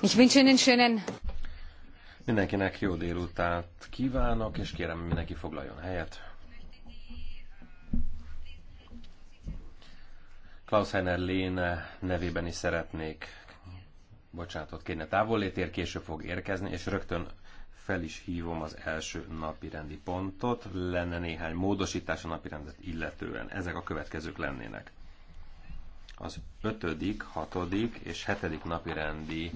Ich wünsche Ihnen schönen... Mindenkinek jó délutánt kívánok, és kérem, mindenki foglaljon helyet. Klaus Heiner Léne nevében is szeretnék bocsánatot kérni. A távollétér később fog érkezni, és rögtön fel is hívom az első napirendi pontot. Lenne néhány módosítás a napirendet illetően. Ezek a következők lennének. Az ötödik, hatodik és hetedik napirendi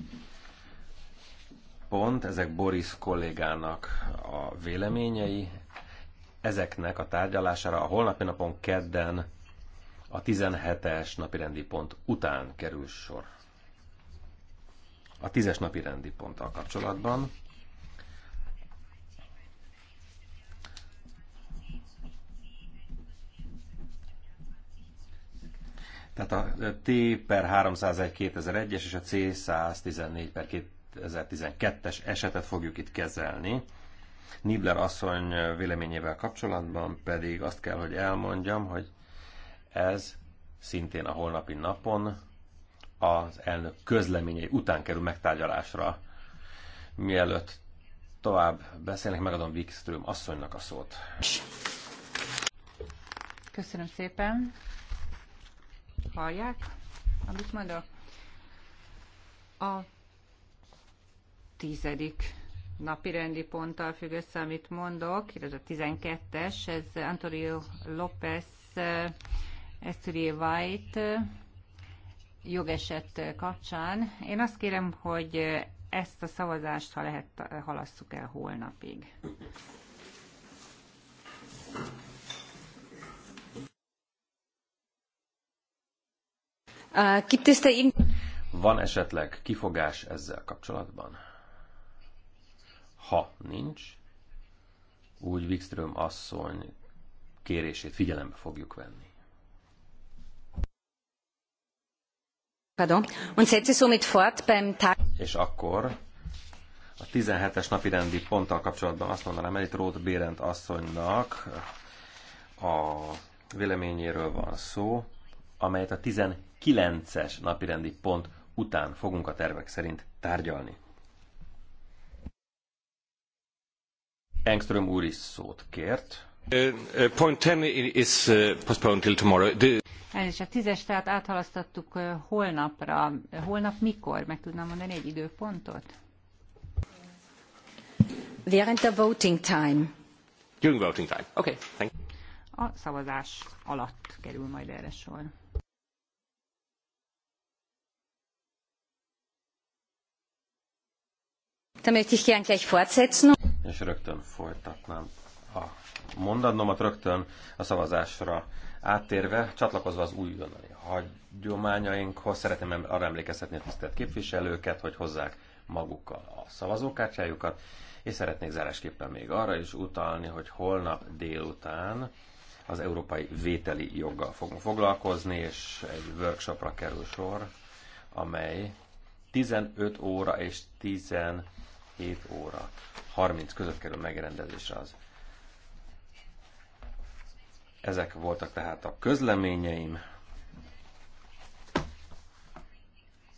pont, ezek Boris kollégának a véleményei. Ezeknek a tárgyalására a holnapi napon kedden a 17-es napirendi pont után kerül sor. A 10-es napirendi ponttal kapcsolatban. Tehát a T per 301 2001-es és a C 114 per 2012-es esetet fogjuk itt kezelni. Nibler asszony véleményével kapcsolatban pedig azt kell, hogy elmondjam, hogy ez szintén a holnapi napon az elnök közleményei után kerül megtárgyalásra. Mielőtt tovább beszélnek, megadom Wikström asszonynak a szót. Köszönöm szépen. Hallják, amit mondok? A tizedik napi rendi ponttal függ össze, amit mondok, illetve a tizenkettes, ez Antonio López Esturie eh, White eh, jogeset eh, kapcsán. Én azt kérem, hogy ezt a szavazást, ha lehet, halasszuk el holnapig. Ah, Van esetleg kifogás ezzel kapcsolatban? Ha nincs, úgy Wikström asszony kérését figyelembe fogjuk venni. Pardon. Und setze somit fort beim Tag. És akkor a 17-es napirendi ponttal kapcsolatban azt mondanám, hogy itt Rót Bérent asszonynak a véleményéről van szó, amelyet a 19-es napirendi pont után fogunk a tervek szerint tárgyalni. Engström úr is szót kért. Uh, uh, point 10 is uh, postponed till tomorrow. The... Elnézést, a hát tízes, tehát áthalasztottuk holnapra. Holnap mikor? Meg tudnám mondani egy időpontot? Während der voting time. During voting time. Okay, thank you. A szavazás alatt kerül majd erre sor. Dann möchte ich gern gleich fortsetzen és rögtön folytatnám a mondanomat, rögtön a szavazásra áttérve, csatlakozva az újonnali hagyományainkhoz, szeretném arra emlékeztetni a tisztelt képviselőket, hogy hozzák magukkal a szavazókártyájukat, és szeretnék zárásképpen még arra is utalni, hogy holnap délután az európai vételi joggal fogunk foglalkozni, és egy workshopra kerül sor, amely 15 óra és 15 7 óra 30 között kerül megrendezésre az. Ezek voltak tehát a közleményeim.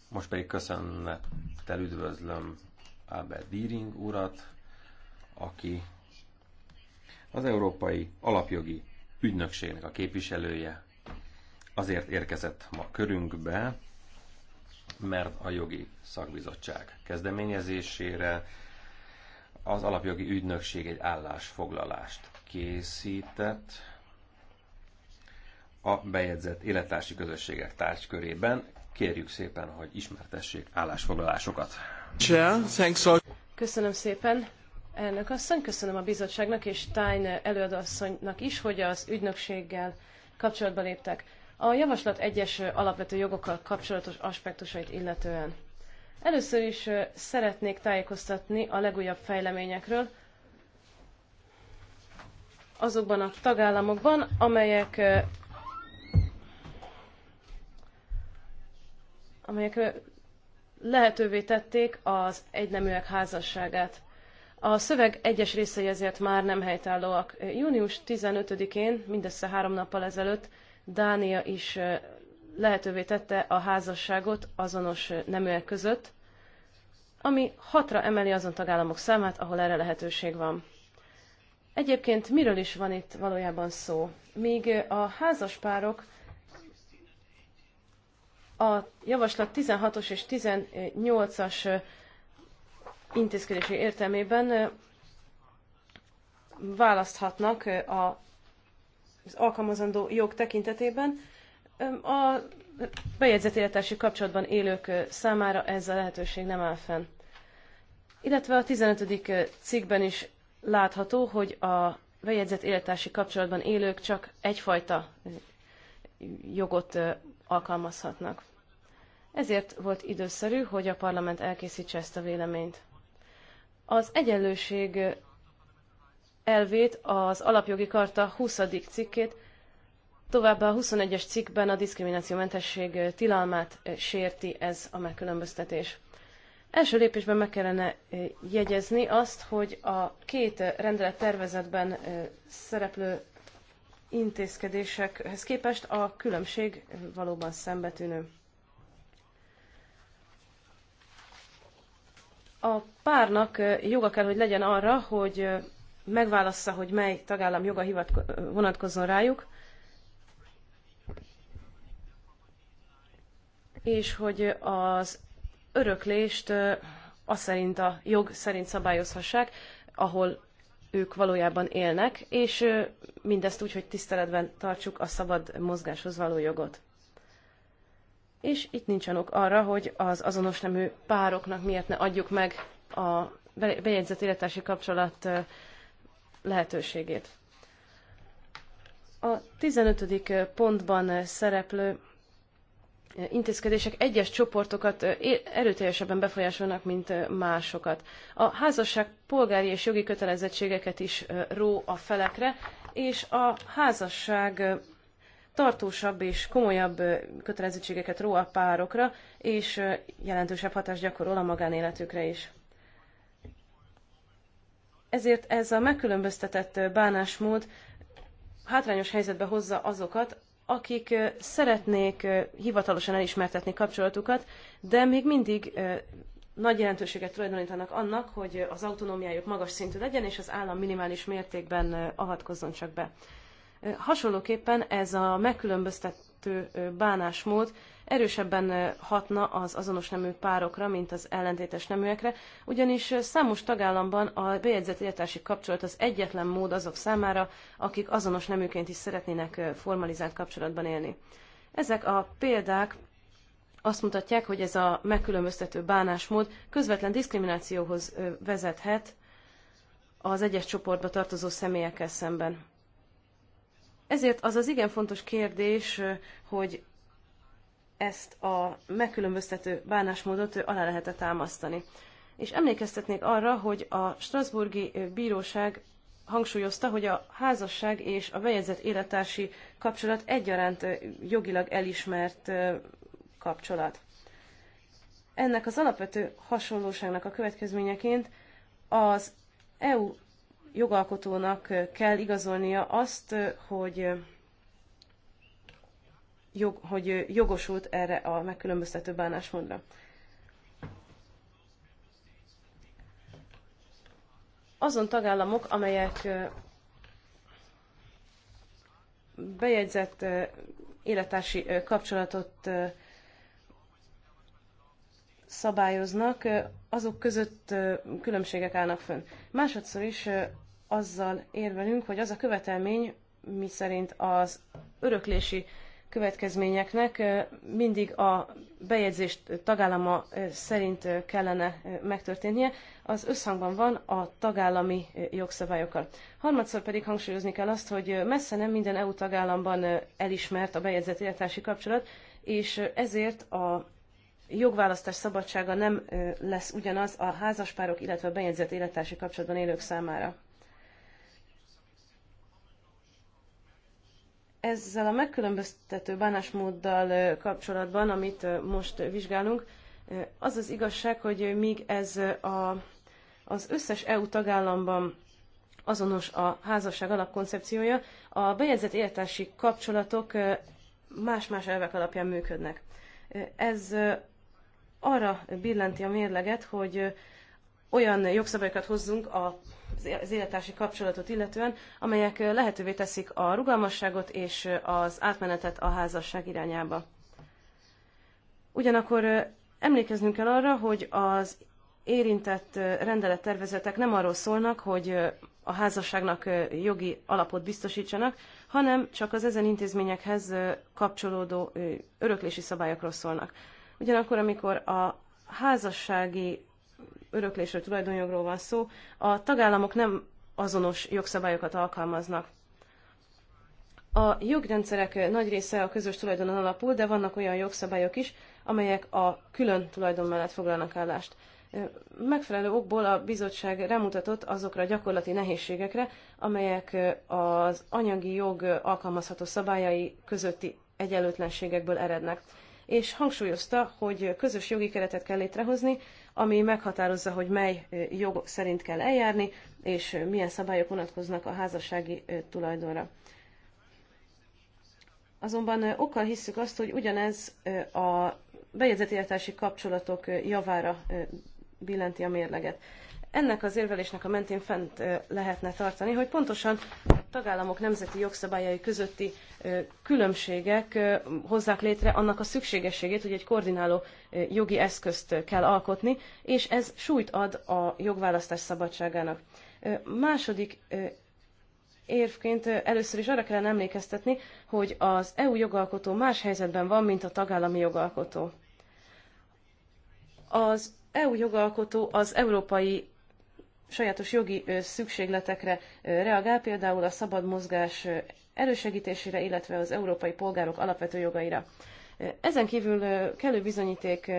Most pedig köszönettel üdvözlöm Albert Diering urat, aki az Európai Alapjogi Ügynökségnek a képviselője. Azért érkezett ma körünkbe, mert a jogi szakbizottság kezdeményezésére az alapjogi ügynökség egy állásfoglalást készített a bejegyzett élettársi közösségek tárgykörében. Kérjük szépen, hogy ismertessék állásfoglalásokat. Köszönöm szépen. Elnök asszony, köszönöm a bizottságnak és Tájn előadóasszonynak is, hogy az ügynökséggel kapcsolatba léptek. A javaslat egyes alapvető jogokkal kapcsolatos aspektusait illetően. Először is szeretnék tájékoztatni a legújabb fejleményekről azokban a tagállamokban, amelyek amelyek lehetővé tették az egyneműek házasságát. A szöveg egyes részei ezért már nem helytállóak. Június 15-én, mindössze három nappal ezelőtt, Dánia is lehetővé tette a házasságot azonos neműek között, ami hatra emeli azon tagállamok számát, ahol erre lehetőség van. Egyébként miről is van itt valójában szó? Míg a házaspárok a javaslat 16-os és 18-as intézkedési értelmében választhatnak a az alkalmazandó jog tekintetében. A életási kapcsolatban élők számára ez a lehetőség nem áll fenn. Illetve a 15. cikkben is látható, hogy a bejegyzett életási kapcsolatban élők csak egyfajta jogot alkalmazhatnak. Ezért volt időszerű, hogy a parlament elkészítse ezt a véleményt. Az egyenlőség elvét, az alapjogi karta 20. cikkét, továbbá a 21-es cikkben a diszkriminációmentesség tilalmát sérti ez a megkülönböztetés. Első lépésben meg kellene eh, jegyezni azt, hogy a két rendelet tervezetben eh, szereplő intézkedésekhez képest a különbség valóban szembetűnő. A párnak eh, joga kell, hogy legyen arra, hogy megválaszza, hogy mely tagállam joga hivatko- vonatkozzon rájuk, és hogy az öröklést az szerint a jog szerint szabályozhassák, ahol ők valójában élnek, és mindezt úgy, hogy tiszteletben tartsuk a szabad mozgáshoz való jogot. És itt nincsen ok arra, hogy az azonos nemű pároknak miért ne adjuk meg a bejegyzett életási kapcsolat lehetőségét. A 15. pontban szereplő intézkedések egyes csoportokat erőteljesebben befolyásolnak, mint másokat. A házasság polgári és jogi kötelezettségeket is ró a felekre, és a házasság tartósabb és komolyabb kötelezettségeket ró a párokra, és jelentősebb hatást gyakorol a magánéletükre is ezért ez a megkülönböztetett bánásmód hátrányos helyzetbe hozza azokat, akik szeretnék hivatalosan elismertetni kapcsolatukat, de még mindig nagy jelentőséget tulajdonítanak annak, hogy az autonómiájuk magas szintű legyen, és az állam minimális mértékben avatkozzon csak be. Hasonlóképpen ez a megkülönböztető bánásmód erősebben hatna az azonos nemű párokra, mint az ellentétes neműekre, ugyanis számos tagállamban a bejegyzett életási kapcsolat az egyetlen mód azok számára, akik azonos neműként is szeretnének formalizált kapcsolatban élni. Ezek a példák azt mutatják, hogy ez a megkülönböztető bánásmód közvetlen diszkriminációhoz vezethet az egyes csoportba tartozó személyekkel szemben. Ezért az az igen fontos kérdés, hogy ezt a megkülönböztető bánásmódot alá lehetett támasztani. És emlékeztetnék arra, hogy a Strasburgi Bíróság hangsúlyozta, hogy a házasság és a bejegyzett élettársi kapcsolat egyaránt jogilag elismert kapcsolat. Ennek az alapvető hasonlóságnak a következményeként az EU jogalkotónak kell igazolnia azt, hogy jog, hogy jogosult erre a megkülönböztető bánásmódra. Azon tagállamok, amelyek bejegyzett élettársi kapcsolatot szabályoznak, azok között különbségek állnak fönn. Másodszor is azzal érvelünk, hogy az a követelmény, miszerint az öröklési következményeknek mindig a bejegyzést tagállama szerint kellene megtörténnie, az összhangban van a tagállami jogszabályokkal. Harmadszor pedig hangsúlyozni kell azt, hogy messze nem minden EU tagállamban elismert a bejegyzett életási kapcsolat, és ezért a jogválasztás szabadsága nem lesz ugyanaz a házaspárok, illetve a bejegyzett élettársi kapcsolatban élők számára. Ezzel a megkülönböztető bánásmóddal kapcsolatban, amit most vizsgálunk, az az igazság, hogy míg ez a, az összes EU tagállamban azonos a házasság alapkoncepciója, a bejegyzett életási kapcsolatok más-más elvek alapján működnek. Ez arra billenti a mérleget, hogy olyan jogszabályokat hozzunk a az élettársi kapcsolatot illetően, amelyek lehetővé teszik a rugalmasságot és az átmenetet a házasság irányába. Ugyanakkor emlékeznünk kell arra, hogy az érintett rendelettervezetek nem arról szólnak, hogy a házasságnak jogi alapot biztosítsanak, hanem csak az ezen intézményekhez kapcsolódó öröklési szabályokról szólnak. Ugyanakkor, amikor a házassági öröklésről, tulajdonjogról van szó, a tagállamok nem azonos jogszabályokat alkalmaznak. A jogrendszerek nagy része a közös tulajdonon alapul, de vannak olyan jogszabályok is, amelyek a külön tulajdon mellett foglalnak állást. Megfelelő okból a bizottság remutatott azokra a gyakorlati nehézségekre, amelyek az anyagi jog alkalmazható szabályai közötti egyenlőtlenségekből erednek és hangsúlyozta, hogy közös jogi keretet kell létrehozni, ami meghatározza, hogy mely jog szerint kell eljárni, és milyen szabályok vonatkoznak a házassági tulajdonra. Azonban okkal hisszük azt, hogy ugyanez a bejegyzetéltási kapcsolatok javára billenti a mérleget ennek az érvelésnek a mentén fent lehetne tartani, hogy pontosan tagállamok nemzeti jogszabályai közötti különbségek hozzák létre annak a szükségességét, hogy egy koordináló jogi eszközt kell alkotni, és ez súlyt ad a jogválasztás szabadságának. Második érvként először is arra kellene emlékeztetni, hogy az EU jogalkotó más helyzetben van, mint a tagállami jogalkotó. Az EU jogalkotó az európai sajátos jogi szükségletekre reagál, például a szabad mozgás elősegítésére, illetve az európai polgárok alapvető jogaira. Ezen kívül kellő bizonyíték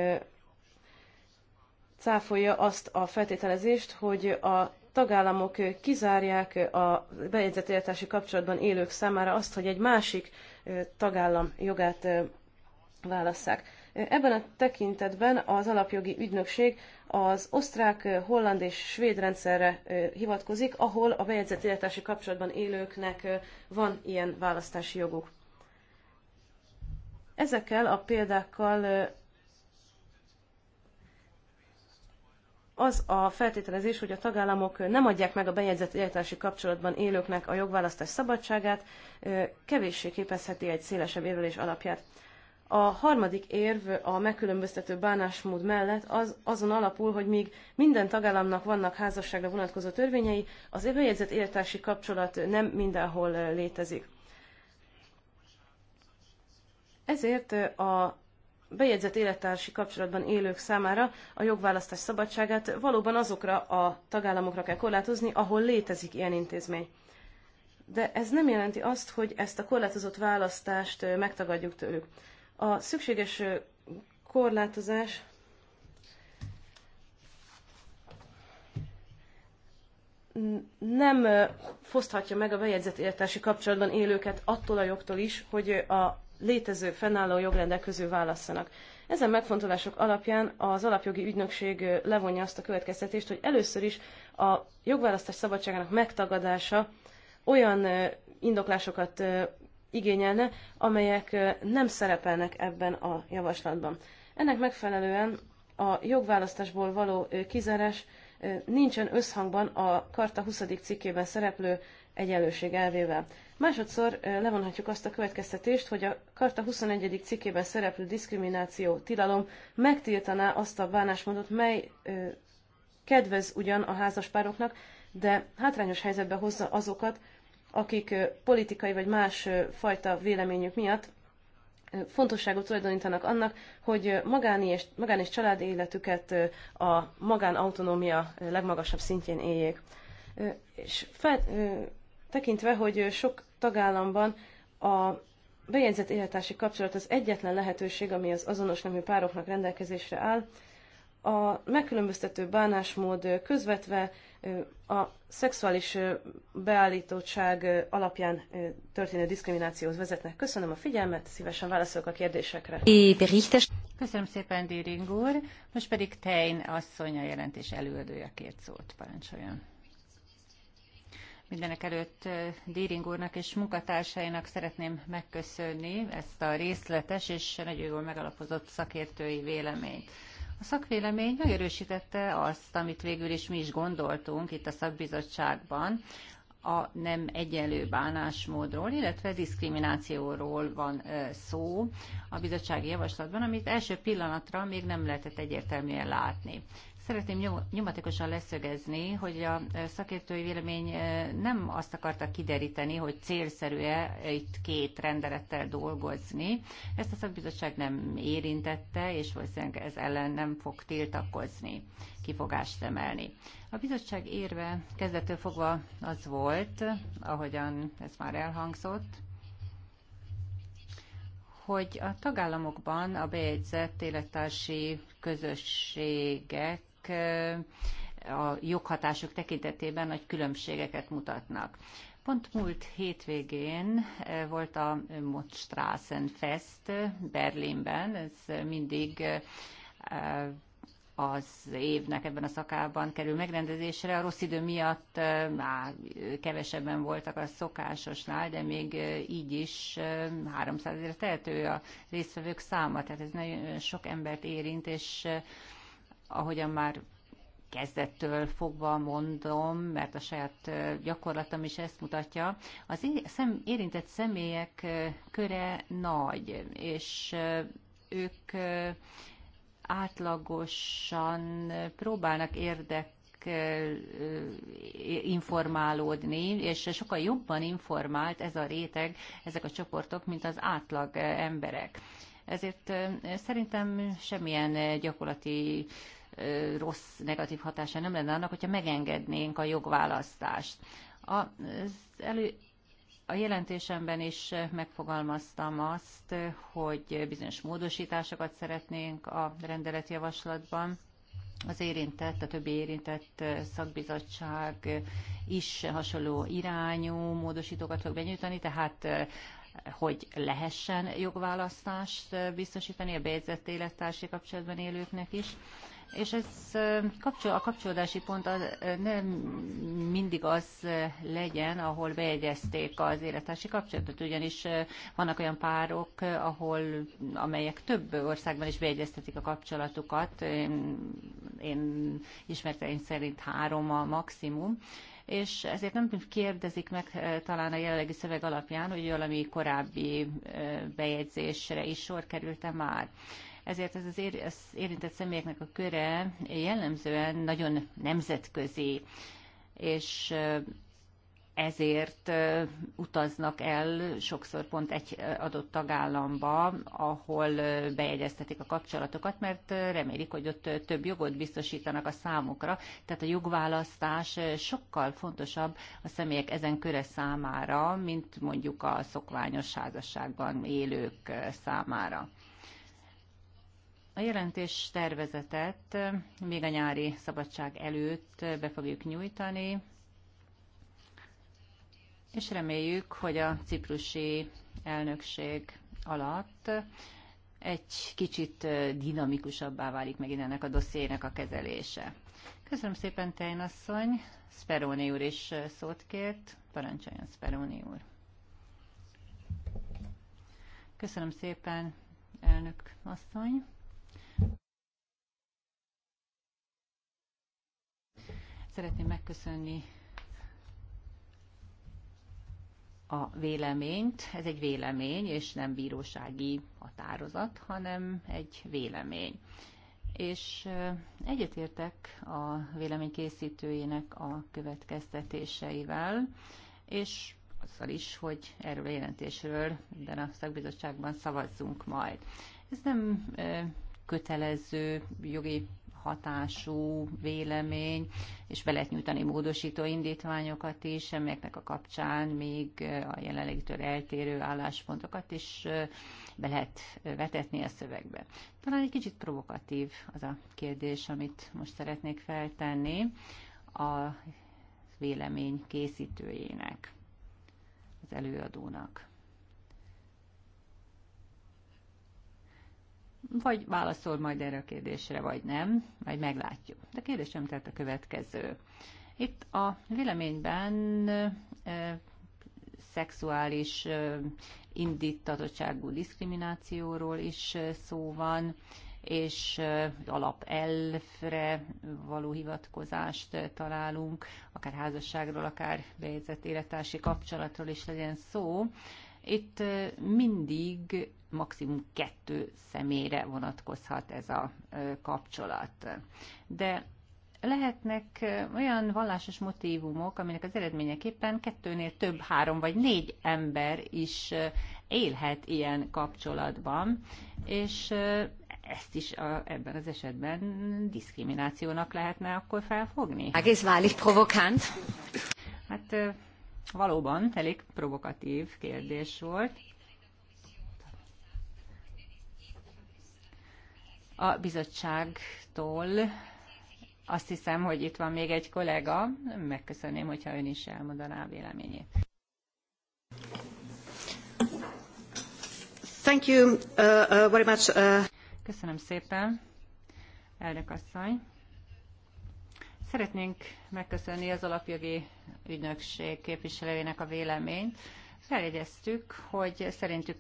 cáfolja azt a feltételezést, hogy a tagállamok kizárják a bejegyzett életási kapcsolatban élők számára azt, hogy egy másik tagállam jogát válasszák. Ebben a tekintetben az alapjogi ügynökség az osztrák, holland és svéd rendszerre hivatkozik, ahol a bejegyzett életási kapcsolatban élőknek van ilyen választási joguk. Ezekkel a példákkal az a feltételezés, hogy a tagállamok nem adják meg a bejegyzett életási kapcsolatban élőknek a jogválasztás szabadságát, kevéssé képezheti egy szélesebb érvelés alapját. A harmadik érv a megkülönböztető bánásmód mellett az azon alapul, hogy míg minden tagállamnak vannak házasságra vonatkozó törvényei, az bejegyzett élettársi kapcsolat nem mindenhol eh, létezik. Ezért eh, a bejegyzett élettársi kapcsolatban élők számára a jogválasztás szabadságát valóban azokra a tagállamokra kell korlátozni, ahol létezik ilyen intézmény. De ez nem jelenti azt, hogy ezt a korlátozott választást eh, megtagadjuk tőlük. A szükséges korlátozás nem foszthatja meg a bejegyzett értási kapcsolatban élőket attól a jogtól is, hogy a létező fennálló jogrendek közül válasszanak. Ezen megfontolások alapján az alapjogi ügynökség levonja azt a következtetést, hogy először is a jogválasztás szabadságának megtagadása olyan indoklásokat igényelne, amelyek nem szerepelnek ebben a javaslatban. Ennek megfelelően a jogválasztásból való kizárás nincsen összhangban a Karta 20. cikkében szereplő egyenlőség elvével. Másodszor levonhatjuk azt a következtetést, hogy a Karta 21. cikkében szereplő diszkrimináció tilalom megtiltaná azt a bánásmódot, mely kedvez ugyan a házaspároknak, de hátrányos helyzetbe hozza azokat, akik politikai vagy más fajta véleményük miatt fontosságot tulajdonítanak annak, hogy magáni és, magán és családi életüket a magánautonómia legmagasabb szintjén éljék. És fel, tekintve, hogy sok tagállamban a bejegyzett életási kapcsolat az egyetlen lehetőség, ami az azonos nemű pároknak rendelkezésre áll, a megkülönböztető bánásmód közvetve a szexuális beállítottság alapján történő diszkriminációhoz vezetnek. Köszönöm a figyelmet, szívesen válaszolok a kérdésekre. Köszönöm szépen, Déring úr. Most pedig Tein asszony a jelentés előadója két szót parancsoljon. Mindenek előtt Déring úrnak és munkatársainak szeretném megköszönni ezt a részletes és nagyon jól megalapozott szakértői véleményt. A szakvélemény megerősítette azt, amit végül is mi is gondoltunk itt a szakbizottságban, a nem egyenlő bánásmódról, illetve diszkriminációról van szó a bizottsági javaslatban, amit első pillanatra még nem lehetett egyértelműen látni. Szeretném nyomatékosan leszögezni, hogy a szakértői vélemény nem azt akarta kideríteni, hogy célszerű-e itt két rendelettel dolgozni. Ezt a szakbizottság nem érintette, és valószínűleg ez ellen nem fog tiltakozni, kifogást emelni. A bizottság érve kezdettől fogva az volt, ahogyan ez már elhangzott, hogy a tagállamokban a bejegyzett élettársi közösségek a joghatások tekintetében nagy különbségeket mutatnak. Pont múlt hétvégén volt a fest Berlinben, ez mindig az évnek ebben a szakában kerül megrendezésre. A rossz idő miatt már kevesebben voltak a szokásosnál, de még így is 300 ezer tehető a résztvevők száma, tehát ez nagyon sok embert érint, és ahogyan már kezdettől fogva mondom, mert a saját gyakorlatom is ezt mutatja, az érintett személyek köre nagy, és ők átlagosan próbálnak érdek informálódni, és sokkal jobban informált ez a réteg, ezek a csoportok, mint az átlag emberek. Ezért szerintem semmilyen gyakorlati rossz, negatív hatása nem lenne annak, hogyha megengednénk a jogválasztást. A, elő, a jelentésemben is megfogalmaztam azt, hogy bizonyos módosításokat szeretnénk a rendeletjavaslatban. Az érintett, a többi érintett szakbizottság is hasonló irányú módosítókat fog benyújtani, tehát hogy lehessen jogválasztást biztosítani a bejegyzett élettársi kapcsolatban élőknek is. És ez a kapcsolódási pont az, nem mindig az legyen, ahol bejegyezték az élettársi kapcsolatot, ugyanis vannak olyan párok, ahol, amelyek több országban is bejegyeztetik a kapcsolatukat. Én, én ismerteim szerint három a maximum, és ezért nem kérdezik meg eh, talán a jelenlegi szöveg alapján, hogy valami korábbi eh, bejegyzésre is sor került-e már ezért ez az, ér, az érintett személyeknek a köre jellemzően nagyon nemzetközi, és eh, ezért utaznak el sokszor pont egy adott tagállamba, ahol bejegyeztetik a kapcsolatokat, mert remélik, hogy ott több jogot biztosítanak a számukra. Tehát a jogválasztás sokkal fontosabb a személyek ezen köre számára, mint mondjuk a szokványos házasságban élők számára. A jelentés tervezetet még a nyári szabadság előtt be fogjuk nyújtani, és reméljük, hogy a ciprusi elnökség alatt egy kicsit dinamikusabbá válik megint ennek a dossziének a kezelése. Köszönöm szépen, Tejnasszony. Speroni úr is szót kért. Parancsoljon, Speroni úr. Köszönöm szépen, elnök asszony. Szeretném megköszönni a véleményt. Ez egy vélemény, és nem bírósági határozat, hanem egy vélemény. És egyetértek a véleménykészítőjének a következtetéseivel, és azzal is, hogy erről a jelentésről minden a szakbizottságban szavazzunk majd. Ez nem kötelező jogi hatású vélemény, és be lehet nyújtani módosító indítványokat is, amelyeknek a kapcsán még a jelenlegitől eltérő álláspontokat is be lehet vetetni a szövegbe. Talán egy kicsit provokatív az a kérdés, amit most szeretnék feltenni a vélemény készítőjének, az előadónak. vagy válaszol majd erre a kérdésre, vagy nem, majd meglátjuk. De a kérdésem tehát a következő. Itt a véleményben e, szexuális e, indítatottságú diszkriminációról is szó van, és alapelfre való hivatkozást találunk, akár házasságról, akár bejegyzett élettársi kapcsolatról is legyen szó. Itt mindig maximum kettő személyre vonatkozhat ez a kapcsolat. De lehetnek olyan vallásos motivumok, aminek az eredményeképpen kettőnél több, három vagy négy ember is élhet ilyen kapcsolatban, és ezt is a, ebben az esetben diszkriminációnak lehetne akkor felfogni. ez válik provokánt. Hát Valóban elég provokatív kérdés volt. A bizottságtól azt hiszem, hogy itt van még egy kollega. Megköszönném, hogyha ön is elmondaná a véleményét. Thank you uh, uh very much. Uh... Köszönöm szépen, elnök asszony. Szeretnénk megköszönni az alapjogi ügynökség képviselőjének a véleményt. Feljegyeztük, hogy szerintük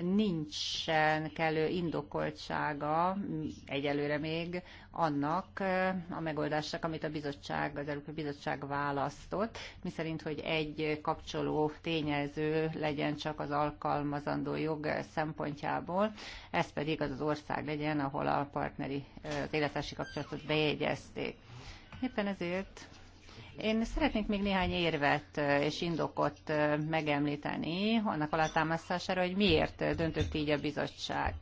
nincsen kellő indokoltsága egyelőre még annak a megoldásnak, amit a bizottság, az Európai Bizottság választott, miszerint, hogy egy kapcsoló tényező legyen csak az alkalmazandó jog szempontjából, ez pedig az az ország legyen, ahol a partneri, az életási kapcsolatot bejegyezték. Éppen ezért én szeretnék még néhány érvet és indokot megemlíteni annak alátámasztására, hogy miért döntött így a bizottság.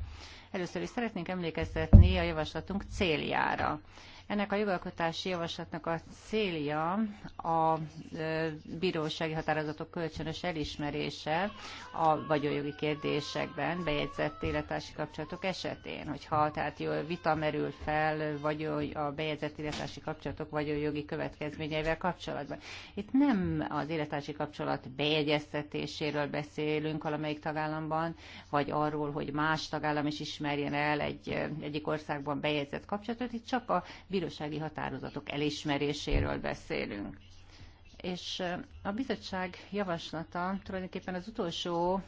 Először is szeretnénk emlékeztetni a javaslatunk céljára. Ennek a jogalkotási javaslatnak a célja a bírósági határozatok kölcsönös elismerése a vagyonjogi kérdésekben bejegyzett életási kapcsolatok esetén, hogyha tehát jó vita merül fel vagyon, a bejegyzett életási kapcsolatok vagyonjogi következményeivel kapcsolatban. Itt nem az életási kapcsolat bejegyeztetéséről beszélünk valamelyik tagállamban, vagy arról, hogy más tagállam is ismerjen el egy egyik országban bejegyzett kapcsolatot, itt csak a bírósági határozatok elismeréséről beszélünk. És a bizottság javaslata tulajdonképpen az utolsó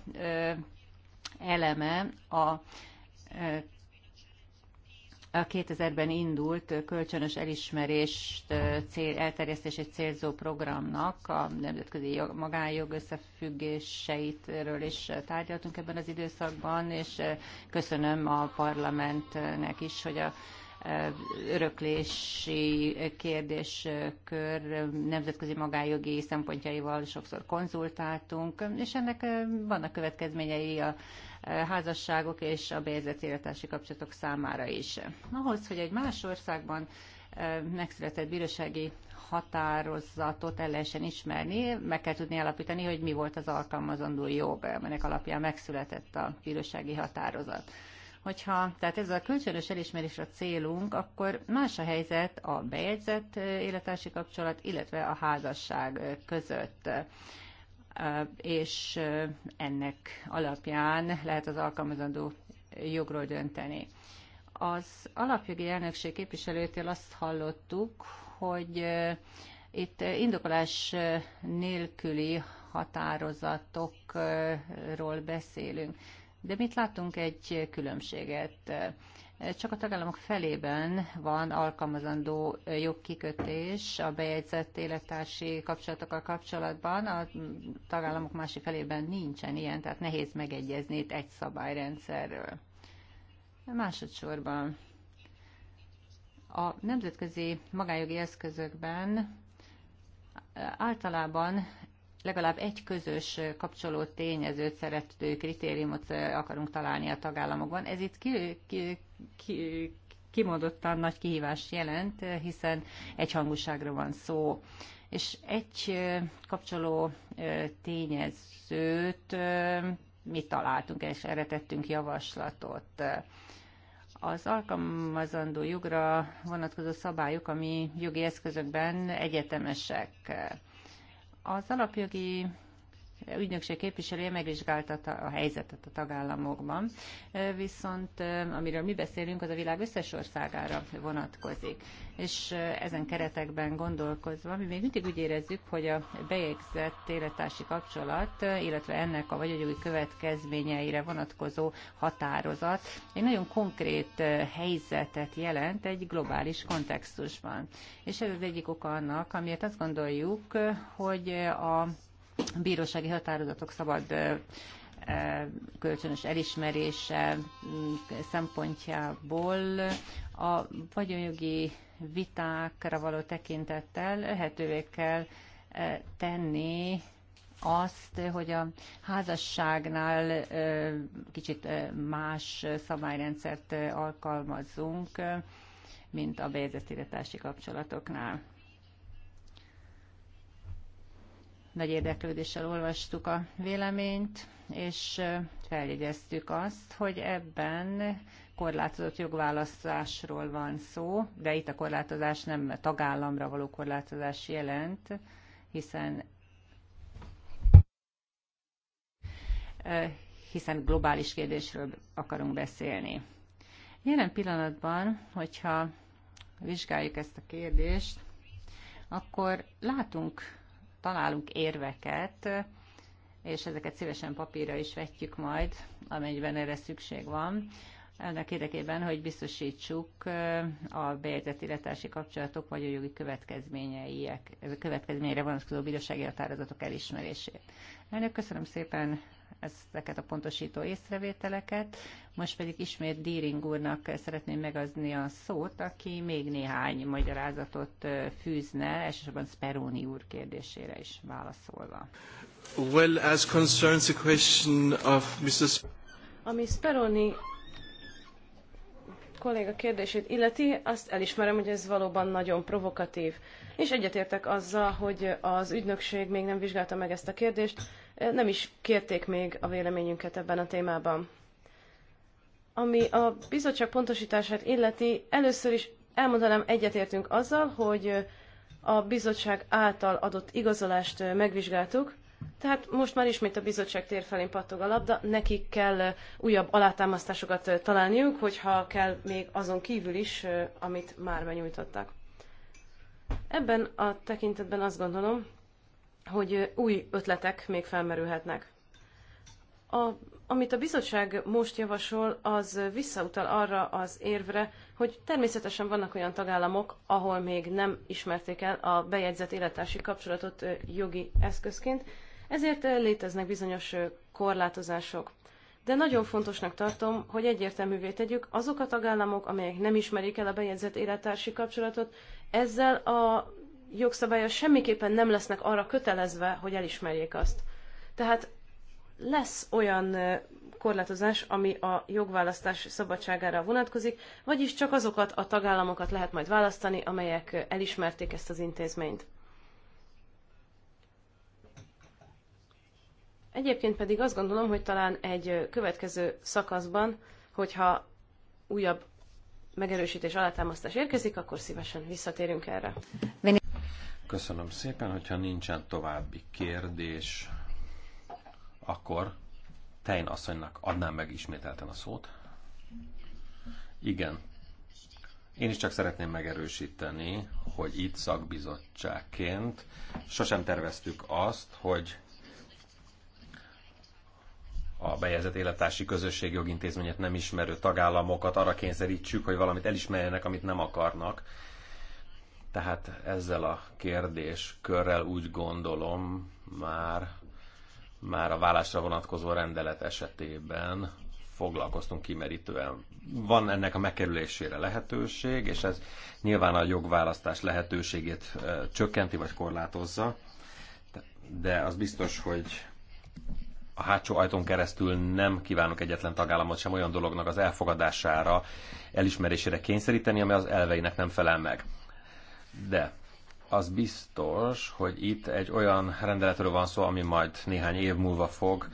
eleme a a 2000-ben indult kölcsönös elismerést cél, elterjesztését célzó programnak a nemzetközi jog, magánjog összefüggéseitről is tárgyaltunk ebben az időszakban, és köszönöm a parlamentnek is, hogy a öröklési kérdéskör nemzetközi magájogi szempontjaival sokszor konzultáltunk, és ennek vannak következményei a házasságok és a bejegyzett életási kapcsolatok számára is. Ahhoz, hogy egy más országban megszületett bírósági határozatot el lehessen ismerni, meg kell tudni alapítani, hogy mi volt az alkalmazandó jog, aminek alapján megszületett a bírósági határozat. Hogyha tehát ez a kölcsönös elismerés a célunk, akkor más a helyzet a bejegyzett élettársi kapcsolat, illetve a házasság között és ennek alapján lehet az alkalmazandó jogról dönteni. Az alapjogi elnökség képviselőtől azt hallottuk, hogy itt indokolás nélküli határozatokról beszélünk. De mit látunk egy különbséget? Csak a tagállamok felében van alkalmazandó jogkikötés a bejegyzett élettársi kapcsolatokkal kapcsolatban, a tagállamok másik felében nincsen ilyen, tehát nehéz megegyezni itt egy szabályrendszerről. Másodszorban a nemzetközi magányjogi eszközökben általában legalább egy közös kapcsoló tényezőt, szerető kritériumot akarunk találni a tagállamokban. Ez itt ki, ki, ki, kimondottan nagy kihívást jelent, hiszen egyhangúságra van szó. És egy kapcsoló tényezőt mi találtunk, és erre tettünk javaslatot. Az alkalmazandó jogra vonatkozó szabályok, ami jogi eszközökben egyetemesek az alapjogi ügynökség képviselője megvizsgálta a helyzetet a tagállamokban, viszont amiről mi beszélünk, az a világ összes országára vonatkozik. És ezen keretekben gondolkozva, mi még mindig úgy érezzük, hogy a bejegyzett élettársi kapcsolat, illetve ennek a vagyonjogi következményeire vonatkozó határozat egy nagyon konkrét helyzetet jelent egy globális kontextusban. És ez az egyik oka annak, amiért azt gondoljuk, hogy a bírósági határozatok szabad kölcsönös elismerése szempontjából a vagyonjogi vitákra való tekintettel lehetővé kell tenni azt, hogy a házasságnál kicsit más szabályrendszert alkalmazzunk, mint a bejegyzett kapcsolatoknál. Nagy érdeklődéssel olvastuk a véleményt, és feljegyeztük azt, hogy ebben korlátozott jogválasztásról van szó, de itt a korlátozás nem tagállamra való korlátozás jelent, hiszen hiszen globális kérdésről akarunk beszélni. Jelen pillanatban, hogyha vizsgáljuk ezt a kérdést, akkor látunk találunk érveket, és ezeket szívesen papírra is vetjük majd, amennyiben erre szükség van. Ennek érdekében, hogy biztosítsuk a bejegyzett illetási kapcsolatok vagy a jogi következményeire vonatkozó bírósági határozatok elismerését. Elnök, köszönöm szépen ezeket a pontosító észrevételeket. Most pedig ismét Díring úrnak szeretném megazni a szót, aki még néhány magyarázatot fűzne, elsősorban Speroni úr kérdésére is válaszolva. Well, as concerns the question of Mrs. Ami Speroni kolléga kérdését illeti, azt elismerem, hogy ez valóban nagyon provokatív. És egyetértek azzal, hogy az ügynökség még nem vizsgálta meg ezt a kérdést, nem is kérték még a véleményünket ebben a témában. Ami a bizottság pontosítását illeti, először is elmondanám, egyetértünk azzal, hogy a bizottság által adott igazolást megvizsgáltuk, tehát most már ismét a bizottság tér felé pattog a labda, nekik kell újabb alátámasztásokat találniuk, hogyha kell még azon kívül is, amit már benyújtottak. Ebben a tekintetben azt gondolom, hogy új ötletek még felmerülhetnek. A, amit a bizottság most javasol, az visszautal arra az érvre, hogy természetesen vannak olyan tagállamok, ahol még nem ismerték el a bejegyzett élettársi kapcsolatot jogi eszközként, ezért eh, léteznek bizonyos eh, korlátozások. De nagyon fontosnak tartom, hogy egyértelművé tegyük azok a tagállamok, amelyek nem ismerik el a bejegyzett élettársi kapcsolatot, ezzel a jogszabályok semmiképpen nem lesznek arra kötelezve, hogy elismerjék azt. Tehát lesz olyan eh, korlátozás, ami a jogválasztás szabadságára vonatkozik, vagyis csak azokat a tagállamokat lehet majd választani, amelyek elismerték ezt az intézményt. Egyébként pedig azt gondolom, hogy talán egy következő szakaszban, hogyha újabb megerősítés alátámasztás érkezik, akkor szívesen visszatérünk erre. Köszönöm szépen, hogyha nincsen további kérdés, akkor Tein asszonynak adnám meg ismételten a szót. Igen. Én is csak szeretném megerősíteni, hogy itt szakbizottságként sosem terveztük azt, hogy a bejegyzett élettársi közösség jogintézményet nem ismerő tagállamokat arra kényszerítsük, hogy valamit elismerjenek, amit nem akarnak. Tehát ezzel a kérdéskörrel úgy gondolom már, már a vállásra vonatkozó rendelet esetében foglalkoztunk kimerítően. Van ennek a megkerülésére lehetőség, és ez nyilván a jogválasztás lehetőségét csökkenti vagy korlátozza, de az biztos, hogy a hátsó ajtón keresztül nem kívánok egyetlen tagállamot sem olyan dolognak az elfogadására, elismerésére kényszeríteni, ami az elveinek nem felel meg. De az biztos, hogy itt egy olyan rendeletről van szó, ami majd néhány év múlva fog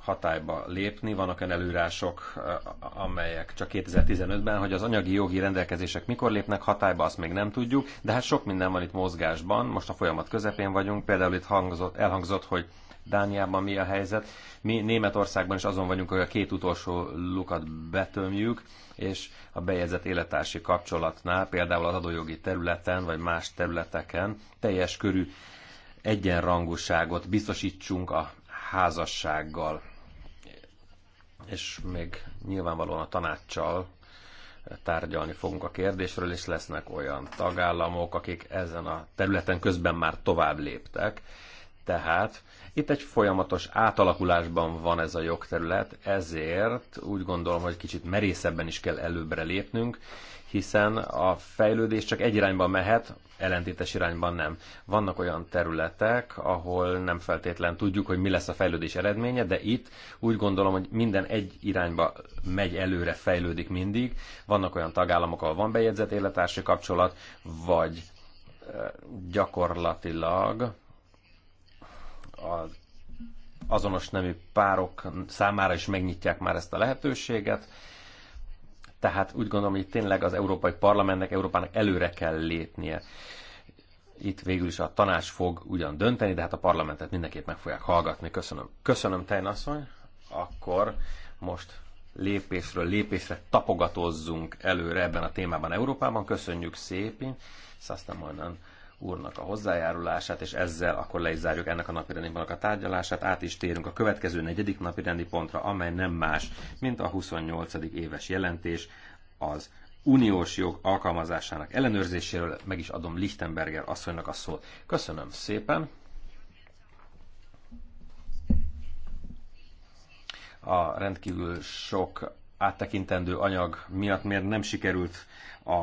hatályba lépni. Vannak olyan előrások, amelyek csak 2015-ben, hogy az anyagi jogi rendelkezések mikor lépnek hatályba, azt még nem tudjuk, de hát sok minden van itt mozgásban, most a folyamat közepén vagyunk, például itt hangzott, elhangzott, hogy Dániában mi a helyzet. Mi Németországban is azon vagyunk, hogy a két utolsó lukat betömjük, és a bejegyzett élettársi kapcsolatnál, például az adójogi területen, vagy más területeken teljes körű egyenrangúságot biztosítsunk a házassággal. És még nyilvánvalóan a tanácssal tárgyalni fogunk a kérdésről, és lesznek olyan tagállamok, akik ezen a területen közben már tovább léptek, tehát itt egy folyamatos átalakulásban van ez a jogterület, ezért úgy gondolom, hogy kicsit merészebben is kell előbbre lépnünk, hiszen a fejlődés csak egy irányban mehet, ellentétes irányban nem. Vannak olyan területek, ahol nem feltétlen tudjuk, hogy mi lesz a fejlődés eredménye, de itt úgy gondolom, hogy minden egy irányba megy előre, fejlődik mindig. Vannak olyan tagállamok, ahol van bejegyzett élettársi kapcsolat, vagy gyakorlatilag az azonos nemű párok számára is megnyitják már ezt a lehetőséget. Tehát úgy gondolom, hogy tényleg az Európai Parlamentnek, Európának előre kell lépnie. Itt végül is a tanács fog ugyan dönteni, de hát a parlamentet mindenképp meg fogják hallgatni. Köszönöm. Köszönöm, Tejnasszony. Akkor most lépésről lépésre tapogatozzunk előre ebben a témában Európában. Köszönjük szépen. Aztán majdnem úrnak a hozzájárulását, és ezzel akkor le is zárjuk ennek a napirendi pontnak a tárgyalását. Át is térünk a következő negyedik napirendi pontra, amely nem más, mint a 28. éves jelentés az uniós jog alkalmazásának ellenőrzéséről. Meg is adom Lichtenberger asszonynak a szót. Köszönöm szépen! A rendkívül sok áttekintendő anyag miatt miért nem sikerült a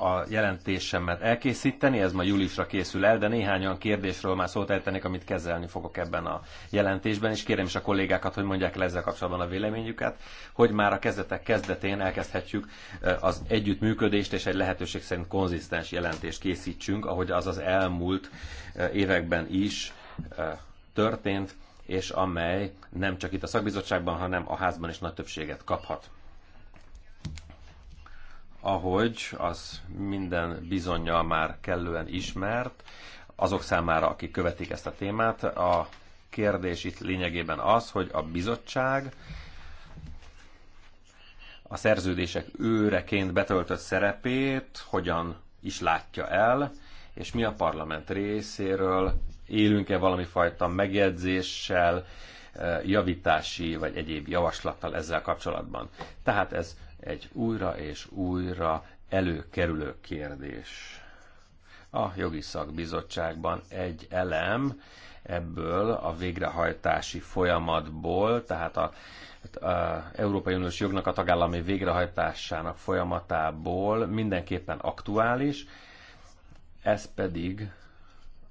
a jelentésemet elkészíteni, ez ma júliusra készül el, de néhány olyan kérdésről már szót ejtenék, amit kezelni fogok ebben a jelentésben, és kérem is a kollégákat, hogy mondják le ezzel kapcsolatban a véleményüket, hogy már a kezdetek kezdetén elkezdhetjük eh, az együttműködést, és egy lehetőség szerint konzisztens jelentést készítsünk, ahogy az az elmúlt eh, években is eh, történt, és amely nem csak itt a szakbizottságban, hanem a házban is nagy többséget kaphat ahogy az minden bizonyal már kellően ismert, azok számára, akik követik ezt a témát, a kérdés itt lényegében az, hogy a bizottság a szerződések őreként betöltött szerepét hogyan is látja el, és mi a parlament részéről élünk-e valami fajta megjegyzéssel, eh, javítási vagy egyéb javaslattal ezzel kapcsolatban. Tehát ez egy újra és újra előkerülő kérdés. A jogi szakbizottságban egy elem ebből a végrehajtási folyamatból, tehát a, a Európai Uniós jognak a tagállami végrehajtásának folyamatából mindenképpen aktuális, ez pedig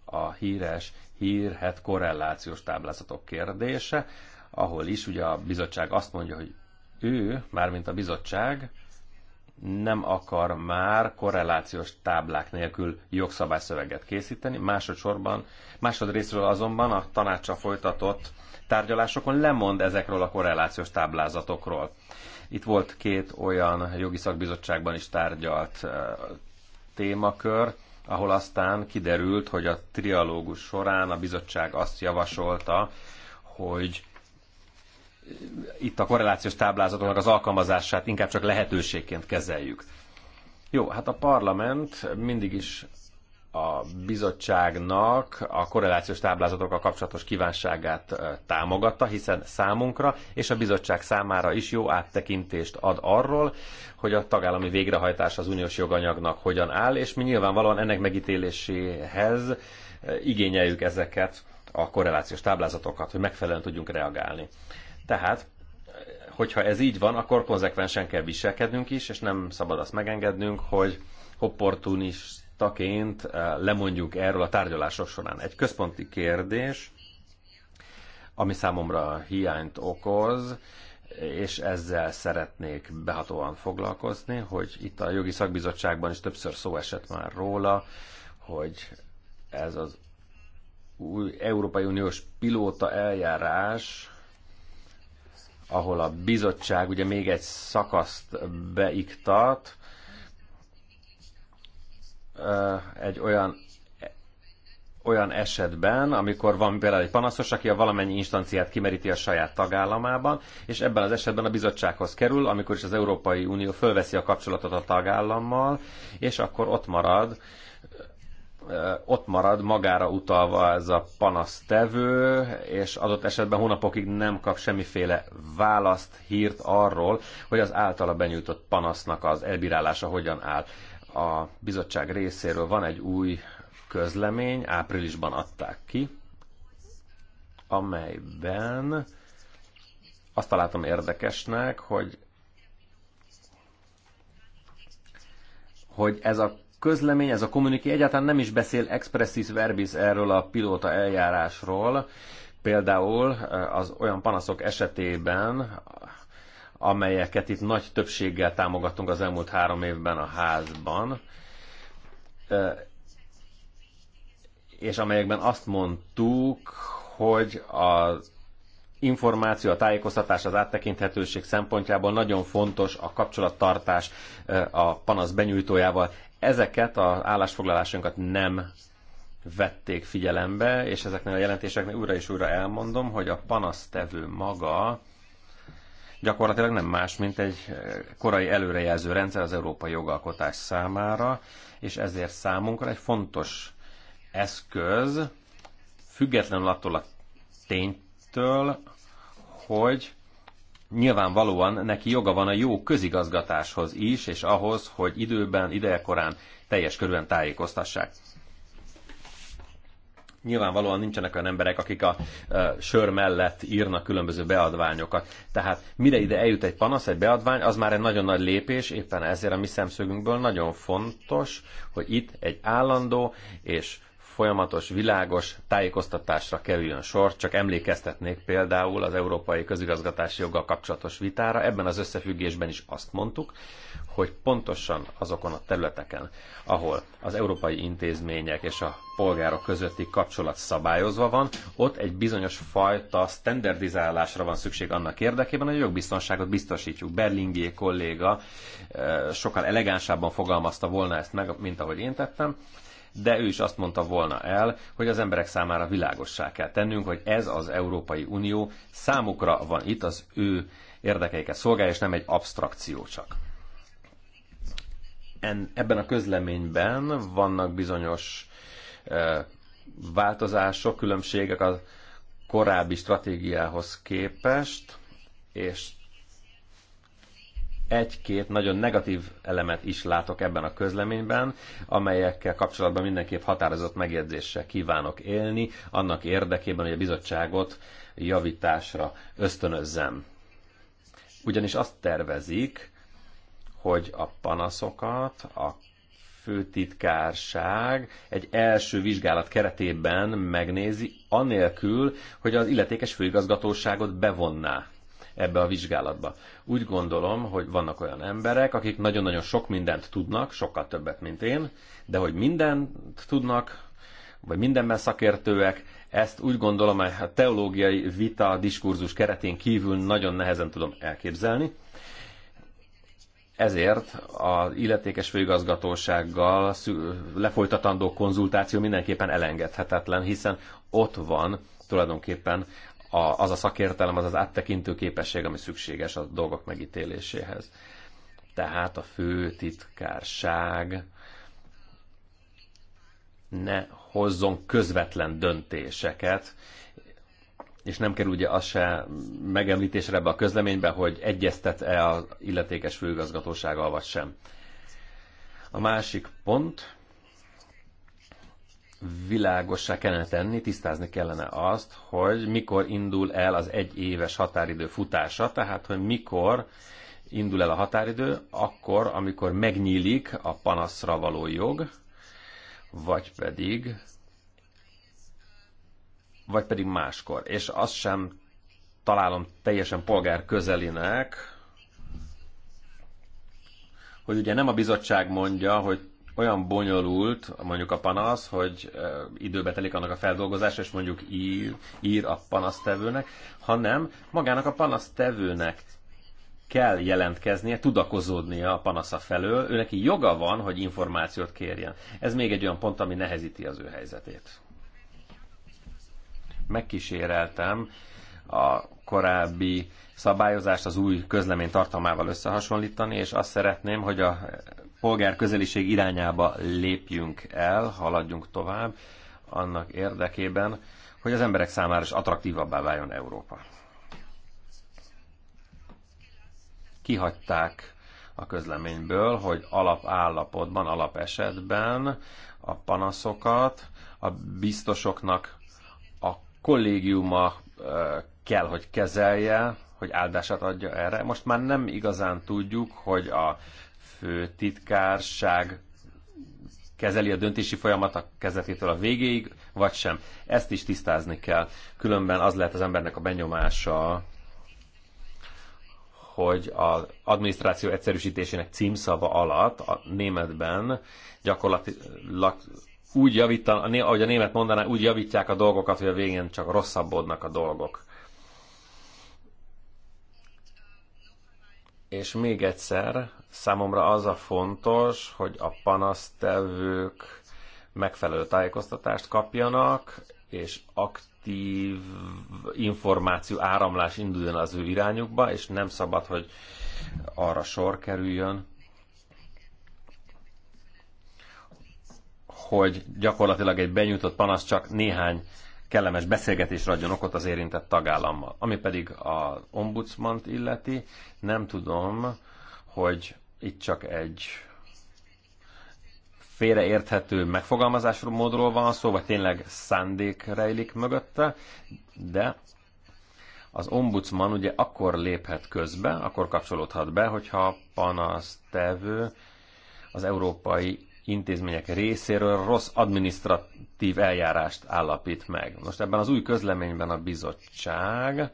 a híres hírhet korrelációs táblázatok kérdése, ahol is ugye a bizottság azt mondja, hogy ő, mármint a bizottság, nem akar már korrelációs táblák nélkül jogszabályszöveget készíteni, másodszorban, másodrészről azonban a tanácsa folytatott tárgyalásokon lemond ezekről a korrelációs táblázatokról. Itt volt két olyan jogi szakbizottságban is tárgyalt témakör, ahol aztán kiderült, hogy a trialógus során a bizottság azt javasolta, hogy itt a korrelációs táblázatoknak az alkalmazását inkább csak lehetőségként kezeljük. Jó, hát a parlament mindig is a bizottságnak a korrelációs táblázatokkal kapcsolatos kívánságát támogatta, hiszen számunkra és a bizottság számára is jó áttekintést ad arról, hogy a tagállami végrehajtás az uniós joganyagnak hogyan áll, és mi nyilvánvalóan ennek megítéléséhez igényeljük ezeket a korrelációs táblázatokat, hogy megfelelően tudjunk reagálni. Tehát, hogyha ez így van, akkor konzekvensen kell viselkednünk is, és nem szabad azt megengednünk, hogy opportunistaként eh, lemondjuk erről a tárgyalások során. Egy központi kérdés, ami számomra hiányt okoz, és ezzel szeretnék behatóan foglalkozni, hogy itt a jogi szakbizottságban is többször szó esett már róla, hogy ez az új Európai Uniós pilóta eljárás ahol a bizottság ugye még egy szakaszt beiktat, egy olyan olyan esetben, amikor van például egy panaszos, aki a valamennyi instanciát kimeríti a saját tagállamában, és ebben az esetben a bizottsághoz kerül, amikor is az Európai Unió fölveszi a kapcsolatot a tagállammal, és akkor ott marad ott marad magára utalva ez a panasztevő, és adott esetben hónapokig nem kap semmiféle választ, hírt arról, hogy az általa benyújtott panasznak az elbírálása hogyan áll. A bizottság részéről van egy új közlemény, áprilisban adták ki, amelyben azt találtam érdekesnek, hogy hogy ez a közlemény, ez a kommuniké egyáltalán nem is beszél expressis verbis erről a pilóta eljárásról. Például eh, az olyan panaszok esetében, amelyeket itt nagy többséggel támogattunk az elmúlt három évben a házban, eh, és amelyekben azt mondtuk, hogy az információ, a tájékoztatás, az áttekinthetőség szempontjából nagyon fontos a kapcsolattartás eh, a panasz benyújtójával ezeket az állásfoglalásunkat nem vették figyelembe, és ezeknél a jelentéseknél újra és újra elmondom, hogy a panasztevő maga gyakorlatilag nem más, mint egy eh, korai előrejelző rendszer az európai jogalkotás számára, és ezért számunkra egy fontos eszköz, függetlenül attól a ténytől, hogy Nyilvánvalóan neki joga van a jó közigazgatáshoz is, és ahhoz, hogy időben, idejekorán teljes körülön tájékoztassák. Nyilvánvalóan nincsenek olyan emberek, akik a e, sör mellett írnak különböző beadványokat. Tehát mire ide eljut egy panasz, egy beadvány, az már egy nagyon nagy lépés, éppen ezért a mi szemszögünkből nagyon fontos, hogy itt egy állandó és folyamatos, világos tájékoztatásra kerüljön sor, csak emlékeztetnék például az európai közigazgatási joggal kapcsolatos vitára. Ebben az összefüggésben is azt mondtuk, hogy pontosan azokon a területeken, ahol az európai intézmények és a polgárok közötti kapcsolat szabályozva van, ott egy bizonyos fajta standardizálásra van szükség annak érdekében, hogy a jogbiztonságot biztosítjuk. Berlingi kolléga eh, sokkal elegánsabban fogalmazta volna ezt meg, mint ahogy én tettem de ő is azt mondta volna el, hogy az emberek számára világossá kell tennünk, hogy ez az Európai Unió számukra van itt, az ő érdekeiket szolgálja, és nem egy abstrakció csak. En, ebben a közleményben vannak bizonyos e, változások, különbségek a korábbi stratégiához képest, és egy-két nagyon negatív elemet is látok ebben a közleményben, amelyekkel kapcsolatban mindenképp határozott megjegyzéssel kívánok élni, annak érdekében, hogy a bizottságot javításra ösztönözzem. Ugyanis azt tervezik, hogy a panaszokat a főtitkárság egy első vizsgálat keretében megnézi, anélkül, hogy az illetékes főigazgatóságot bevonná ebbe a vizsgálatba. Úgy gondolom, hogy vannak olyan emberek, akik nagyon-nagyon sok mindent tudnak, sokkal többet, mint én, de hogy mindent tudnak, vagy mindenben szakértőek, ezt úgy gondolom, hogy a teológiai vita, diskurzus keretén kívül nagyon nehezen tudom elképzelni. Ezért az illetékes főigazgatósággal lefolytatandó konzultáció mindenképpen elengedhetetlen, hiszen ott van tulajdonképpen a, az a szakértelem, az az áttekintő képesség, ami szükséges a dolgok megítéléséhez. Tehát a fő titkárság ne hozzon közvetlen döntéseket, és nem kerül ugye az se megemlítésre ebbe a közleménybe, hogy egyeztet-e az illetékes főigazgatósággal, vagy sem. A másik pont, világossá kellene tenni, tisztázni kellene azt, hogy mikor indul el az egy éves határidő futása, tehát hogy mikor indul el a határidő, akkor, amikor megnyílik a panaszra való jog, vagy pedig vagy pedig máskor. És azt sem találom teljesen polgár közelinek, hogy ugye nem a bizottság mondja, hogy olyan bonyolult mondjuk a panasz, hogy időbe telik annak a feldolgozása, és mondjuk ír, ír a panasztevőnek, hanem magának a panasztevőnek kell jelentkeznie, tudakozódnia a panasza felől, ő neki joga van, hogy információt kérjen. Ez még egy olyan pont, ami nehezíti az ő helyzetét. Megkíséreltem a korábbi szabályozást az új közlemény tartalmával összehasonlítani, és azt szeretném, hogy a közeliség irányába lépjünk el, haladjunk tovább, annak érdekében, hogy az emberek számára is attraktívabbá váljon Európa. Kihagyták a közleményből, hogy alapállapotban, alapesetben a panaszokat a biztosoknak a kollégiuma kell, hogy kezelje, hogy áldását adja erre. Most már nem igazán tudjuk, hogy a fő titkárság kezeli a döntési folyamat a kezdetétől a végéig, vagy sem. Ezt is tisztázni kell. Különben az lehet az embernek a benyomása, hogy az adminisztráció egyszerűsítésének címszava alatt a németben gyakorlatilag úgy javítanak, ahogy a német mondaná, úgy javítják a dolgokat, hogy a végén csak rosszabbodnak a dolgok. És még egyszer, számomra az a fontos, hogy a panasztevők megfelelő tájékoztatást kapjanak, és aktív információ áramlás induljon az ő irányukba, és nem szabad, hogy arra sor kerüljön, hogy gyakorlatilag egy benyújtott panasz csak néhány kellemes beszélgetésre adjon okot az érintett tagállammal. Ami pedig az ombudsmant illeti, nem tudom, hogy itt csak egy félreérthető megfogalmazásról módról van szó, vagy tényleg szándék rejlik mögötte, de az ombudsman ugye akkor léphet közbe, akkor kapcsolódhat be, hogyha a panasztevő az Európai intézmények részéről rossz adminisztratív eljárást állapít meg. Most ebben az új közleményben a bizottság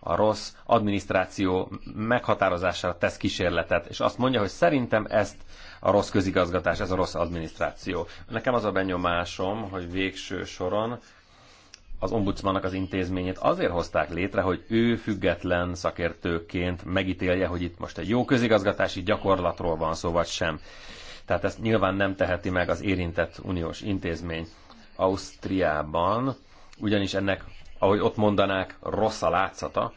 a rossz adminisztráció meghatározására tesz kísérletet, és azt mondja, hogy szerintem ezt a rossz közigazgatás, ez a rossz adminisztráció. Nekem az a benyomásom, hogy végső soron az ombudsmannak az intézményét azért hozták létre, hogy ő független szakértőként megítélje, hogy itt most egy jó közigazgatási gyakorlatról van szó, vagy sem. Tehát ezt nyilván nem teheti meg az érintett uniós intézmény Ausztriában, ugyanis ennek, ahogy ott mondanák, rossz a látszata.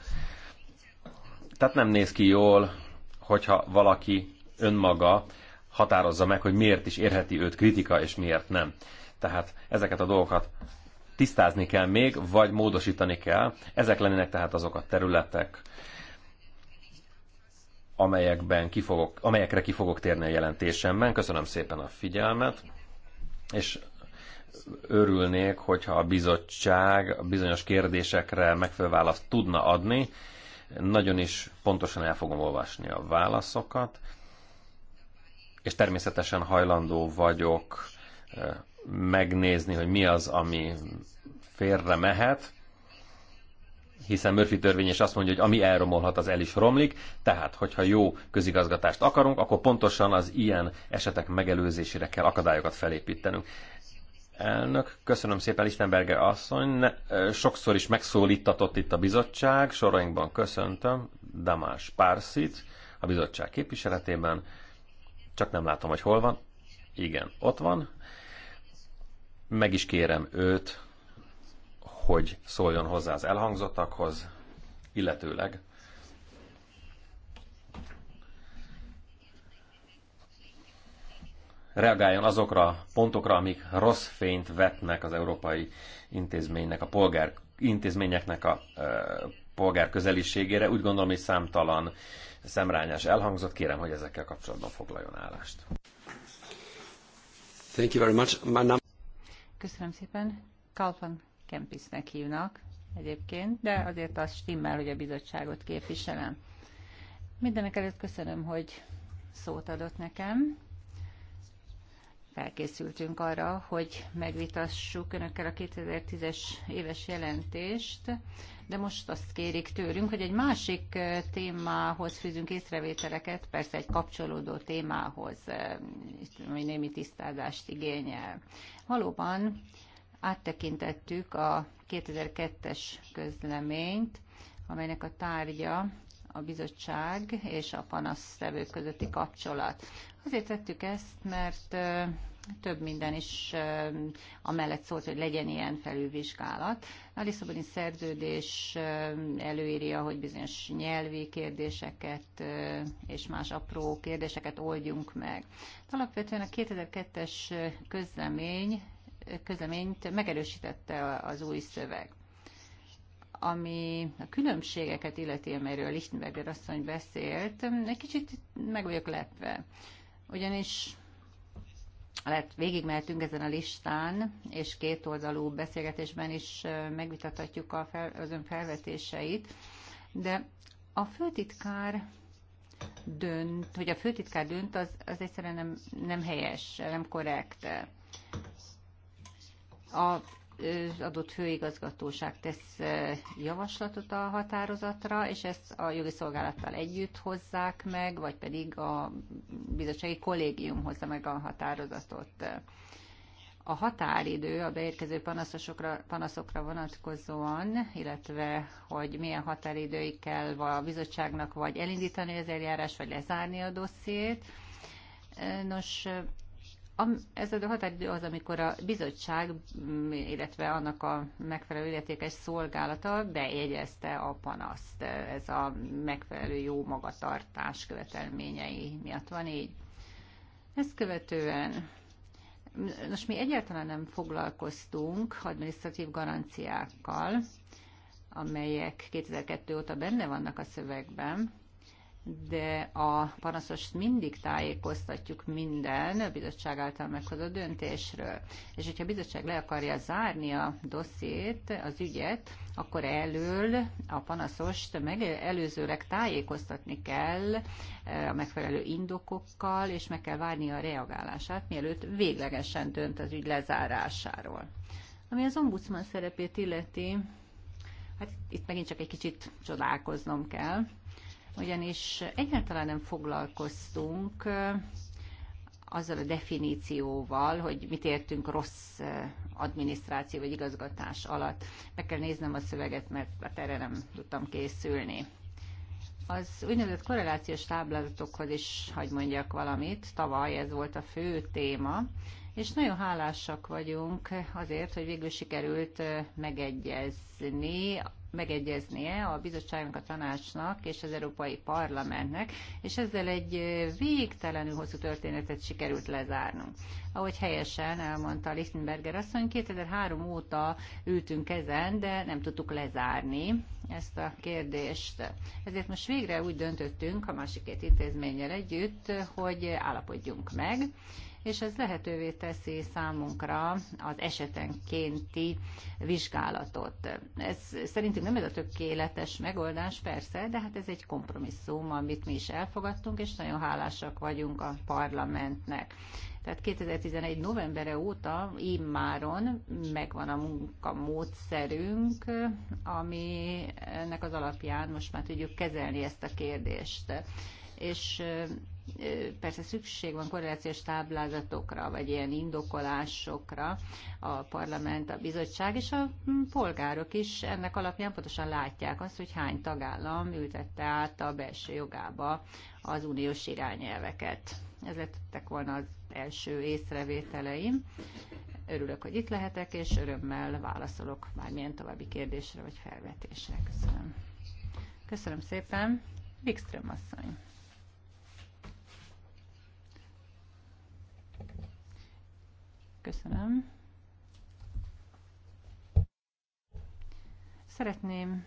Tehát nem néz ki jól, hogyha valaki önmaga határozza meg, hogy miért is érheti őt kritika, és miért nem. Tehát ezeket a dolgokat tisztázni kell még, vagy módosítani kell. Ezek lennének tehát azok a területek, amelyekben kifogok, amelyekre ki fogok térni a jelentésemben. Köszönöm szépen a figyelmet, és örülnék, hogyha a bizottság bizonyos kérdésekre megfelelő választ tudna adni. Nagyon is pontosan el fogom olvasni a válaszokat, és természetesen hajlandó vagyok eh, megnézni, hogy mi az, ami félre mehet, hiszen Murphy törvény is azt mondja, hogy ami elromolhat, az el is romlik, tehát hogyha jó közigazgatást akarunk, akkor pontosan az ilyen esetek megelőzésére kell akadályokat felépítenünk. Elnök, köszönöm szépen Istenberger asszony, ne, sokszor is megszólítatott itt a bizottság, sorainkban köszöntöm Damás Párszit a bizottság képviseletében, csak nem látom, hogy hol van. Igen, ott van. Meg is kérem őt, hogy szóljon hozzá az elhangzottakhoz, illetőleg reagáljon azokra a pontokra, amik rossz fényt vetnek az európai intézménynek, a polgár, intézményeknek a e, polgár közeliségére. Úgy gondolom, hogy számtalan szemrányás elhangzott. Kérem, hogy ezekkel kapcsolatban foglaljon állást. Thank you very much. Köszönöm szépen. Kalfan. Kempisznek hívnak egyébként, de azért azt stimmel, hogy a bizottságot képviselem. Mindenek előtt köszönöm, hogy szót adott nekem. Felkészültünk arra, hogy megvitassuk önökkel a 2010-es éves jelentést, de most azt kérik tőlünk, hogy egy másik témához fűzünk észrevételeket, persze egy kapcsolódó témához, ami némi tisztázást igényel. Valóban áttekintettük a 2002-es közleményt, amelynek a tárgya a bizottság és a panasztevő közötti kapcsolat. Azért tettük ezt, mert több minden is amellett szólt, hogy legyen ilyen felülvizsgálat. A Lisszaboni szerződés előírja, hogy bizonyos nyelvi kérdéseket és más apró kérdéseket oldjunk meg. Alapvetően a 2002-es közlemény közleményt megerősítette az új szöveg. Ami a különbségeket illeti, amelyről Lichtenberger asszony beszélt, egy kicsit meg vagyok lepve. Ugyanis lehet végigmehetünk ezen a listán, és kétoldalú beszélgetésben is megvitathatjuk a fel, az ön felvetéseit, de a főtitkár dönt, hogy a főtitkár dönt, az, az egyszerűen nem, nem helyes, nem korrekt a az adott főigazgatóság tesz javaslatot a határozatra, és ezt a jogi szolgálattal együtt hozzák meg, vagy pedig a bizottsági kollégium hozza meg a határozatot. A határidő a beérkező panaszosokra, panaszokra vonatkozóan, illetve hogy milyen határidőig kell a bizottságnak vagy elindítani az eljárás, vagy lezárni a dossziét. Nos, ez a határidő az, amikor a bizottság, mm, illetve annak a megfelelő illetékes szolgálata bejegyezte a panaszt. Ez a megfelelő jó magatartás követelményei miatt van így. Ezt követően most mi egyáltalán nem foglalkoztunk administratív garanciákkal, amelyek 2002 óta benne vannak a szövegben, de a panaszost mindig tájékoztatjuk minden a bizottság által meghozott döntésről. És hogyha a bizottság le akarja zárni a dossziét, az ügyet, akkor elől a panaszost meg előzőleg tájékoztatni kell eh, a megfelelő indokokkal, és meg kell várni a reagálását, mielőtt véglegesen dönt az ügy lezárásáról. Ami az ombudsman szerepét illeti, hát itt megint csak egy kicsit csodálkoznom kell, ugyanis egyáltalán nem foglalkoztunk azzal a definícióval, hogy mit értünk rossz adminisztráció vagy igazgatás alatt. Meg kell néznem a szöveget, mert a hát erre nem tudtam készülni. Az úgynevezett korrelációs táblázatokhoz is, hagy mondjak valamit, tavaly ez volt a fő téma, és nagyon hálásak vagyunk azért, hogy végül sikerült megegyezni megegyeznie a bizottságnak, a tanácsnak és az Európai Parlamentnek, és ezzel egy végtelenül hosszú történetet sikerült lezárnunk. Ahogy helyesen elmondta Lichtenberger asszony, 2003 óta ültünk ezen, de nem tudtuk lezárni ezt a kérdést. Ezért most végre úgy döntöttünk a másik két intézménnyel együtt, hogy állapodjunk meg, és ez lehetővé teszi számunkra az esetenkénti vizsgálatot. Ez szerintünk nem ez a tökéletes megoldás, persze, de hát ez egy kompromisszum, amit mi is elfogadtunk, és nagyon hálásak vagyunk a parlamentnek. Tehát 2011. novembere óta immáron megvan a munkamódszerünk, aminek az alapján most már tudjuk kezelni ezt a kérdést. És persze szükség van korrelációs táblázatokra, vagy ilyen indokolásokra a parlament, a bizottság, és a hm, polgárok is ennek alapján pontosan látják azt, hogy hány tagállam ültette át a belső jogába az uniós irányelveket. Ez lettek volna az első észrevételeim. Örülök, hogy itt lehetek, és örömmel válaszolok bármilyen további kérdésre vagy felvetésre. Köszönöm. Köszönöm szépen. Wikström asszony. Köszönöm. Szeretném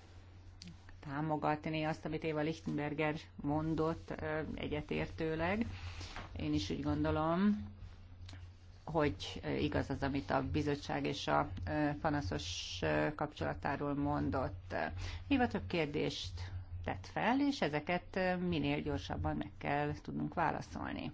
támogatni azt, amit Éva Lichtenberger mondott egyetértőleg. Én is úgy gondolom, hogy igaz az, amit a bizottság és a panaszos kapcsolatáról mondott. Éva több kérdést tett fel, és ezeket minél gyorsabban meg kell tudnunk válaszolni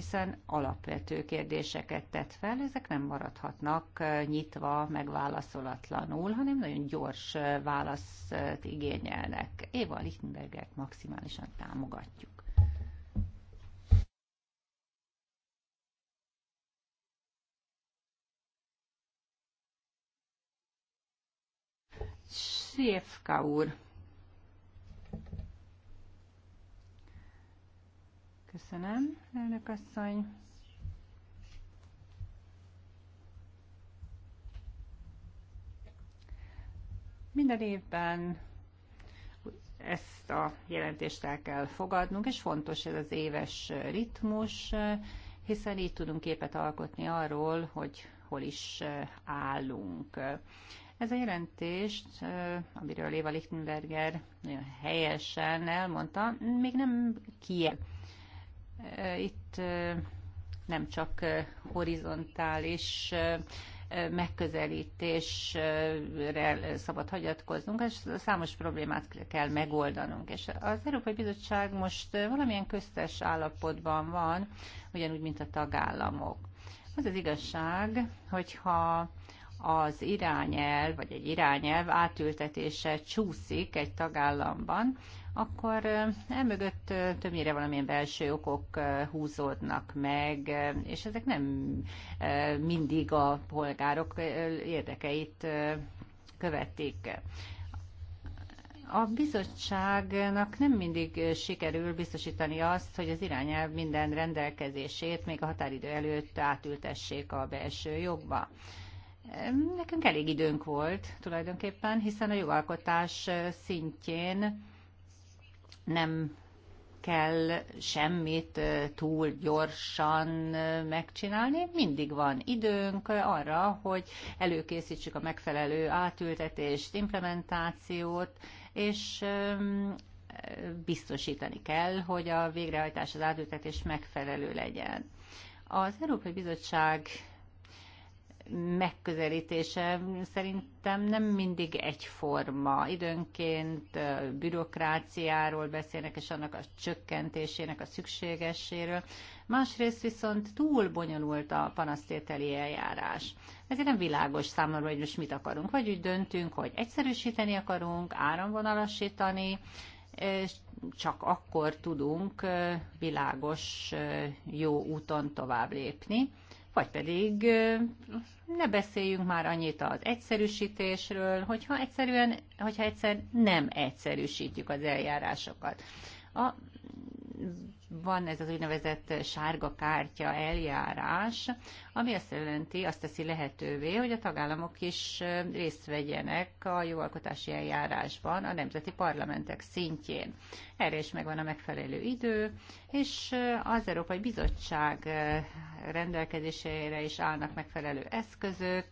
hiszen alapvető kérdéseket tett fel, ezek nem maradhatnak nyitva, megválaszolatlanul, hanem nagyon gyors választ igényelnek. Éva Lichtenbergert maximálisan támogatjuk. Szievka úr, Köszönöm, elnök asszony. Minden évben ezt a jelentést el kell fogadnunk, és fontos ez az éves ritmus, hiszen így tudunk képet alkotni arról, hogy hol is állunk. Ez a jelentést, amiről Léva Lichtenberger nagyon helyesen elmondta, még nem kiel Eh, itt eh, nem csak eh, horizontális megközelítésre szabad hagyatkoznunk, és számos problémát kell megoldanunk. És az Európai Bizottság most valamilyen köztes állapotban van, ugyanúgy, mint a tagállamok. Az az igazság, hogyha az irányelv, vagy egy irányelv átültetése csúszik egy tagállamban, akkor emögött többnyire valamilyen belső okok húzódnak meg, és ezek nem mindig a polgárok érdekeit követik. A bizottságnak nem mindig sikerül biztosítani azt, hogy az irányelv minden rendelkezését még a határidő előtt átültessék a belső jogba. Nekünk elég időnk volt tulajdonképpen, hiszen a jogalkotás szintjén nem kell semmit túl gyorsan megcsinálni, mindig van időnk arra, hogy előkészítsük a megfelelő átültetést, implementációt, és biztosítani kell, hogy a végrehajtás, az átültetés megfelelő legyen. Az Európai Bizottság megközelítése szerintem nem mindig egyforma. Időnként bürokráciáról beszélnek, és annak a csökkentésének a szükségességéről. Másrészt viszont túl bonyolult a panasztételi eljárás. Ezért nem világos számomra, hogy most mit akarunk. Vagy úgy döntünk, hogy egyszerűsíteni akarunk, áramvonalasítani, és csak akkor tudunk világos, jó úton tovább lépni vagy pedig ne beszéljünk már annyit az egyszerűsítésről, hogyha egyszerűen, hogyha egyszer nem egyszerűsítjük az eljárásokat. A van ez az úgynevezett sárga kártya eljárás, ami azt jelenti, azt teszi lehetővé, hogy a tagállamok is részt vegyenek a jogalkotási eljárásban a nemzeti parlamentek szintjén. Erre is megvan a megfelelő idő, és az Európai Bizottság rendelkezésére is állnak megfelelő eszközök,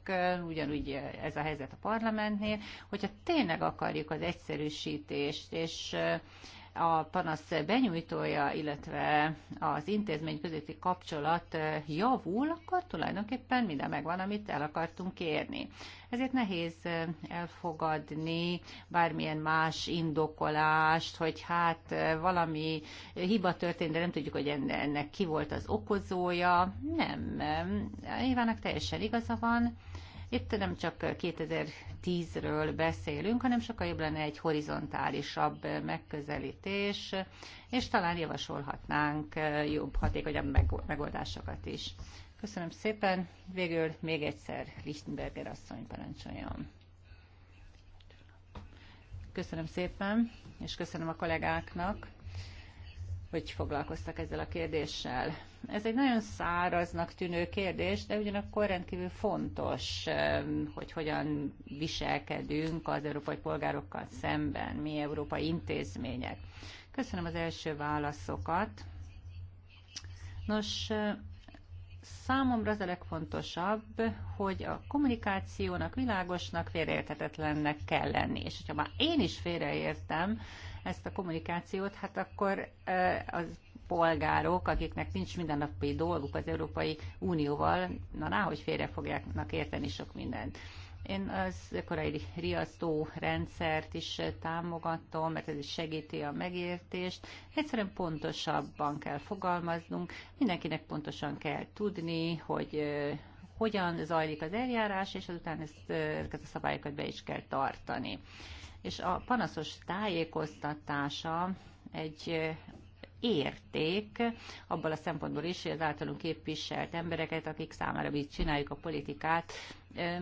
ugyanúgy ez a helyzet a parlamentnél, hogyha tényleg akarjuk az egyszerűsítést, és a panasz benyújtója, illetve az intézmény közötti kapcsolat javul, akkor tulajdonképpen minden megvan, amit el akartunk kérni. Ezért nehéz elfogadni bármilyen más indokolást, hogy hát valami hiba történt, de nem tudjuk, hogy ennek ki volt az okozója. Nem, Évának teljesen igaza van itt nem csak 2010-ről beszélünk, hanem sokkal jobb lenne egy horizontálisabb megközelítés, és talán javasolhatnánk eh, jobb, hatékonyabb megoldásokat is. Köszönöm szépen. Végül még egyszer Lichtenberger asszony parancsoljon. Köszönöm szépen, és köszönöm a kollégáknak, hogy foglalkoztak ezzel a kérdéssel. Ez egy nagyon száraznak tűnő kérdés, de ugyanakkor rendkívül fontos, hogy hogyan viselkedünk az európai polgárokkal szemben, mi európai intézmények. Köszönöm az első válaszokat. Nos, számomra az a legfontosabb, hogy a kommunikációnak világosnak, félreérthetetlennek kell lenni. És hogyha már én is félreértem ezt a kommunikációt, hát akkor eh, az polgárok, akiknek nincs mindennapi dolguk az Európai Unióval, na náhogy félre fogják érteni sok mindent. Én az korai riasztó rendszert is támogatom, mert ez is segíti a megértést. Egyszerűen pontosabban kell fogalmaznunk, mindenkinek pontosan kell tudni, hogy hogyan zajlik az eljárás, és azután ezt, ezeket a szabályokat be is kell tartani. És a panaszos tájékoztatása egy érték, abban a szempontból is, hogy az általunk képviselt embereket, akik számára mi csináljuk a politikát,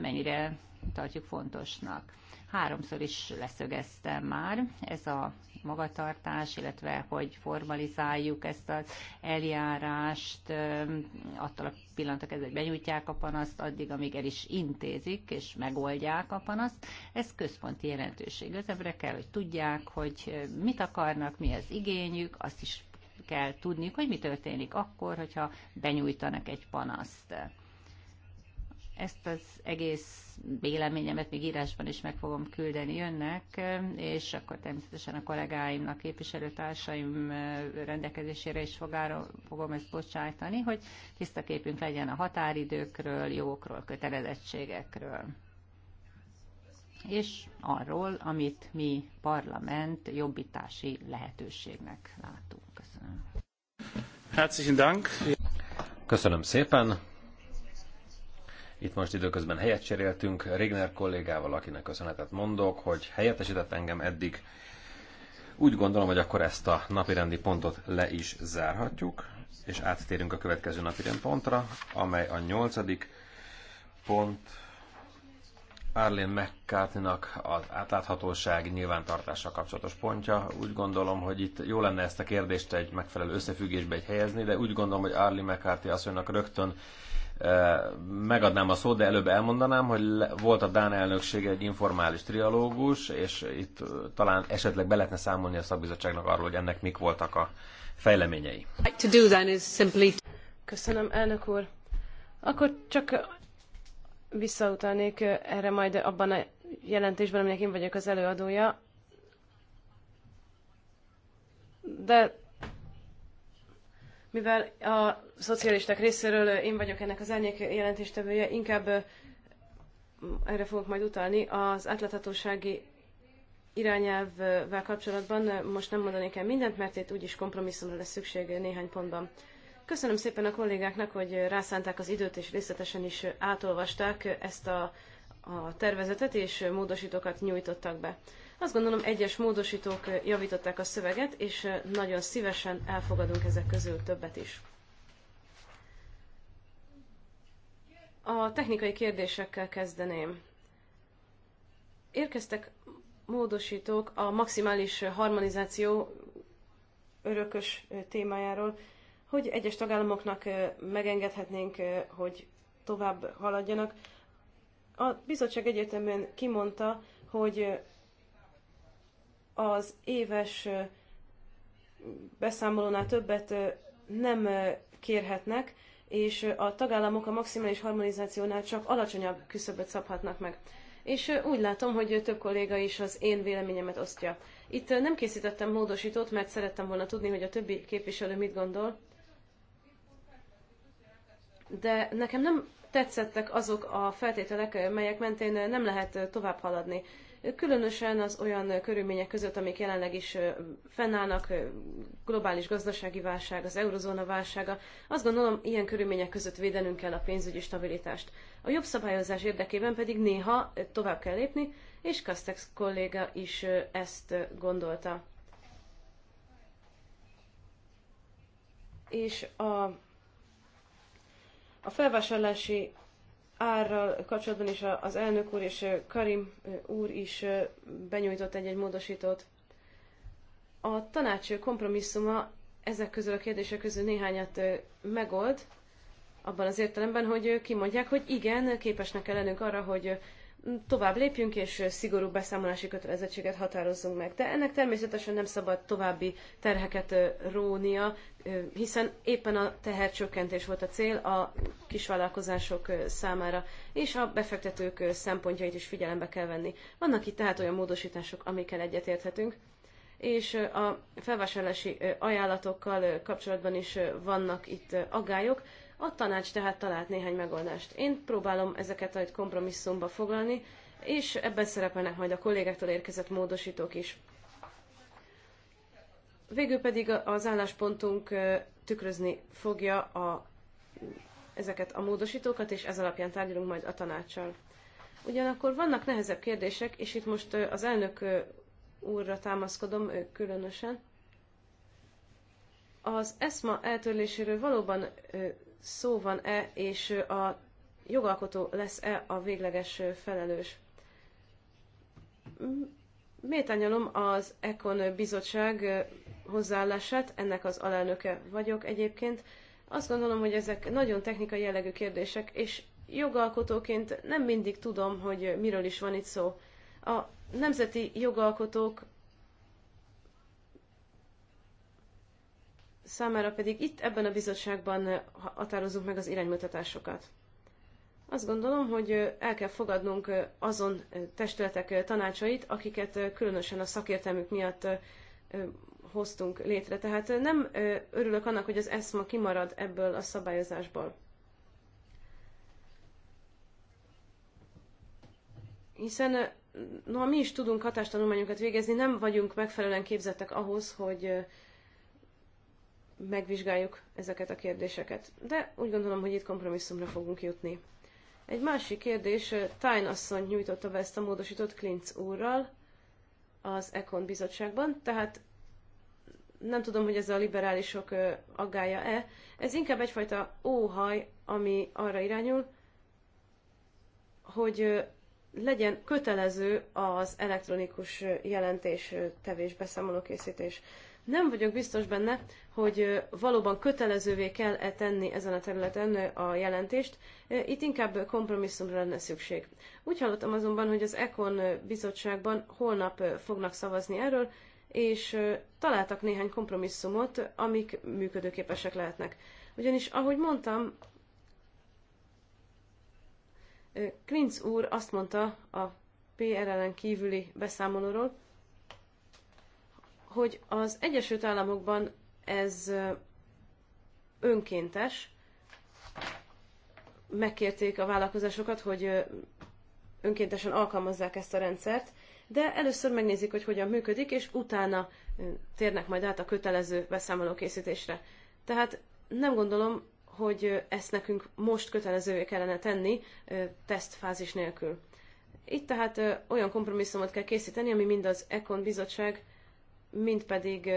mennyire tartjuk fontosnak. Háromszor is leszögeztem már, ez a magatartás, illetve hogy formalizáljuk ezt az eljárást, attól a pillanatok kezdve benyújtják a panaszt, addig, amíg el is intézik és megoldják a panaszt. Ez központi jelentőség. Özebbre kell, hogy tudják, hogy mit akarnak, mi az igényük, azt is kell tudniuk, hogy mi történik akkor, hogyha benyújtanak egy panaszt. Ezt az egész véleményemet még írásban is meg fogom küldeni önnek, és akkor természetesen a kollégáimnak, képviselőtársaim rendelkezésére is fogára, fogom ezt bocsájtani, hogy tiszta képünk legyen a határidőkről, jogokról, kötelezettségekről és arról, amit mi parlament jobbítási lehetőségnek látunk. Köszönöm. Herzlichen Dank. Köszönöm szépen. Itt most időközben helyet cseréltünk Rigner kollégával, akinek köszönetet mondok, hogy helyettesített engem eddig. Úgy gondolom, hogy akkor ezt a napirendi pontot le is zárhatjuk, és áttérünk a következő napirend pontra, amely a nyolcadik pont Arlene mccartney az átláthatóság nyilvántartással kapcsolatos pontja. Úgy gondolom, hogy itt jó lenne ezt a kérdést egy megfelelő összefüggésbe egy helyezni, de úgy gondolom, hogy Arlene McCarthy asszonynak rögtön megadnám a szót, de előbb elmondanám, hogy volt a Dán elnökség egy informális trialógus, és itt talán esetleg be lehetne számolni a szakbizottságnak arról, hogy ennek mik voltak a fejleményei. Köszönöm, elnök úr. Akkor csak visszautalnék erre majd abban a jelentésben, aminek én vagyok az előadója. De mivel a szocialisták részéről én vagyok ennek az árnyék jelentéstevője, inkább erre fogok majd utalni. Az átláthatósági irányelvvel kapcsolatban most nem mondanék el mindent, mert itt úgyis kompromisszumra lesz szükség néhány pontban. Köszönöm szépen a kollégáknak, hogy rászánták az időt és részletesen is átolvasták ezt a, a tervezetet, és módosítókat nyújtottak be. Azt gondolom egyes módosítók javították a szöveget, és nagyon szívesen elfogadunk ezek közül többet is. A technikai kérdésekkel kezdeném. Érkeztek módosítók a maximális harmonizáció örökös témájáról, hogy egyes tagállamoknak megengedhetnénk, hogy tovább haladjanak. A bizottság egyértelműen kimondta, hogy az éves beszámolónál többet nem kérhetnek, és a tagállamok a maximális harmonizációnál csak alacsonyabb küszöböt szabhatnak meg. És úgy látom, hogy több kolléga is az én véleményemet osztja. Itt nem készítettem módosítót, mert szerettem volna tudni, hogy a többi képviselő mit gondol. De nekem nem tetszettek azok a feltételek, melyek mentén nem lehet tovább haladni különösen az olyan körülmények között, amik jelenleg is fennállnak, globális gazdasági válság, az eurozóna válsága, azt gondolom, ilyen körülmények között védenünk kell a pénzügyi stabilitást. A jobb szabályozás érdekében pedig néha tovább kell lépni, és Kastex kolléga is ezt gondolta. És a, a felvásárlási árral kapcsolatban is az elnök úr és Karim úr is benyújtott egy-egy módosítót. A tanács kompromisszuma ezek közül a kérdések közül néhányat megold, abban az értelemben, hogy kimondják, hogy igen, képesnek kell lennünk arra, hogy tovább lépjünk, és szigorú beszámolási kötelezettséget határozzunk meg. De ennek természetesen nem szabad további terheket rónia, hiszen éppen a tehercsökkentés volt a cél a kisvállalkozások számára, és a befektetők szempontjait is figyelembe kell venni. Vannak itt tehát olyan módosítások, amikkel egyetérthetünk, és a felvásárlási ajánlatokkal kapcsolatban is vannak itt aggályok, a tanács tehát talált néhány megoldást. Én próbálom ezeket egy kompromisszumba foglalni, és ebben szerepelnek majd a kollégáktól érkezett módosítók is. Végül pedig az álláspontunk tükrözni fogja a, ezeket a módosítókat, és ez alapján tárgyalunk majd a tanácssal. Ugyanakkor vannak nehezebb kérdések, és itt most az elnök úrra támaszkodom különösen. Az ESMA eltörléséről valóban szó van-e, és a jogalkotó lesz-e a végleges felelős. Méltányolom az Econ bizottság hozzáállását, ennek az alelnöke vagyok egyébként. Azt gondolom, hogy ezek nagyon technikai jellegű kérdések, és jogalkotóként nem mindig tudom, hogy miről is van itt szó. A nemzeti jogalkotók számára pedig itt ebben a bizottságban eh, határozzuk meg az iránymutatásokat. Azt gondolom, hogy eh, el kell fogadnunk eh, azon testületek tanácsait, akiket különösen a szakértelmük miatt hoztunk létre. Tehát nem örülök annak, hogy az ESMA kimarad ebből a szabályozásból. Hiszen noha mi is tudunk hatástanulmányokat végezni, nem vagyunk megfelelően képzettek ahhoz, hogy megvizsgáljuk ezeket a kérdéseket. De úgy gondolom, hogy itt kompromisszumra fogunk jutni. Egy másik kérdés, Tájn asszony nyújtotta be ezt a módosított Klinc úrral az Econ bizottságban, tehát nem tudom, hogy ez a liberálisok aggája-e. Ez inkább egyfajta óhaj, ami arra irányul, hogy legyen kötelező az elektronikus jelentés tevés beszámoló készítés. Nem vagyok biztos benne, hogy valóban kötelezővé kell -e tenni ezen a területen a jelentést, itt inkább kompromisszumra lenne szükség. Úgy hallottam azonban, hogy az Econ bizottságban holnap fognak szavazni erről, és találtak néhány kompromisszumot, amik működőképesek lehetnek. Ugyanis, ahogy mondtam, Klinz úr azt mondta a PRL-en kívüli beszámolóról, hogy az Egyesült Államokban ez önkéntes. Megkérték a vállalkozásokat, hogy önkéntesen alkalmazzák ezt a rendszert, de először megnézik, hogy hogyan működik, és utána térnek majd át a kötelező beszámolókészítésre. Tehát nem gondolom, hogy ezt nekünk most kötelezővé kellene tenni tesztfázis nélkül. Itt tehát olyan kompromisszumot kell készíteni, ami mind az Econ bizottság mint pedig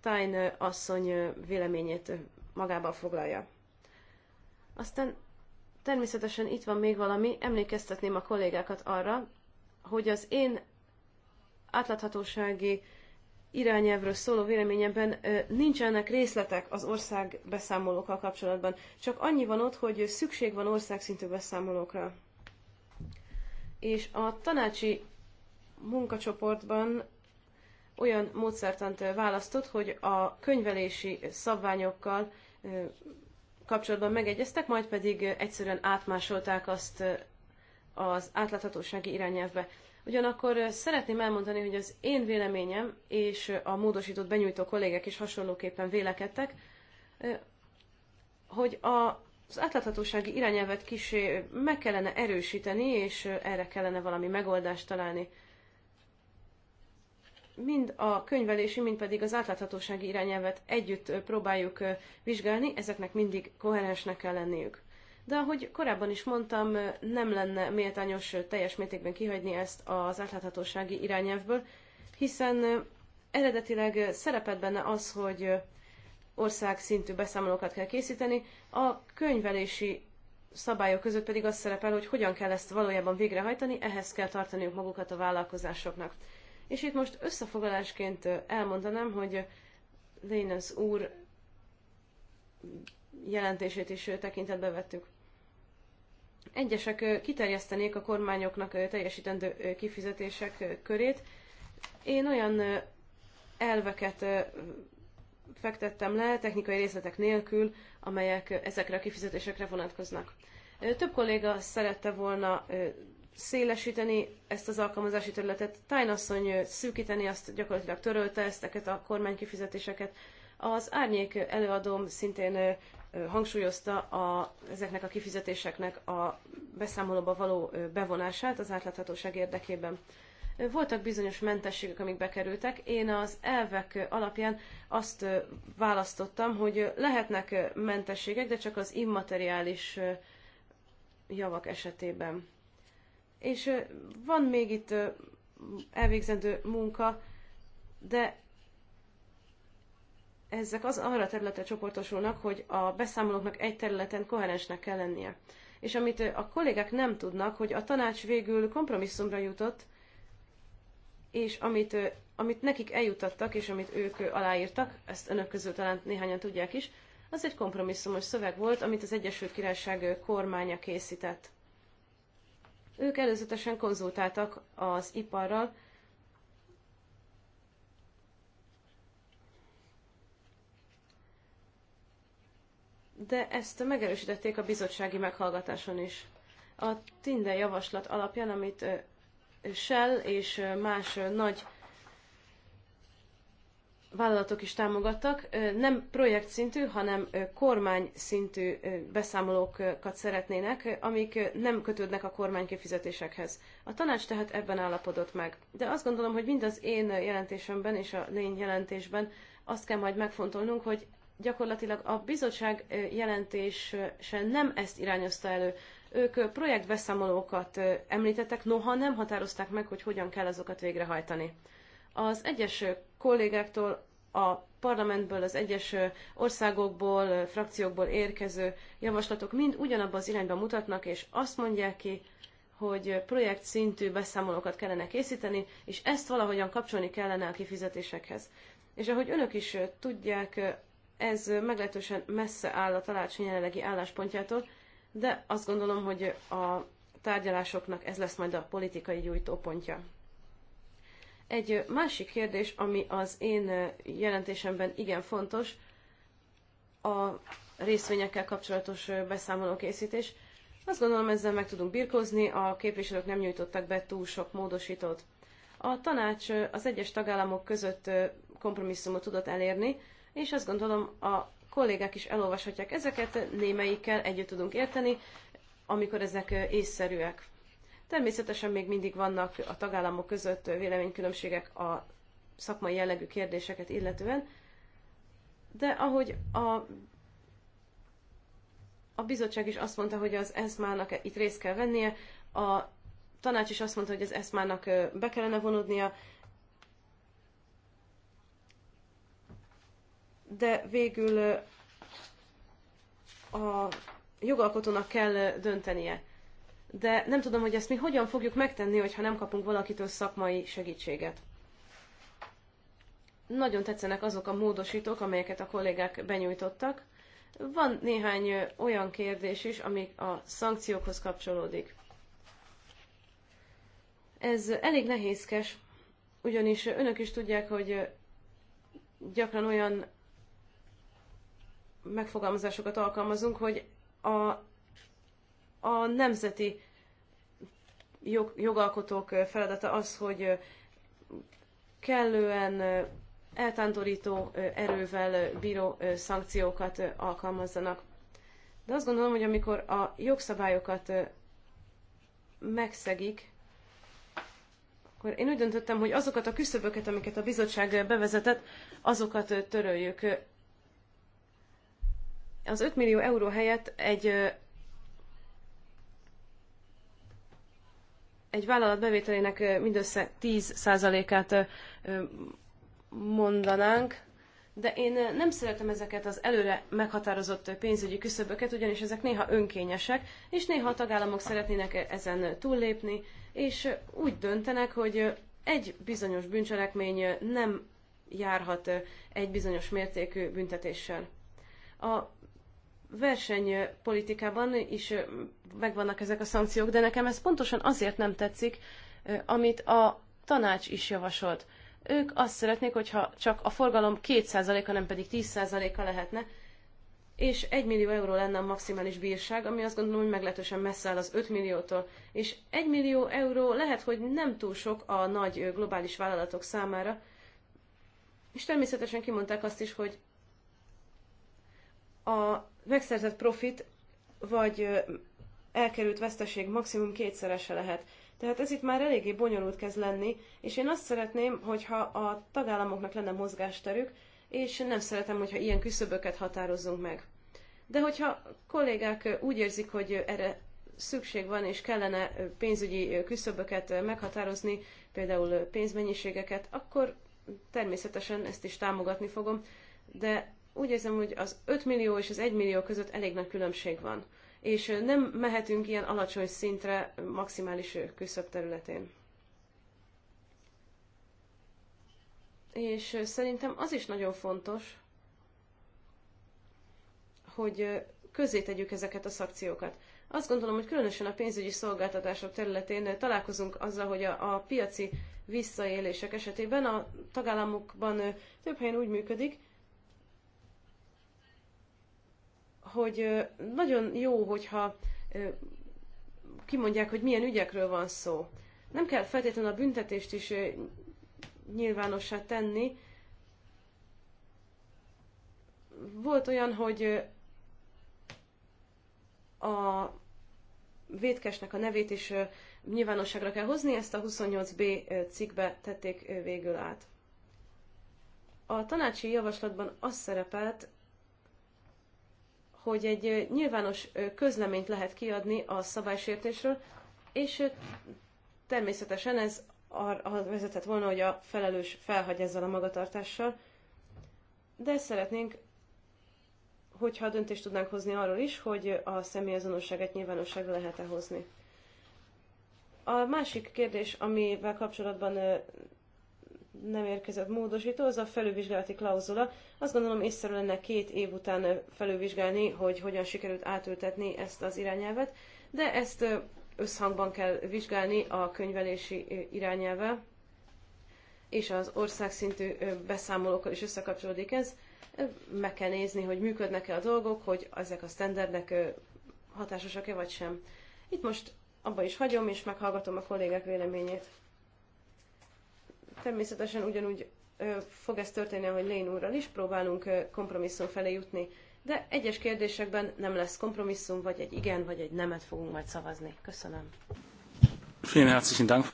Tain asszony véleményét magába foglalja. Aztán természetesen itt van még valami, emlékeztetném a kollégákat arra, hogy az én átláthatósági irányelvről szóló véleményemben nincsenek részletek az ország beszámolókkal kapcsolatban. Csak annyi van ott, hogy szükség van országszintű beszámolókra. És a tanácsi munkacsoportban olyan módszertant választott, hogy a könyvelési szabványokkal kapcsolatban megegyeztek, majd pedig egyszerűen átmásolták azt az átláthatósági irányelvbe. Ugyanakkor szeretném elmondani, hogy az én véleményem és a módosított benyújtó kollégek is hasonlóképpen vélekedtek, hogy az átláthatósági irányelvet kis meg kellene erősíteni, és erre kellene valami megoldást találni mind a könyvelési, mind pedig az átláthatósági irányelvet együtt próbáljuk vizsgálni, ezeknek mindig koherensnek kell lenniük. De ahogy korábban is mondtam, nem lenne méltányos teljes mértékben kihagyni ezt az átláthatósági irányelvből, hiszen eredetileg szerepet benne az, hogy ország szintű beszámolókat kell készíteni, a könyvelési szabályok között pedig az szerepel, hogy hogyan kell ezt valójában végrehajtani, ehhez kell tartaniuk magukat a vállalkozásoknak. És itt most összefoglalásként elmondanám, hogy Lénez úr jelentését is tekintetbe vettük. Egyesek kiterjesztenék a kormányoknak teljesítendő kifizetések körét. Én olyan elveket fektettem le, technikai részletek nélkül, amelyek ezekre a kifizetésekre vonatkoznak. Több kolléga szerette volna szélesíteni ezt az alkalmazási területet. asszony szűkíteni azt gyakorlatilag törölte ezteket a kormány kifizetéseket. Az árnyék előadóm szintén hangsúlyozta a, ezeknek a kifizetéseknek a beszámolóba való bevonását az átláthatóság érdekében. Voltak bizonyos mentességek, amik bekerültek. Én az elvek alapján azt választottam, hogy lehetnek mentességek, de csak az immateriális javak esetében. És van még itt elvégzendő munka, de ezek az arra a területre csoportosulnak, hogy a beszámolóknak egy területen koherensnek kell lennie. És amit a kollégák nem tudnak, hogy a tanács végül kompromisszumra jutott, és amit, amit nekik eljutattak, és amit ők aláírtak, ezt önök közül talán néhányan tudják is, az egy kompromisszumos szöveg volt, amit az Egyesült Királyság kormánya készített. Ők előzetesen konzultáltak az iparral, de ezt megerősítették a bizottsági meghallgatáson is. A Tinder javaslat alapján, amit Shell és más nagy vállalatok is támogattak. Nem projekt szintű, hanem kormány szintű beszámolókat szeretnének, amik nem kötődnek a kormány kifizetésekhez. A tanács tehát ebben állapodott meg. De azt gondolom, hogy mind az én jelentésemben és a lény jelentésben azt kell majd megfontolnunk, hogy gyakorlatilag a bizottság jelentése nem ezt irányozta elő. Ők projektbeszámolókat említettek, noha nem határozták meg, hogy hogyan kell azokat végrehajtani. Az egyes kollégáktól a parlamentből, az egyes országokból, frakciókból érkező javaslatok mind ugyanabban az irányba mutatnak, és azt mondják ki, hogy projekt szintű beszámolókat kellene készíteni, és ezt valahogyan kapcsolni kellene a kifizetésekhez. És ahogy önök is tudják, ez meglehetősen messze áll a tanács jelenlegi álláspontjától, de azt gondolom, hogy a tárgyalásoknak ez lesz majd a politikai gyújtópontja. Egy másik kérdés, ami az én jelentésemben igen fontos, a részvényekkel kapcsolatos beszámolókészítés. Azt gondolom, ezzel meg tudunk birkózni, a képviselők nem nyújtottak be túl sok módosítót. A tanács az egyes tagállamok között kompromisszumot tudott elérni, és azt gondolom, a kollégák is elolvashatják ezeket, némelyikkel együtt tudunk érteni, amikor ezek észszerűek. Természetesen még mindig vannak a tagállamok között véleménykülönbségek a szakmai jellegű kérdéseket illetően, de ahogy a, a bizottság is azt mondta, hogy az ESMA-nak itt részt kell vennie, a tanács is azt mondta, hogy az ESMA-nak be kellene vonódnia, de végül a jogalkotónak kell döntenie de nem tudom, hogy ezt mi hogyan fogjuk megtenni, hogyha nem kapunk valakitől szakmai segítséget. Nagyon tetszenek azok a módosítók, amelyeket a kollégák benyújtottak. Van néhány olyan kérdés is, ami a szankciókhoz kapcsolódik. Ez elég nehézkes, ugyanis önök is tudják, hogy gyakran olyan megfogalmazásokat alkalmazunk, hogy a a nemzeti jog, jogalkotók feladata az, hogy kellően eltántorító erővel bíró szankciókat alkalmazzanak. De azt gondolom, hogy amikor a jogszabályokat megszegik, akkor én úgy döntöttem, hogy azokat a küszöböket, amiket a bizottság bevezetett, azokat töröljük. Az 5 millió euró helyett egy egy vállalat bevételének mindössze 10%-át mondanánk, de én nem szeretem ezeket az előre meghatározott pénzügyi küszöböket, ugyanis ezek néha önkényesek, és néha a tagállamok szeretnének ezen túllépni, és úgy döntenek, hogy egy bizonyos bűncselekmény nem járhat egy bizonyos mértékű büntetéssel. A versenypolitikában is megvannak ezek a szankciók, de nekem ez pontosan azért nem tetszik, amit a tanács is javasolt. Ők azt szeretnék, hogyha csak a forgalom 2%-a, nem pedig 10%-a lehetne, és 1 millió euró lenne a maximális bírság, ami azt gondolom, hogy meglehetősen messze áll az 5 milliótól. És 1 millió euró lehet, hogy nem túl sok a nagy globális vállalatok számára, és természetesen kimondták azt is, hogy a megszerzett profit vagy elkerült veszteség maximum kétszerese lehet. Tehát ez itt már eléggé bonyolult kezd lenni, és én azt szeretném, hogyha a tagállamoknak lenne mozgásterük, és nem szeretem, hogyha ilyen küszöböket határozzunk meg. De hogyha kollégák úgy érzik, hogy erre szükség van, és kellene pénzügyi küszöböket meghatározni, például pénzmennyiségeket, akkor természetesen ezt is támogatni fogom, de úgy érzem, hogy az 5 millió és az 1 millió között elég nagy különbség van, és nem mehetünk ilyen alacsony szintre maximális küszöbb területén. És szerintem az is nagyon fontos, hogy közé tegyük ezeket a szakciókat. Azt gondolom, hogy különösen a pénzügyi szolgáltatások területén találkozunk azzal, hogy a, a piaci visszaélések esetében a tagállamokban több helyen úgy működik, hogy nagyon jó, hogyha kimondják, hogy milyen ügyekről van szó. Nem kell feltétlenül a büntetést is nyilvánossá tenni. Volt olyan, hogy a vétkesnek a nevét is nyilvánosságra kell hozni, ezt a 28b cikkbe tették végül át. A tanácsi javaslatban az szerepelt, hogy egy nyilvános közleményt lehet kiadni a szabálysértésről, és természetesen ez arra vezetett volna, hogy a felelős felhagy ezzel a magatartással, de szeretnénk, hogyha döntést tudnánk hozni arról is, hogy a személyazonosságet nyilvánosságra lehet-e hozni. A másik kérdés, amivel kapcsolatban nem érkezett módosító, az a felülvizsgálati klauzula. Azt gondolom észre lenne két év után felülvizsgálni, hogy hogyan sikerült átültetni ezt az irányelvet, de ezt összhangban kell vizsgálni a könyvelési irányelve, és az országszintű beszámolókkal is összekapcsolódik ez. Meg kell nézni, hogy működnek-e a dolgok, hogy ezek a standardek hatásosak-e vagy sem. Itt most abba is hagyom, és meghallgatom a kollégák véleményét. Természetesen ugyanúgy fog ez történni, hogy Lén úrral is próbálunk kompromisszum felé jutni, de egyes kérdésekben nem lesz kompromisszum, vagy egy igen, vagy egy nemet fogunk majd szavazni. Köszönöm. Vielen herzlichen Dank.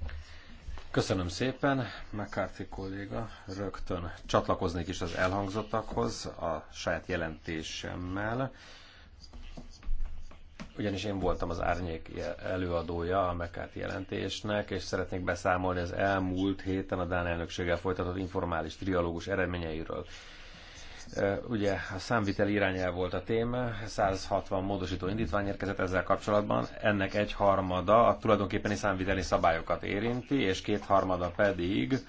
Köszönöm szépen, McCarthy kolléga. Rögtön csatlakoznék is az elhangzottakhoz a saját jelentésemmel ugyanis én voltam az árnyék előadója a Mekát jelentésnek, és szeretnék beszámolni az elmúlt héten a Dán elnökséggel folytatott informális trialógus eredményeiről. Ugye a számvitel irányel volt a téma, 160 módosító indítvány érkezett ezzel kapcsolatban, ennek egy harmada a tulajdonképpeni számviteli szabályokat érinti, és két harmada pedig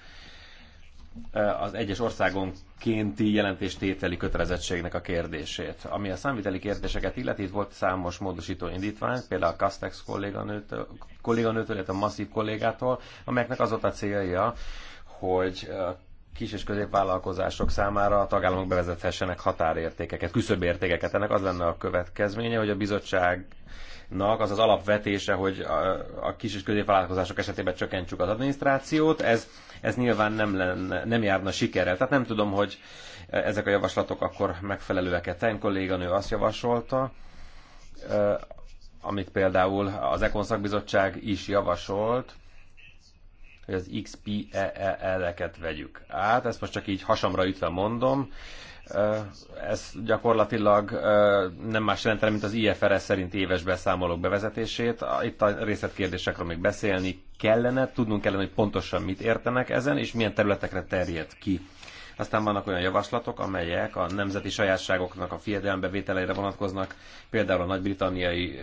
Eh, az egyes országonkénti jelentéstételi kötelezettségnek a kérdését. Ami a számviteli kérdéseket illeti, itt volt számos módosító indítvány, például a Castex kolléganőtől, kolléganőtől, illetve a Masszív kollégától, amelyeknek az volt a célja, hogy kis és középvállalkozások számára a tagállamok bevezethessenek határértékeket, küszöbértékeket. Ennek az lenne a következménye, hogy a bizottság az az alapvetése, hogy a, a kis és középvállalkozások esetében csökkentsük az adminisztrációt. Ez ez nyilván nem, lenne, nem járna sikerrel. Tehát nem tudom, hogy ezek a javaslatok akkor megfelelőek-e. Ten kolléganő azt javasolta, amit például az Ekon szakbizottság is javasolt, hogy az XPEE-eket vegyük át. Ezt most csak így hasamra ütve mondom ez gyakorlatilag nem más jelentene, mint az IFRS szerint éves beszámolók bevezetését. Itt a részletkérdésekről még beszélni kellene, tudnunk kellene, hogy pontosan mit értenek ezen, és milyen területekre terjed ki. Aztán vannak olyan javaslatok, amelyek a nemzeti sajátságoknak a fiedelembevételeire vonatkoznak, például a nagy-britanniai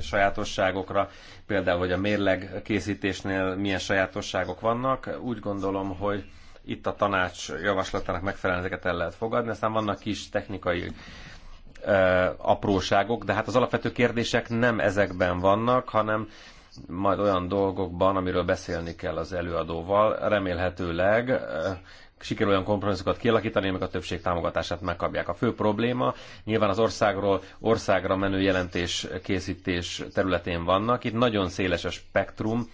sajátosságokra, például, hogy a mérleg készítésnél milyen sajátosságok vannak. Úgy gondolom, hogy itt a tanács javaslatának megfelelően ezeket el lehet fogadni, aztán vannak kis technikai ö, apróságok, de hát az alapvető kérdések nem ezekben vannak, hanem majd olyan dolgokban, amiről beszélni kell az előadóval, remélhetőleg sikerül olyan kompromisszokat kialakítani, amik a többség támogatását megkapják. A fő probléma nyilván az országról országra menő jelentés készítés területén vannak. Itt nagyon széles a spektrum,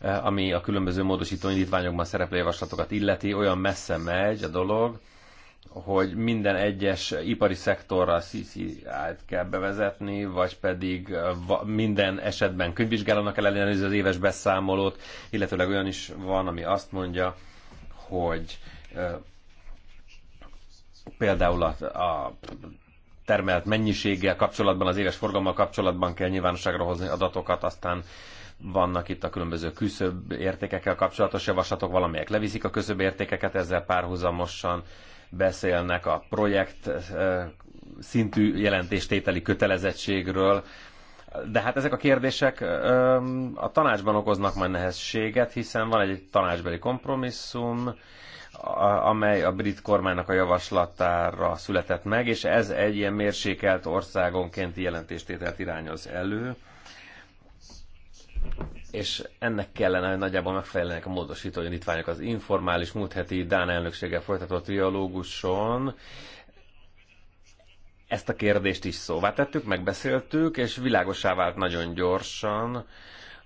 Eh, ami a különböző módosító indítványokban szereplő javaslatokat illeti, olyan messze megy a dolog, hogy minden egyes ipari szektorra CCI-t kell bevezetni, vagy pedig eh, minden esetben könyvvizsgálónak kell ellenőrizni az éves beszámolót, illetőleg olyan is van, ami azt mondja, hogy eh, például a, a termelt mennyiséggel kapcsolatban, az éves forgalommal kapcsolatban kell nyilvánosságra hozni adatokat, aztán vannak itt a különböző küszöbb értékekkel kapcsolatos javaslatok, valamelyek leviszik a küszöbb értékeket, ezzel párhuzamosan beszélnek a projekt eh, szintű jelentéstételi kötelezettségről, de hát ezek a kérdések eh, a tanácsban okoznak majd nehézséget, hiszen van egy tanácsbeli kompromisszum, amely a brit kormánynak a javaslatára született meg, és ez egy ilyen mérsékelt országonkénti jelentéstételt irányoz elő és ennek kellene, hogy nagyjából megfelelnek a módosító indítványok az informális múlt heti Dán elnökséggel folytatott dialóguson. Ezt a kérdést is szóvá tettük, megbeszéltük, és világosá vált nagyon gyorsan,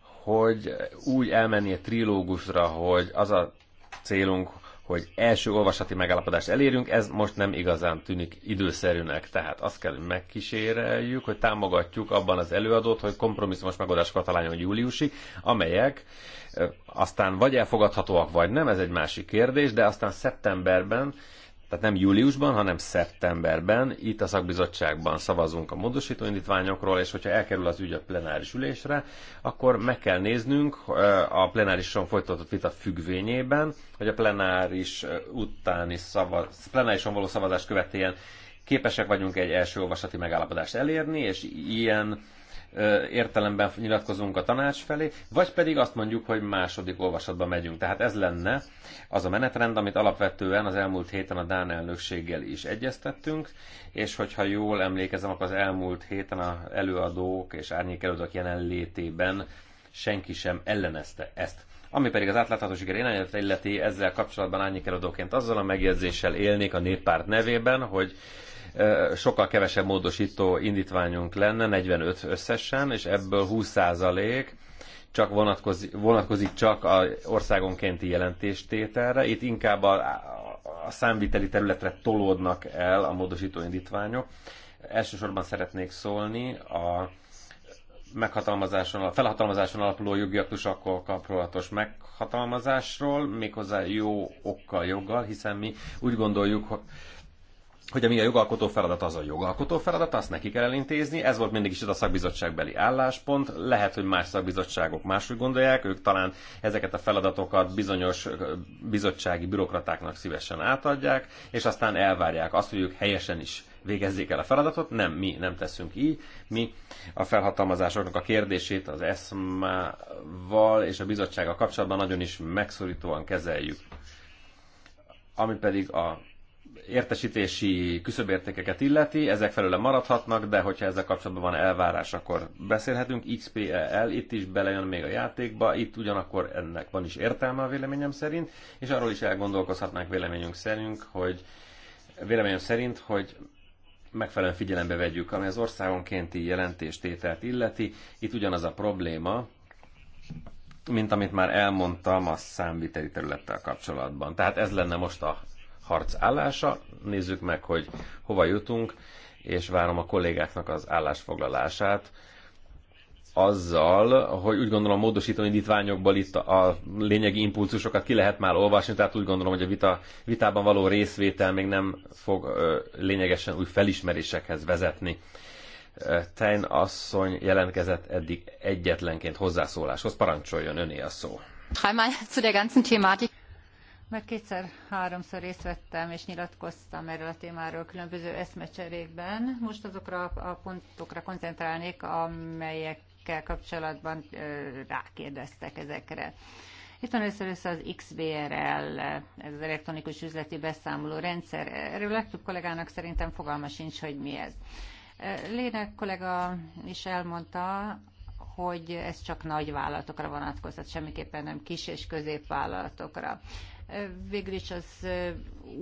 hogy úgy elmenni a trilógusra, hogy az a célunk, hogy első olvasati megállapodást elérjünk, ez most nem igazán tűnik időszerűnek. Tehát azt kell, hogy megkíséreljük, hogy támogatjuk abban az előadót, hogy kompromisszumos megoldásokat találjon júliusi amelyek aztán vagy elfogadhatóak, vagy nem, ez egy másik kérdés, de aztán szeptemberben tehát nem júliusban, hanem szeptemberben itt a szakbizottságban szavazunk a módosító indítványokról, és hogyha elkerül az ügy a plenáris ülésre, akkor meg kell néznünk eh, a plenárison folytatott vita függvényében, hogy a plenáris eh, utáni szavaz, plenárison való szavazás követően képesek vagyunk egy első olvasati megállapodást elérni, és ilyen értelemben nyilatkozunk a tanács felé, vagy pedig azt mondjuk, hogy második olvasatba megyünk. Tehát ez lenne az a menetrend, amit alapvetően az elmúlt héten a Dán elnökséggel is egyeztettünk, és hogyha jól emlékezem, akkor az elmúlt héten a előadók és árnyék előadók jelenlétében senki sem ellenezte ezt. Ami pedig az átláthatóság irányelvet illeti, ezzel kapcsolatban árnyék előadóként azzal a megjegyzéssel élnék a néppárt nevében, hogy sokkal kevesebb módosító indítványunk lenne, 45 összesen, és ebből 20% csak vonatkozik, vonatkozik csak a országonkénti jelentéstételre. Itt inkább a, a számviteli területre tolódnak el a módosító indítványok. Elsősorban szeretnék szólni a meghatalmazáson, a felhatalmazáson alapuló jogi aktusokkal, kapcsolatos meghatalmazásról, méghozzá jó okkal, joggal, hiszen mi úgy gondoljuk, hogy hogy ami a jogalkotó feladat, az a jogalkotó feladat, azt neki kell elintézni. Ez volt mindig is ez a szakbizottságbeli álláspont. Lehet, hogy más szakbizottságok máshogy gondolják, ők talán ezeket a feladatokat bizonyos bizottsági bürokratáknak szívesen átadják, és aztán elvárják azt, hogy ők helyesen is végezzék el a feladatot. Nem, mi nem teszünk így. Mi a felhatalmazásoknak a kérdését az ESMA-val és a bizottsággal kapcsolatban nagyon is megszorítóan kezeljük. Ami pedig a értesítési küszöbértékeket illeti, ezek felőle maradhatnak, de hogyha ezzel kapcsolatban van elvárás, akkor beszélhetünk. XPL e itt is belejön még a játékba, itt ugyanakkor ennek van is értelme a véleményem szerint, és arról is elgondolkozhatnánk véleményünk szerint, hogy véleményem szerint, hogy megfelelően figyelembe vegyük, ami az országonkénti jelentéstételt illeti. Itt ugyanaz a probléma, mint amit már elmondtam a számviteli területtel kapcsolatban. Tehát ez lenne most a harc állása. Nézzük meg, hogy hova jutunk, és várom a kollégáknak az állásfoglalását azzal, hogy úgy gondolom módosító indítványokból itt a lényegi impulzusokat ki lehet már olvasni, tehát úgy gondolom, hogy a vita, vitában való részvétel még nem fog ö, lényegesen új felismerésekhez vezetni. Tein asszony jelentkezett eddig egyetlenként hozzászóláshoz. Parancsoljon, öné a szó. Dreimal zu der ganzen Thematik. Meg kétszer-háromszor részt vettem és nyilatkoztam erről a témáról különböző eszmecserékben. Most azokra a pontokra koncentrálnék, amelyekkel kapcsolatban rákérdeztek ezekre. Itt van először össze az XBRL, ez az elektronikus üzleti beszámoló rendszer. Erről legtöbb kollégának szerintem fogalma sincs, hogy mi ez. Lének kollega is elmondta, hogy ez csak nagy vállalatokra vonatkozhat, semmiképpen nem kis és középvállalatokra. Végül is az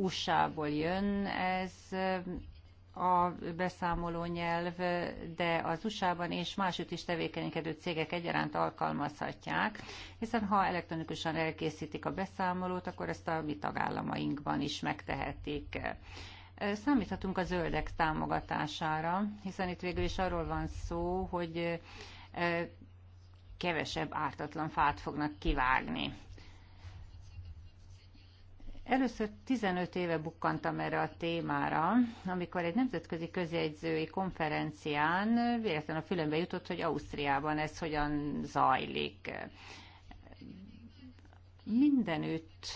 USA-ból jön ez a beszámoló nyelv, de az USA-ban és másütt is tevékenykedő cégek egyaránt alkalmazhatják, hiszen ha elektronikusan elkészítik a beszámolót, akkor ezt a mi tagállamainkban is megtehetik. Számíthatunk a zöldek támogatására, hiszen itt végül is arról van szó, hogy kevesebb ártatlan fát fognak kivágni. Először 15 éve bukkantam erre a témára, amikor egy nemzetközi közjegyzői konferencián véletlenül a fülembe jutott, hogy Ausztriában ez hogyan zajlik. Mindenütt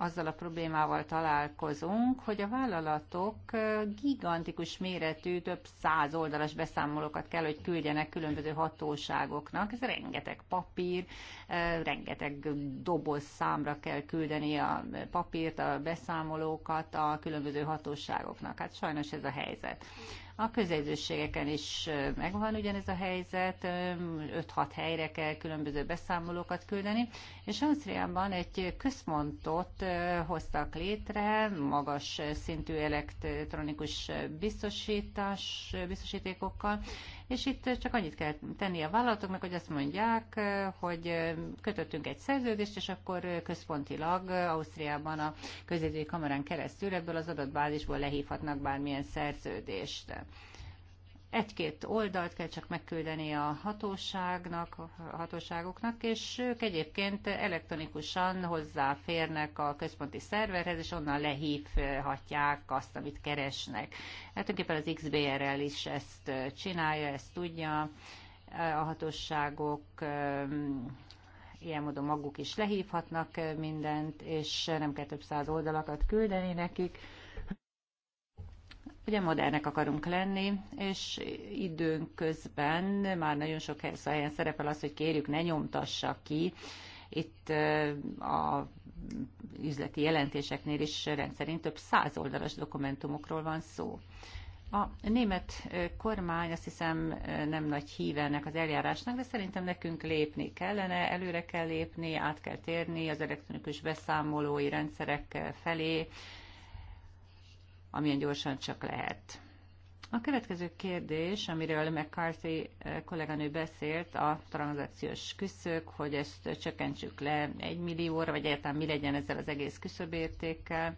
azzal a problémával találkozunk, hogy a vállalatok gigantikus méretű, több száz oldalas beszámolókat kell, hogy küldjenek különböző hatóságoknak. Ez rengeteg papír, rengeteg doboz számra kell küldeni a papírt, a beszámolókat a különböző hatóságoknak. Hát sajnos ez a helyzet. A közegyzőségeken is megvan ugyanez a helyzet, 5-6 helyre kell különböző beszámolókat küldeni, és Ausztriában egy központot hoztak létre, magas szintű elektronikus biztosítás, biztosítékokkal, és itt csak annyit kell tenni a vállalatoknak, hogy azt mondják, hogy kötöttünk egy szerződést, és akkor központilag Ausztriában a közédői kamerán keresztül ebből az adatbázisból lehívhatnak bármilyen szerződést egy-két oldalt kell csak megküldeni a hatóságnak, a hatóságoknak, és ők egyébként elektronikusan hozzáférnek a központi szerverhez, és onnan lehívhatják azt, amit keresnek. Hát tulajdonképpen az XBRL is ezt csinálja, ezt tudja. A hatóságok ilyen módon maguk is lehívhatnak mindent, és nem kell több száz oldalakat küldeni nekik Ugye modernek akarunk lenni, és időnk közben már nagyon sok helyen szóval szerepel az, hogy kérjük, ne nyomtassa ki. Itt a üzleti jelentéseknél is rendszerint több száz oldalas dokumentumokról van szó. A német kormány azt hiszem nem nagy híve ennek az eljárásnak, de szerintem nekünk lépni kellene, előre kell lépni, át kell térni az elektronikus beszámolói rendszerek felé, amilyen gyorsan csak lehet. A következő kérdés, amiről McCarthy eh, kolléganő beszélt, a tranzakciós küszök, hogy ezt csökkentsük le egy millióra, vagy egyáltalán mi legyen ezzel az egész küszöbértékkel.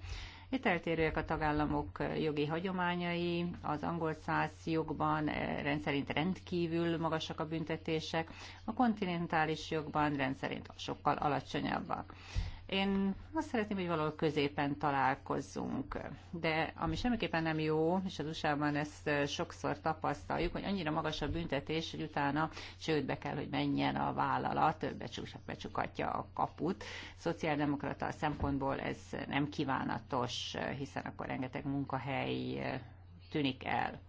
Itt eltérőek a tagállamok eh, jogi hagyományai, az angol száz jogban eh, rendszerint rendkívül magasak a büntetések, a kontinentális jogban rendszerint sokkal alacsonyabbak. Én azt szeretném, hogy valahol középen találkozzunk. De ami semmiképpen nem jó, és az USA-ban ezt eh, sokszor tapasztaljuk, hogy annyira magas a büntetés, hogy utána csődbe kell, hogy menjen a vállalat, becsukatja a kaput. Szociáldemokrata szempontból ez nem kívánatos, eh, hiszen akkor rengeteg munkahely eh, tűnik el.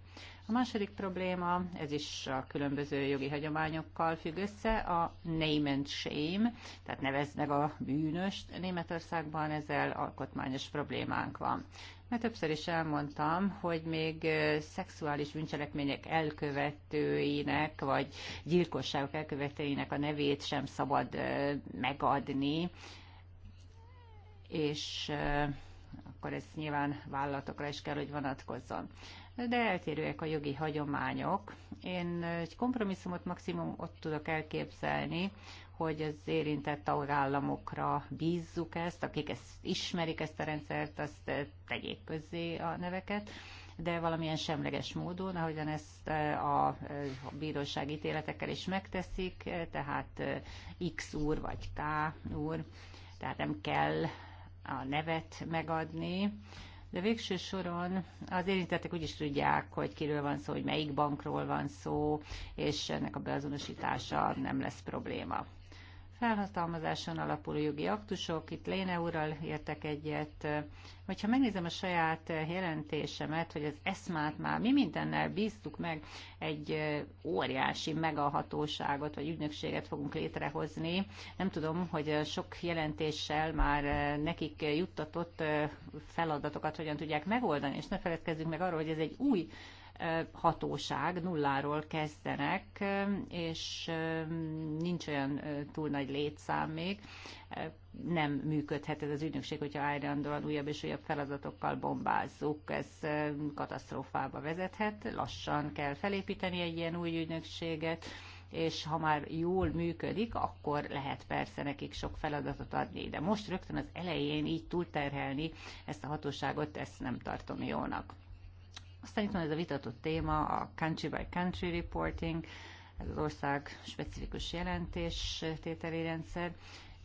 A második probléma, ez is a különböző jogi hagyományokkal függ össze, a name and shame, tehát nevezd meg a bűnöst. Németországban ezzel alkotmányos problémánk van. Mert többször is elmondtam, hogy még szexuális bűncselekmények elkövetőinek, vagy gyilkosságok elkövetőinek a nevét sem szabad megadni, és akkor ez nyilván vállalatokra is kell, hogy vonatkozzon de eltérőek a jogi hagyományok. Én egy kompromisszumot maximum ott tudok elképzelni, hogy az érintett tagállamokra bízzuk ezt, akik ezt ismerik ezt a rendszert, azt eh, tegyék közzé a neveket, de valamilyen semleges módon, ahogyan ezt eh, eh, a, bíróság ítéletekkel is megteszik, tehát X úr vagy K úr, tehát nem kell a nevet megadni, de végső soron az érintettek úgy is tudják, hogy kiről van szó, hogy melyik bankról van szó, és ennek a beazonosítása nem lesz probléma felhatalmazáson alapuló jogi aktusok, itt Léne úrral értek egyet. Hogyha megnézem a saját jelentésemet, hogy az eszmát már mi mindennel bíztuk meg, egy óriási megahatóságot vagy ügynökséget fogunk létrehozni. Nem tudom, hogy sok jelentéssel már nekik juttatott feladatokat hogyan tudják megoldani, és ne feledkezzünk meg arról, hogy ez egy új hatóság, nulláról kezdenek, és nincs olyan túl nagy létszám még. Nem működhet ez az ügynökség, hogyha állandóan újabb és újabb feladatokkal bombázzuk. Ez katasztrófába vezethet. Lassan kell felépíteni egy ilyen új ügynökséget és ha már jól működik, akkor lehet persze nekik sok feladatot adni. De most rögtön az elején így túlterhelni ezt a hatóságot, ezt nem tartom jónak. Aztán itt van ez a vitatott téma, a country by country reporting, ez az ország specifikus jelentés tételi rendszer.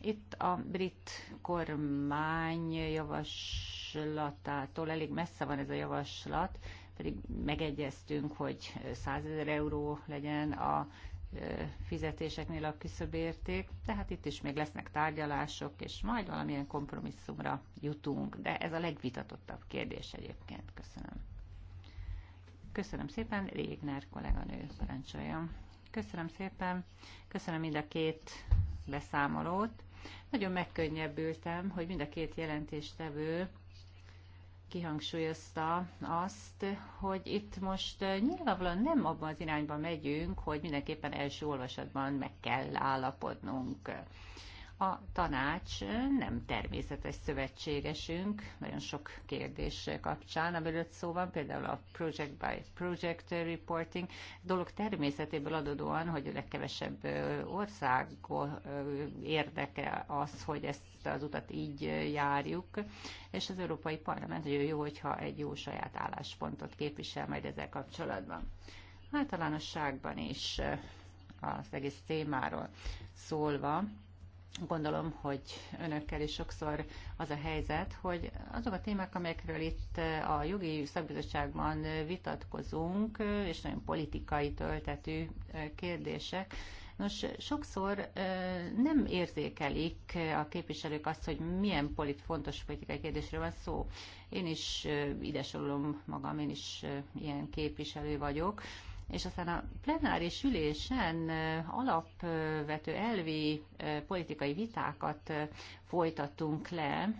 Itt a brit kormány javaslatától elég messze van ez a javaslat, pedig megegyeztünk, hogy 100 ezer euró legyen a fizetéseknél a küszöbérték, tehát itt is még lesznek tárgyalások, és majd valamilyen kompromisszumra jutunk, de ez a legvitatottabb kérdés egyébként. Köszönöm. Köszönöm szépen, Régner kolléganő szerencsője. Köszönöm szépen, köszönöm mind a két beszámolót. Nagyon megkönnyebbültem, hogy mind a két jelentéstevő kihangsúlyozta azt, hogy itt most nyilvánvalóan nem abban az irányban megyünk, hogy mindenképpen első olvasatban meg kell állapodnunk. A tanács nem természetes szövetségesünk, nagyon sok kérdés kapcsán, amiről szó van, például a project by project reporting, dolog természetéből adódóan, hogy a legkevesebb ország érdeke az, hogy ezt az utat így járjuk, és az Európai Parlament nagyon jó, hogyha egy jó saját álláspontot képvisel majd ezzel kapcsolatban. Általánosságban is az egész témáról szólva, Gondolom, hogy önökkel is sokszor az a helyzet, hogy azok a témák, amelyekről itt a jogi szakbizottságban vitatkozunk, és nagyon politikai töltetű kérdések, Nos, sokszor nem érzékelik a képviselők azt, hogy milyen polit, fontos politikai kérdésről van szó. Én is ide sorolom magam, én is ilyen képviselő vagyok és aztán a plenáris ülésen alapvető elvi politikai vitákat folytattunk le,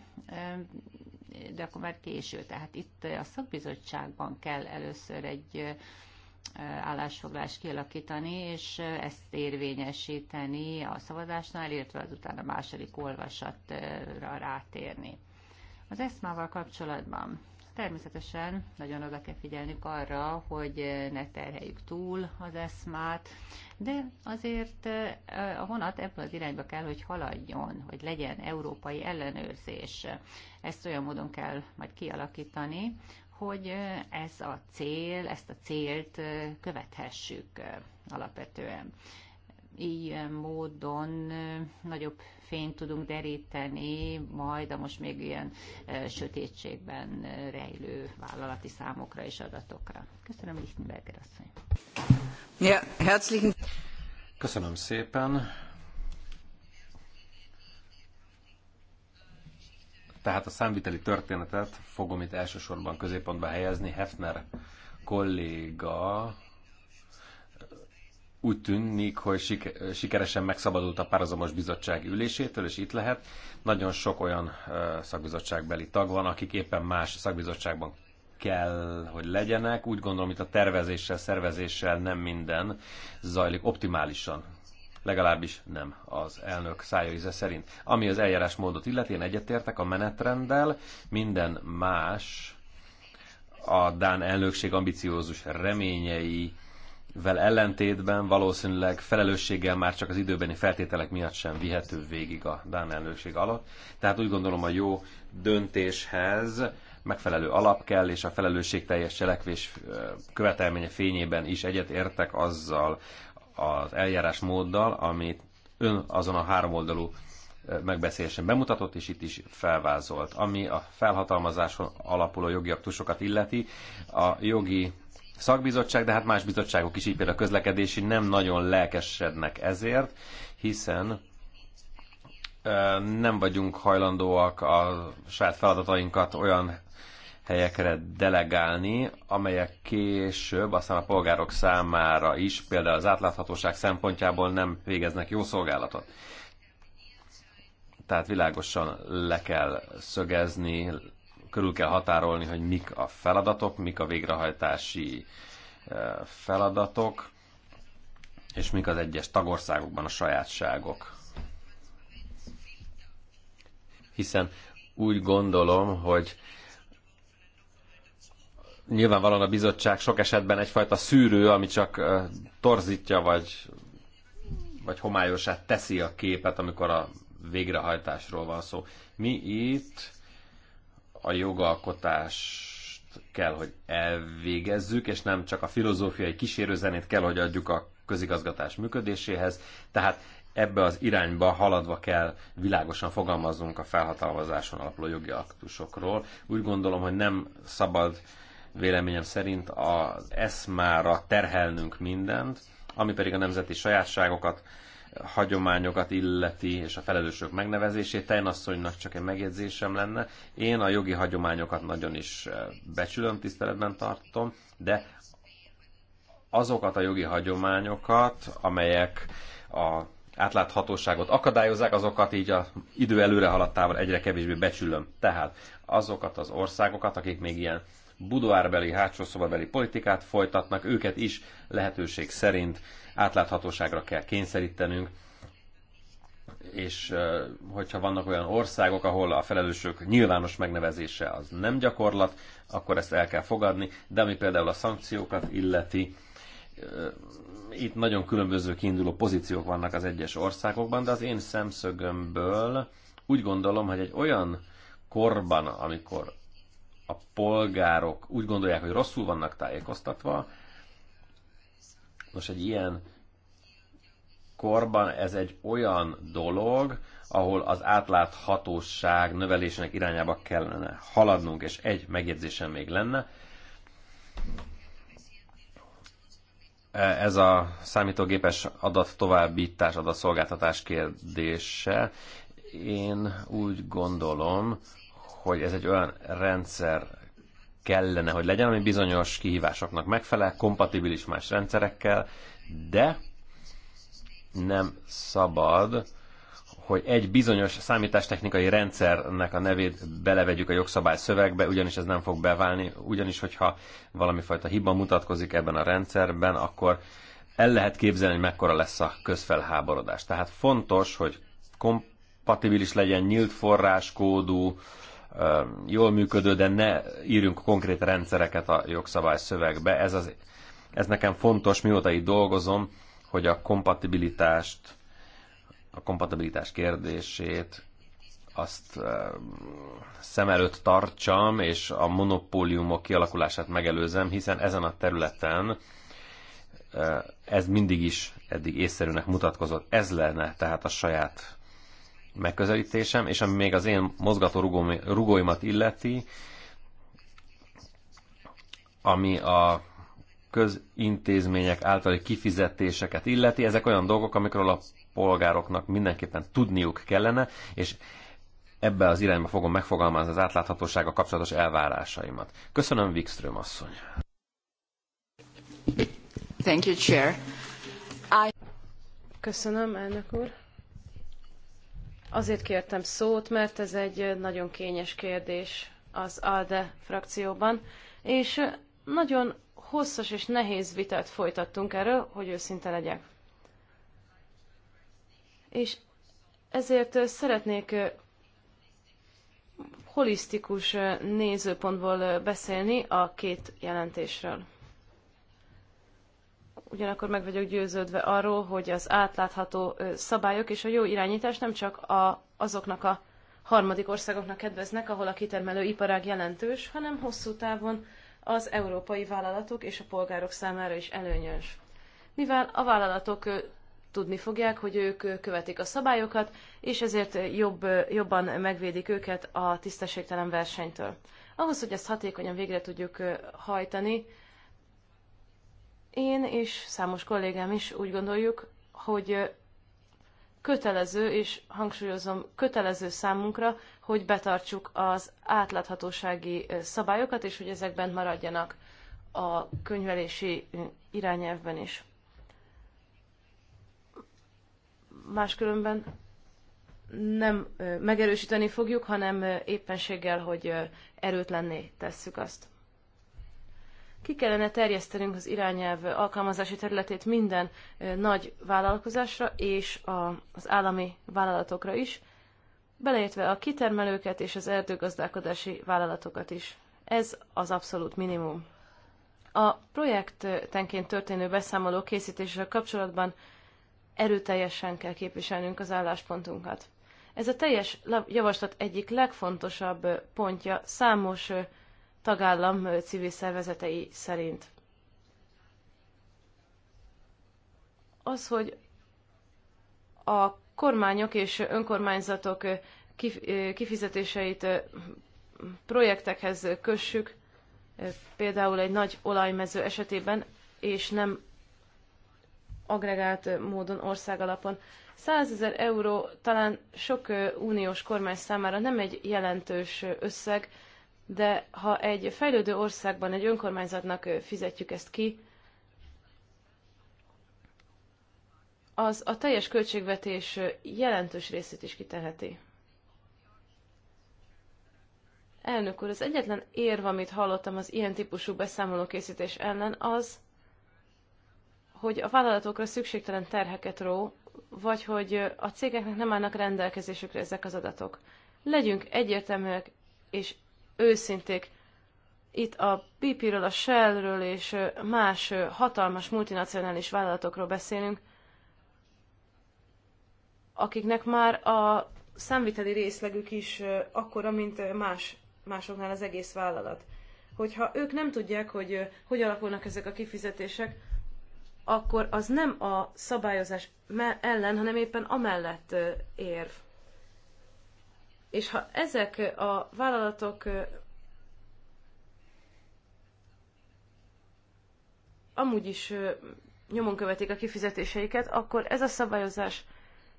de akkor már késő. Tehát itt a szakbizottságban kell először egy állásfoglalást kialakítani, és ezt érvényesíteni a szavazásnál, illetve azután a második olvasatra rátérni. Az eszmával kapcsolatban természetesen nagyon oda kell figyelnünk arra, hogy ne terheljük túl az eszmát, de azért eh, a vonat ebből az irányba kell, hogy haladjon, hogy legyen európai ellenőrzés. Ezt olyan módon kell majd kialakítani, hogy eh, ez a cél, ezt a célt eh, követhessük alapvetően így módon nagyobb fényt tudunk deríteni majd a most még ilyen sötétségben rejlő vállalati számokra és adatokra. Köszönöm, Lichtenberger asszony. Ja, herzlichen. Köszönöm szépen. Tehát a számviteli történetet fogom itt elsősorban középpontba helyezni. Hefner kolléga úgy tűnik, hogy siker, sikeresen megszabadult a párhuzamos bizottság ülésétől, és itt lehet. Nagyon sok olyan szakbizottságbeli tag van, akik éppen más szakbizottságban kell, hogy legyenek. Úgy gondolom, itt a tervezéssel, szervezéssel nem minden zajlik optimálisan. Legalábbis nem az elnök szájaüze szerint. Ami az eljárásmódot illeti, én egyetértek a menetrenddel, minden más a Dán elnökség ambiciózus reményei vel ellentétben valószínűleg felelősséggel már csak az időbeni feltételek miatt sem vihető végig a Dán elnökség alatt. Tehát úgy gondolom a jó döntéshez megfelelő alap kell, és a felelősség teljes cselekvés követelménye fényében is egyet értek azzal az eljárás móddal, amit ön azon a háromoldalú megbeszélésen bemutatott, és itt is felvázolt. Ami a felhatalmazáson alapuló jogi aktusokat illeti, a jogi szakbizottság, de hát más bizottságok is, így például a közlekedési, nem nagyon lelkesednek ezért, hiszen nem vagyunk hajlandóak a saját feladatainkat olyan helyekre delegálni, amelyek később aztán a polgárok számára is, például az átláthatóság szempontjából nem végeznek jó szolgálatot. Tehát világosan le kell szögezni, körül kell határolni, hogy mik a feladatok, mik a végrehajtási eh, feladatok, és mik az egyes tagországokban a sajátságok. Hiszen úgy gondolom, hogy nyilvánvalóan a bizottság sok esetben egyfajta szűrő, ami csak eh, torzítja, vagy, vagy homályosát teszi a képet, amikor a végrehajtásról van szó. Mi itt a jogalkotást kell, hogy elvégezzük, és nem csak a filozófiai kísérőzenét kell, hogy adjuk a közigazgatás működéséhez. Tehát ebbe az irányba haladva kell világosan fogalmaznunk a felhatalmazáson alapuló jogi aktusokról. Úgy gondolom, hogy nem szabad véleményem szerint az eszmára terhelnünk mindent, ami pedig a nemzeti sajátságokat, hagyományokat illeti, és a felelősök megnevezését. Tejnasszonynak csak egy megjegyzésem lenne. Én a jogi hagyományokat nagyon is eh, becsülöm, tiszteletben tartom, de azokat a jogi hagyományokat, amelyek a átláthatóságot akadályozzák, azokat így a idő előre haladtával egyre kevésbé becsülöm. Tehát azokat az országokat, akik még ilyen budoárbeli, hátsó szobabeli politikát folytatnak, őket is lehetőség szerint átláthatóságra kell kényszerítenünk, és hogyha vannak olyan országok, ahol a felelősök nyilvános megnevezése az nem gyakorlat, akkor ezt el kell fogadni, de ami például a szankciókat illeti, itt nagyon különböző kiinduló pozíciók vannak az egyes országokban, de az én szemszögömből úgy gondolom, hogy egy olyan korban, amikor a polgárok úgy gondolják, hogy rosszul vannak tájékoztatva. Nos, egy ilyen korban ez egy olyan dolog, ahol az átláthatóság növelésének irányába kellene haladnunk, és egy megjegyzésem még lenne. Ez a számítógépes adat továbbítás, adatszolgáltatás kérdése. Én úgy gondolom, hogy ez egy olyan rendszer kellene, hogy legyen, ami bizonyos kihívásoknak megfelel, kompatibilis más rendszerekkel, de nem szabad, hogy egy bizonyos számítástechnikai rendszernek a nevét belevegyük a jogszabály szövegbe, ugyanis ez nem fog beválni, ugyanis hogyha valami fajta hiba mutatkozik ebben a rendszerben, akkor el lehet képzelni, hogy mekkora lesz a közfelháborodás. Tehát fontos, hogy kompatibilis legyen, nyílt forráskódú, jól működő, de ne írjunk konkrét rendszereket a jogszabály szövegbe. Ez, az, ez nekem fontos, mióta itt dolgozom, hogy a kompatibilitást, a kompatibilitás kérdését azt szem előtt tartsam, és a monopóliumok kialakulását megelőzem, hiszen ezen a területen ez mindig is eddig észszerűnek mutatkozott. Ez lenne tehát a saját megközelítésem, és ami még az én mozgató rugóimat illeti, ami a közintézmények általi kifizetéseket illeti, ezek olyan dolgok, amikről a polgároknak mindenképpen tudniuk kellene, és ebbe az irányba fogom megfogalmazni az átláthatósága kapcsolatos elvárásaimat. Köszönöm, Wikström asszony. Thank you, Chair. I... Köszönöm, elnök úr. Azért kértem szót, mert ez egy nagyon kényes kérdés az ALDE frakcióban, és nagyon hosszas és nehéz vitát folytattunk erről, hogy őszinte legyek. És ezért szeretnék holisztikus nézőpontból beszélni a két jelentésről ugyanakkor meg vagyok győződve arról, hogy az átlátható szabályok és a jó irányítás nem csak a, azoknak a harmadik országoknak kedveznek, ahol a kitermelő iparág jelentős, hanem hosszú távon az európai vállalatok és a polgárok számára is előnyös. Mivel a vállalatok tudni fogják, hogy ők követik a szabályokat, és ezért jobb, jobban megvédik őket a tisztességtelen versenytől. Ahhoz, hogy ezt hatékonyan végre tudjuk hajtani, én és számos kollégám is úgy gondoljuk, hogy kötelező, és hangsúlyozom, kötelező számunkra, hogy betartsuk az átláthatósági szabályokat, és hogy ezek bent maradjanak a könyvelési irányelvben is. Máskülönben nem megerősíteni fogjuk, hanem éppenséggel, hogy erőtlenné tesszük azt. Ki kellene terjesztenünk az irányelv alkalmazási területét minden nagy vállalkozásra és a, az állami vállalatokra is, beleértve a kitermelőket és az erdőgazdálkodási vállalatokat is. Ez az abszolút minimum. A projektenként történő beszámoló készítéssel kapcsolatban erőteljesen kell képviselnünk az álláspontunkat. Ez a teljes javaslat egyik legfontosabb pontja számos tagállam civil szervezetei szerint. Az, hogy a kormányok és önkormányzatok kifizetéseit projektekhez kössük, például egy nagy olajmező esetében, és nem agregált módon országalapon. 100 ezer euró talán sok uniós kormány számára nem egy jelentős összeg, de ha egy fejlődő országban egy önkormányzatnak fizetjük ezt ki, az a teljes költségvetés jelentős részét is kiterheti. Elnök úr, az egyetlen érv, amit hallottam az ilyen típusú beszámolókészítés ellen, az, hogy a vállalatokra szükségtelen terheket ró, vagy hogy a cégeknek nem állnak rendelkezésükre ezek az adatok. Legyünk egyértelműek és őszinték. Itt a BP-ről, a Shell-ről és más hatalmas multinacionális vállalatokról beszélünk, akiknek már a számviteli részlegük is akkora, mint más, másoknál az egész vállalat. Hogyha ők nem tudják, hogy hogy alakulnak ezek a kifizetések, akkor az nem a szabályozás ellen, hanem éppen amellett érv. És ha ezek a vállalatok amúgy is nyomon követik a kifizetéseiket, akkor ez a szabályozás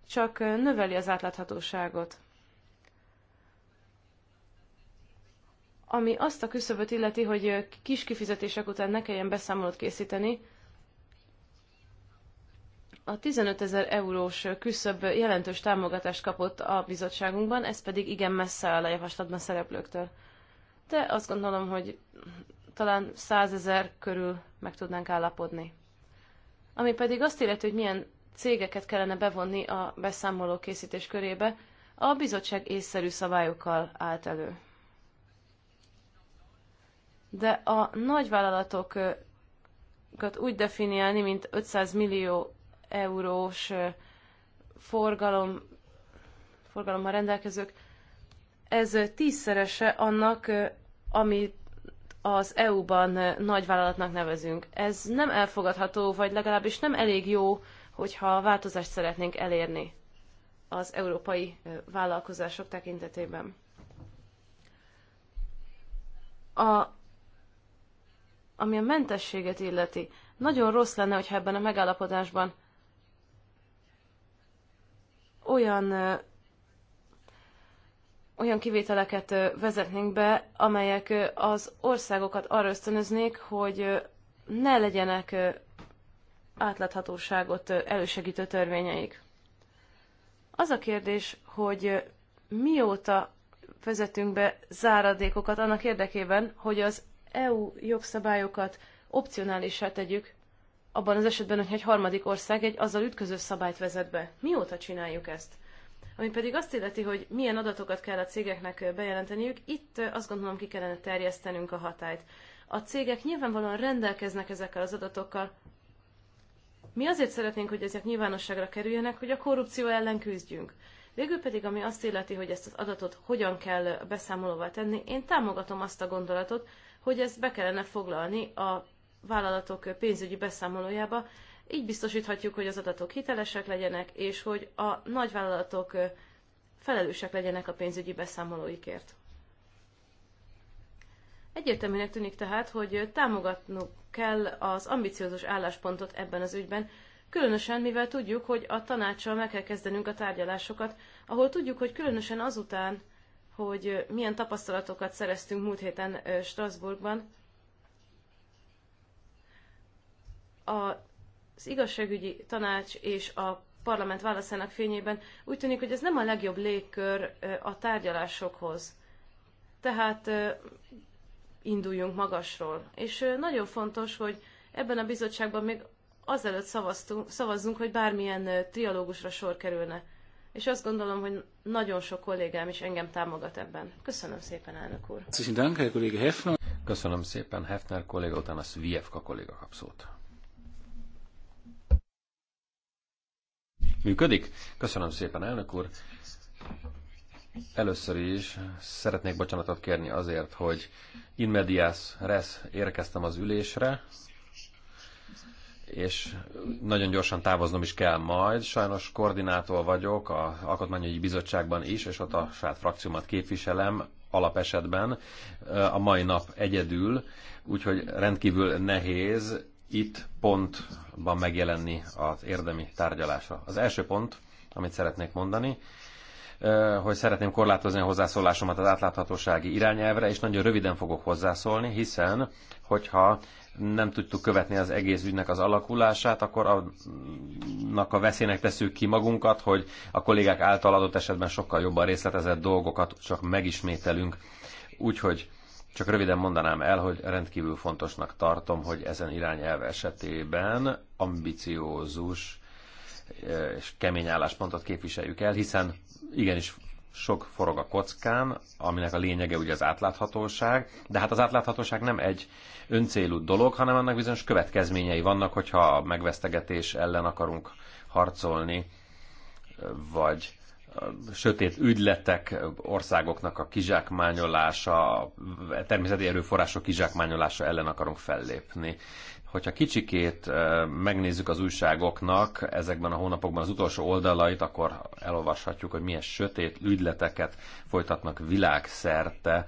csak növeli az átláthatóságot. Ami azt a küszöböt illeti, hogy kis kifizetések után ne kelljen beszámolót készíteni, a 15 ezer eurós küszöb jelentős támogatást kapott a bizottságunkban, ez pedig igen messze áll a javaslatban szereplőktől. De azt gondolom, hogy talán 100 ezer körül meg tudnánk állapodni. Ami pedig azt illeti, hogy milyen cégeket kellene bevonni a beszámoló készítés körébe, a bizottság észszerű szabályokkal állt elő. De a nagyvállalatokat úgy definiálni, mint 500 millió eurós forgalom, forgalommal rendelkezők, ez tízszerese annak, amit az EU-ban nagyvállalatnak nevezünk. Ez nem elfogadható, vagy legalábbis nem elég jó, hogyha változást szeretnénk elérni az európai vállalkozások tekintetében. A, ami a mentességet illeti, nagyon rossz lenne, hogyha ebben a megállapodásban olyan olyan kivételeket vezetnénk be, amelyek az országokat arra ösztönöznék, hogy ne legyenek átláthatóságot elősegítő törvényeik. Az a kérdés, hogy mióta vezetünk be záradékokat annak érdekében, hogy az EU jogszabályokat opcionálisá tegyük abban az esetben, hogy egy harmadik ország egy azzal ütköző szabályt vezet be. Mióta csináljuk ezt? Ami pedig azt illeti, hogy milyen adatokat kell a cégeknek bejelenteniük, itt azt gondolom ki kellene terjesztenünk a hatályt. A cégek nyilvánvalóan rendelkeznek ezekkel az adatokkal. Mi azért szeretnénk, hogy ezek nyilvánosságra kerüljenek, hogy a korrupció ellen küzdjünk. Végül pedig, ami azt illeti, hogy ezt az adatot hogyan kell beszámolóval tenni, én támogatom azt a gondolatot, hogy ezt be kellene foglalni a vállalatok pénzügyi beszámolójába, így biztosíthatjuk, hogy az adatok hitelesek legyenek, és hogy a nagyvállalatok felelősek legyenek a pénzügyi beszámolóikért. Egyértelműnek tűnik tehát, hogy támogatnunk kell az ambiciózus álláspontot ebben az ügyben, különösen mivel tudjuk, hogy a tanácssal meg kell kezdenünk a tárgyalásokat, ahol tudjuk, hogy különösen azután, hogy milyen tapasztalatokat szereztünk múlt héten Strasbourgban, az igazságügyi tanács és a parlament válaszának fényében úgy tűnik, hogy ez nem a legjobb légkör a tárgyalásokhoz. Tehát induljunk magasról. És nagyon fontos, hogy ebben a bizottságban még azelőtt szavaztunk, szavazzunk, hogy bármilyen trialógusra sor kerülne. És azt gondolom, hogy nagyon sok kollégám is engem támogat ebben. Köszönöm szépen, elnök úr. Köszönöm szépen, Hefner kolléga, utána Szvijevka kolléga kapszót. Működik? Köszönöm szépen, elnök úr. Először is szeretnék bocsánatot kérni azért, hogy in medias res érkeztem az ülésre, és nagyon gyorsan távoznom is kell majd. Sajnos koordinátor vagyok a Alkotmányügyi Bizottságban is, és ott a saját frakciómat képviselem alapesetben a mai nap egyedül, úgyhogy rendkívül nehéz itt pontban megjelenni az érdemi tárgyalásra. Az első pont, amit szeretnék mondani, hogy szeretném korlátozni a hozzászólásomat az átláthatósági irányelvre, és nagyon röviden fogok hozzászólni, hiszen hogyha nem tudtuk követni az egész ügynek az alakulását, akkor annak a veszélynek teszük ki magunkat, hogy a kollégák által adott esetben sokkal jobban részletezett dolgokat csak megismételünk. Úgyhogy csak röviden mondanám el, hogy rendkívül fontosnak tartom, hogy ezen irányelv esetében ambiciózus e, és kemény álláspontot képviseljük el, hiszen igenis sok forog a kockán, aminek a lényege ugye az átláthatóság, de hát az átláthatóság nem egy öncélú dolog, hanem annak bizonyos következményei vannak, hogyha a megvesztegetés ellen akarunk harcolni, vagy sötét ügyletek, országoknak a kizsákmányolása, természeti erőforrások kizsákmányolása ellen akarunk fellépni. Hogyha kicsikét megnézzük az újságoknak ezekben a hónapokban az utolsó oldalait, akkor elolvashatjuk, hogy milyen sötét ügyleteket folytatnak világszerte,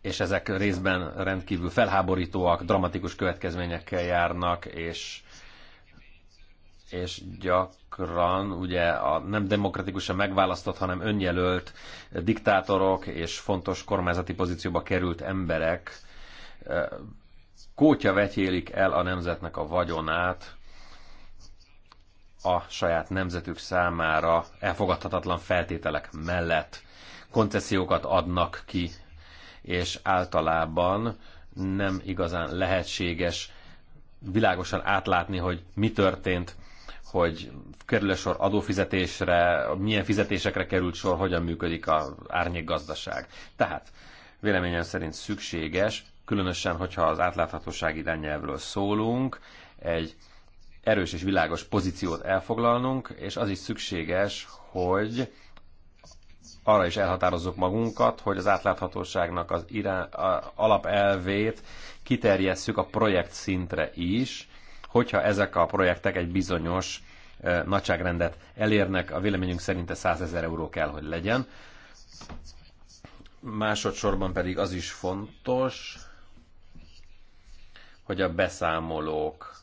és ezek részben rendkívül felháborítóak, dramatikus következményekkel járnak, és és gyakran ugye a nem demokratikusan megválasztott, hanem önjelölt diktátorok és fontos kormányzati pozícióba került emberek kótya vetjélik el a nemzetnek a vagyonát a saját nemzetük számára elfogadhatatlan feltételek mellett. Koncesziókat adnak ki, és általában nem igazán lehetséges világosan átlátni, hogy mi történt hogy kerül sor adófizetésre, milyen fizetésekre került sor, hogyan működik az árnyék gazdaság. Tehát véleményem szerint szükséges, különösen, hogyha az átláthatóság irányelvről szólunk, egy erős és világos pozíciót elfoglalnunk, és az is szükséges, hogy arra is elhatározzuk magunkat, hogy az átláthatóságnak az irá, a, alapelvét kiterjesszük a projekt szintre is, hogyha ezek a projektek egy bizonyos nagyságrendet elérnek, a véleményünk szerint ez 100 ezer euró kell, hogy legyen. Másodszorban pedig az is fontos, hogy a beszámolók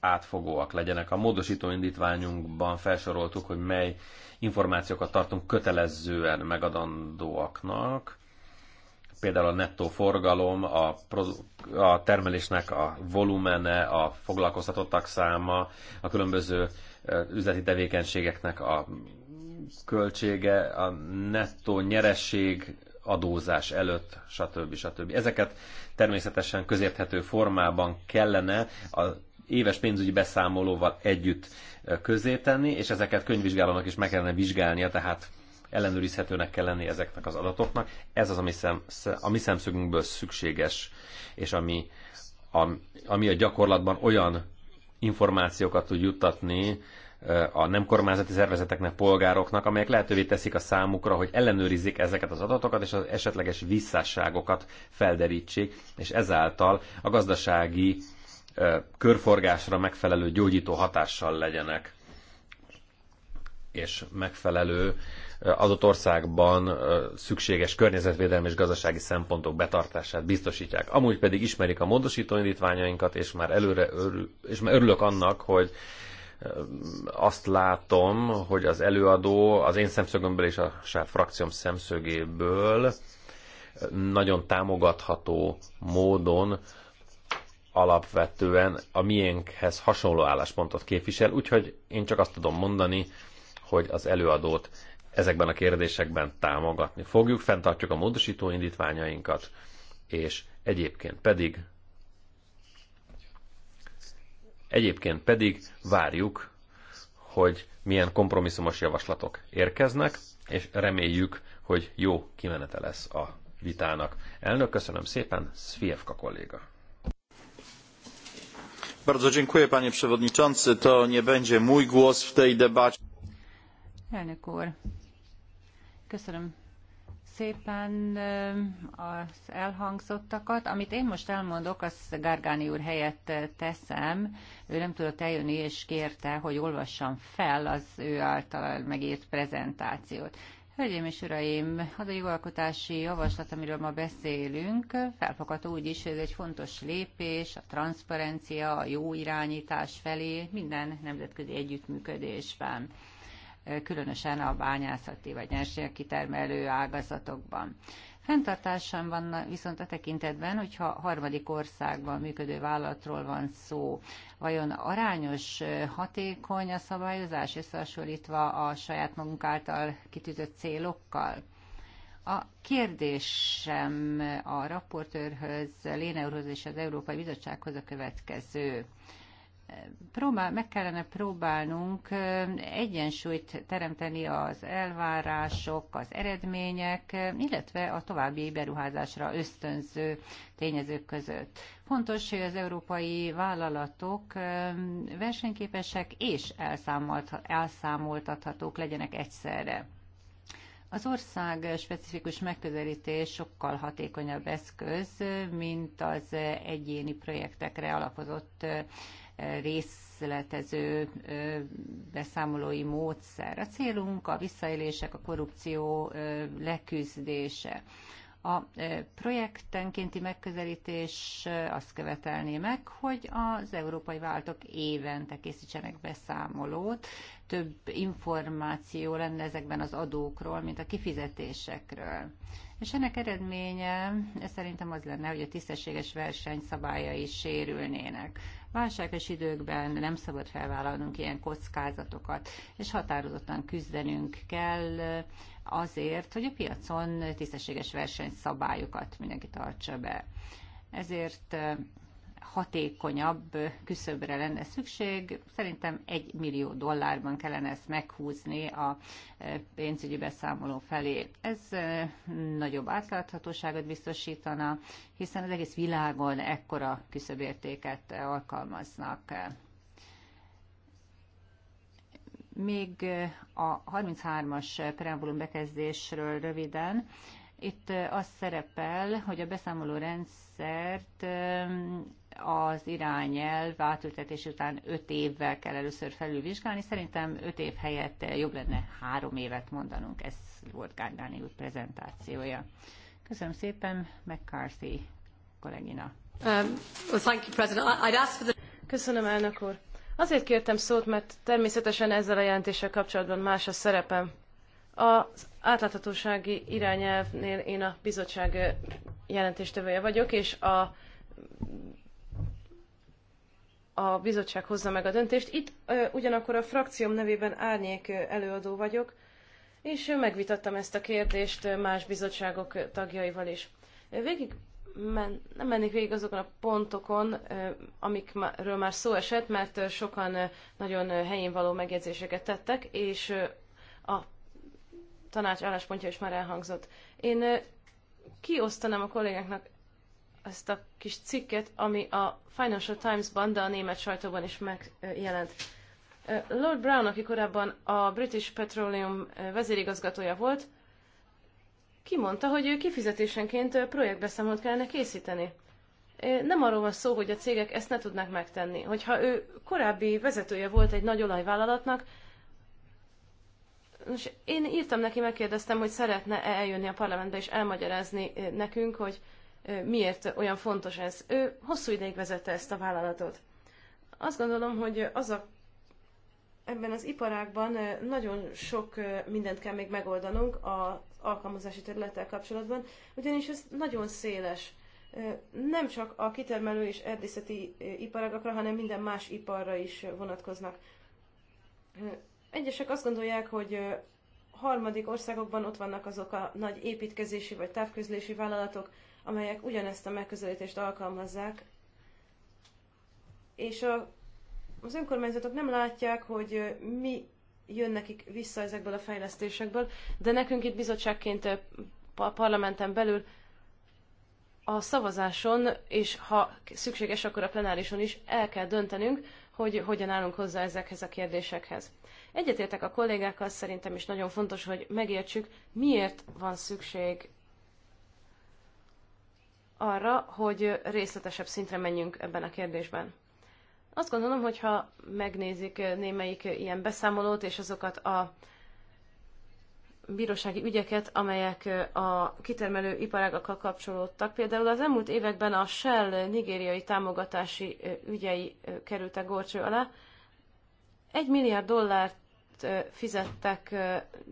átfogóak legyenek. A módosító indítványunkban felsoroltuk, hogy mely információkat tartunk kötelezően megadandóaknak, például a nettó forgalom, a, a termelésnek a volumene, a foglalkoztatottak száma, a különböző üzleti tevékenységeknek a költsége, a nettó nyeresség adózás előtt, stb. stb. Ezeket természetesen közérthető formában kellene a éves pénzügyi beszámolóval együtt közé tenni, és ezeket könyvvizsgálónak is meg kellene vizsgálnia, tehát ellenőrizhetőnek kell lenni ezeknek az adatoknak. Ez az, ami, szem, a mi szemszögünkből szükséges, és ami, ami a gyakorlatban olyan információkat tud juttatni a nem kormányzati szervezeteknek, polgároknak, amelyek lehetővé teszik a számukra, hogy ellenőrizzék ezeket az adatokat, és az esetleges visszásságokat felderítsék, és ezáltal a gazdasági körforgásra megfelelő gyógyító hatással legyenek és megfelelő adott országban szükséges környezetvédelmi és gazdasági szempontok betartását biztosítják. Amúgy pedig ismerik a módosító indítványainkat, és már előre örül, és már örülök annak, hogy azt látom, hogy az előadó az én szemszögömből és a saját frakcióm szemszögéből nagyon támogatható módon alapvetően a miénkhez hasonló álláspontot képvisel, úgyhogy én csak azt tudom mondani, hogy az előadót ezekben a kérdésekben támogatni fogjuk, fenntartjuk a módosító indítványainkat, és egyébként pedig egyébként pedig várjuk, hogy milyen kompromisszumos javaslatok érkeznek, és reméljük, hogy jó kimenete lesz a vitának. Elnök, köszönöm szépen, Szfievka kolléga. Bardzo dziękuję, panie przewodniczący. To nie będzie mój głos w tej debacie. Elnök úr, köszönöm szépen az elhangzottakat. Amit én most elmondok, azt Gárgáni úr helyett teszem. Ő nem tudott eljönni, és kérte, hogy olvassam fel az ő által megírt prezentációt. Hölgyeim és Uraim, az a jogalkotási javaslat, amiről ma beszélünk, felfogható úgy is, hogy ez egy fontos lépés a transzparencia, a jó irányítás felé minden nemzetközi együttműködésben különösen a bányászati vagy nyersanyag kitermelő ágazatokban. Fenntartásom van viszont a tekintetben, hogyha harmadik országban működő vállalatról van szó, vajon arányos, hatékony a szabályozás összehasonlítva a saját magunk által kitűzött célokkal? A kérdésem a raportőrhöz, Léne úrhoz és az Európai Bizottsághoz a következő próbál, meg kellene próbálnunk egyensúlyt teremteni az elvárások, az eredmények, illetve a további beruházásra ösztönző tényezők között. Fontos, hogy az európai vállalatok versenyképesek és elszámoltathatók legyenek egyszerre. Az ország specifikus megközelítés sokkal hatékonyabb eszköz, mint az egyéni projektekre alapozott részletező beszámolói módszer. A célunk a visszaélések, a korrupció leküzdése. A projektenkénti megközelítés azt követelné meg, hogy az európai váltok évente készítsenek beszámolót, több információ lenne ezekben az adókról, mint a kifizetésekről. És ennek eredménye szerintem az lenne, hogy a tisztességes verseny szabályai sérülnének. Válságos időkben nem szabad felvállalnunk ilyen kockázatokat, és határozottan küzdenünk kell azért, hogy a piacon tisztességes versenyszabályokat mindenki tartsa be. Ezért hatékonyabb küszöbre lenne szükség. Szerintem egy millió dollárban kellene ezt meghúzni a pénzügyi beszámoló felé. Ez nagyobb átláthatóságot biztosítana, hiszen az egész világon ekkora küszöbértéket alkalmaznak. Még eh, a 33-as preambulum bekezdésről röviden. Itt eh, az szerepel, hogy a beszámoló rendszert eh, az irányelv átültetés után 5 évvel kell először felülvizsgálni. Szerintem 5 év helyett jobb lenne 3 évet mondanunk. Ez volt Gárdáni úr prezentációja. Köszönöm szépen, McCarthy kollégina. Um, well, thank you, President. I'd ask for the... Köszönöm, elnök úr. Azért kértem szót, mert természetesen ezzel a jelentéssel kapcsolatban más a szerepem. Az átláthatósági irányelvnél én a bizottság jelentéstevője vagyok, és a, a bizottság hozza meg a döntést. Itt ugyanakkor a frakcióm nevében árnyék előadó vagyok, és megvitattam ezt a kérdést más bizottságok tagjaival is. Végig men, nem mennék végig azokon a pontokon, amikről már szó esett, mert sokan nagyon helyén való megjegyzéseket tettek, és a tanács álláspontja is már elhangzott. Én kiosztanám a kollégáknak ezt a kis cikket, ami a Financial Times-ban, de a német sajtóban is megjelent. Lord Brown, aki korábban a British Petroleum vezérigazgatója volt, kimondta, hogy ő kifizetésenként projektbeszámolót kellene készíteni. Nem arról van szó, hogy a cégek ezt ne tudnák megtenni. Hogyha ő korábbi vezetője volt egy nagy olajvállalatnak, és én írtam neki, megkérdeztem, hogy szeretne -e eljönni a parlamentbe és elmagyarázni nekünk, hogy miért olyan fontos ez. Ő hosszú ideig vezette ezt a vállalatot. Azt gondolom, hogy az a ebben az iparágban nagyon sok mindent kell még megoldanunk az alkalmazási területtel kapcsolatban, ugyanis ez nagyon széles. Nem csak a kitermelő és erdészeti iparágakra, hanem minden más iparra is vonatkoznak. Egyesek azt gondolják, hogy harmadik országokban ott vannak azok a nagy építkezési vagy távközlési vállalatok, amelyek ugyanezt a megközelítést alkalmazzák, és a az önkormányzatok nem látják, hogy mi jön nekik vissza ezekből a fejlesztésekből, de nekünk itt bizottságként a parlamenten belül a szavazáson, és ha szükséges, akkor a plenárison is el kell döntenünk, hogy hogyan állunk hozzá ezekhez a kérdésekhez. Egyetértek a kollégákkal, szerintem is nagyon fontos, hogy megértsük, miért van szükség arra, hogy részletesebb szintre menjünk ebben a kérdésben. Azt gondolom, hogy ha megnézik némelyik ilyen beszámolót, és azokat a bírósági ügyeket, amelyek a kitermelő iparágakkal kapcsolódtak. Például az elmúlt években a Shell nigériai támogatási ügyei kerültek gorcső alá. Egy milliárd dollárt fizettek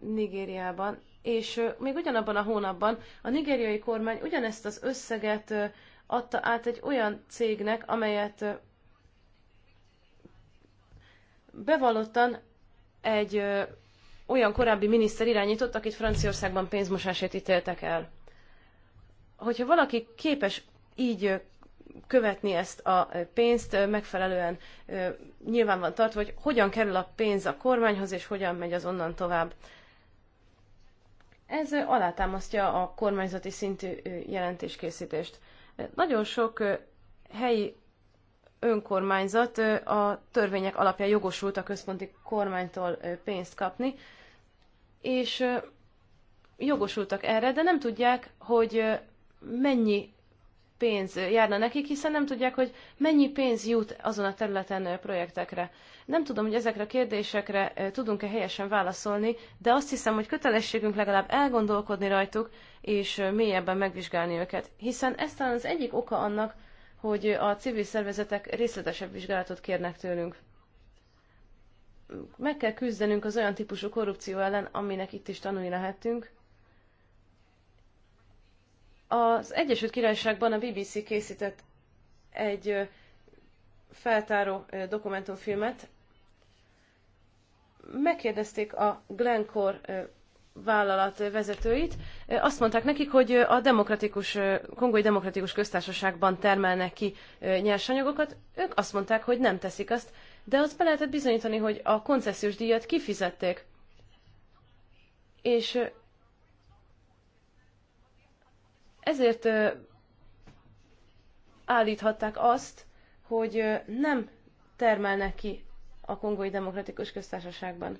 Nigériában, és még ugyanabban a hónapban a nigériai kormány ugyanezt az összeget adta át egy olyan cégnek, amelyet bevallottan egy olyan korábbi miniszter irányított, akit Franciaországban pénzmosásért ítéltek el. Hogyha valaki képes így követni ezt a pénzt, megfelelően nyilván van tartva, hogy hogyan kerül a pénz a kormányhoz, és hogyan megy az onnan tovább. Ez alátámasztja a kormányzati szintű jelentéskészítést. Nagyon sok helyi önkormányzat a törvények alapján jogosult a központi kormánytól pénzt kapni, és jogosultak erre, de nem tudják, hogy mennyi pénz járna nekik, hiszen nem tudják, hogy mennyi pénz jut azon a területen projektekre. Nem tudom, hogy ezekre a kérdésekre tudunk-e helyesen válaszolni, de azt hiszem, hogy kötelességünk legalább elgondolkodni rajtuk, és mélyebben megvizsgálni őket. Hiszen ez talán az egyik oka annak, hogy a civil szervezetek részletesebb vizsgálatot kérnek tőlünk. Meg kell küzdenünk az olyan típusú korrupció ellen, aminek itt is tanulni lehetünk. Az Egyesült Királyságban a BBC készített egy feltáró dokumentumfilmet. Megkérdezték a Glencore vállalat vezetőit, azt mondták nekik, hogy a demokratikus, kongói demokratikus köztársaságban termelnek ki nyersanyagokat, ők azt mondták, hogy nem teszik azt, de azt be lehetett bizonyítani, hogy a koncesziós díjat kifizették. És ezért állíthatták azt, hogy nem termelnek ki a kongói demokratikus köztársaságban.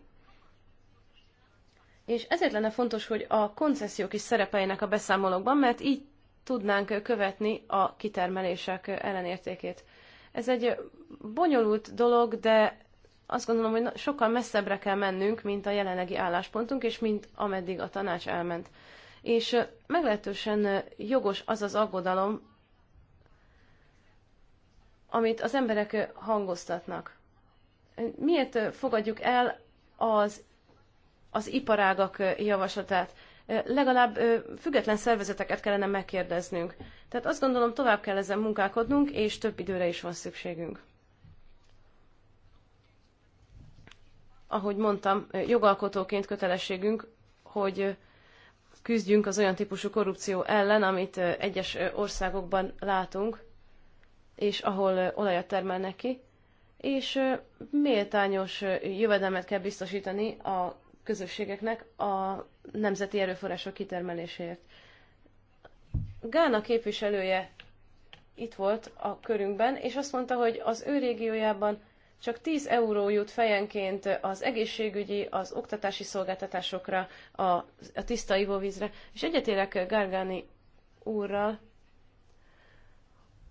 És ezért lenne fontos, hogy a koncesziók is szerepeljenek a beszámolókban, mert így tudnánk követni a kitermelések ellenértékét. Ez egy bonyolult dolog, de azt gondolom, hogy sokkal messzebbre kell mennünk, mint a jelenlegi álláspontunk, és mint ameddig a tanács elment. És meglehetősen jogos az az aggodalom, amit az emberek hangoztatnak. Miért fogadjuk el az az iparágak javaslatát. Legalább független szervezeteket kellene megkérdeznünk. Tehát azt gondolom, tovább kell ezen munkálkodnunk, és több időre is van szükségünk. Ahogy mondtam, jogalkotóként kötelességünk, hogy küzdjünk az olyan típusú korrupció ellen, amit egyes országokban látunk, és ahol olajat termelnek ki, és méltányos jövedelmet kell biztosítani a közösségeknek a nemzeti erőforrások kitermeléséért. Gána képviselője itt volt a körünkben, és azt mondta, hogy az ő régiójában csak 10 euró jut fejenként az egészségügyi, az oktatási szolgáltatásokra, a, a tiszta ivóvízre. És egyetérek Gárgáni úrral,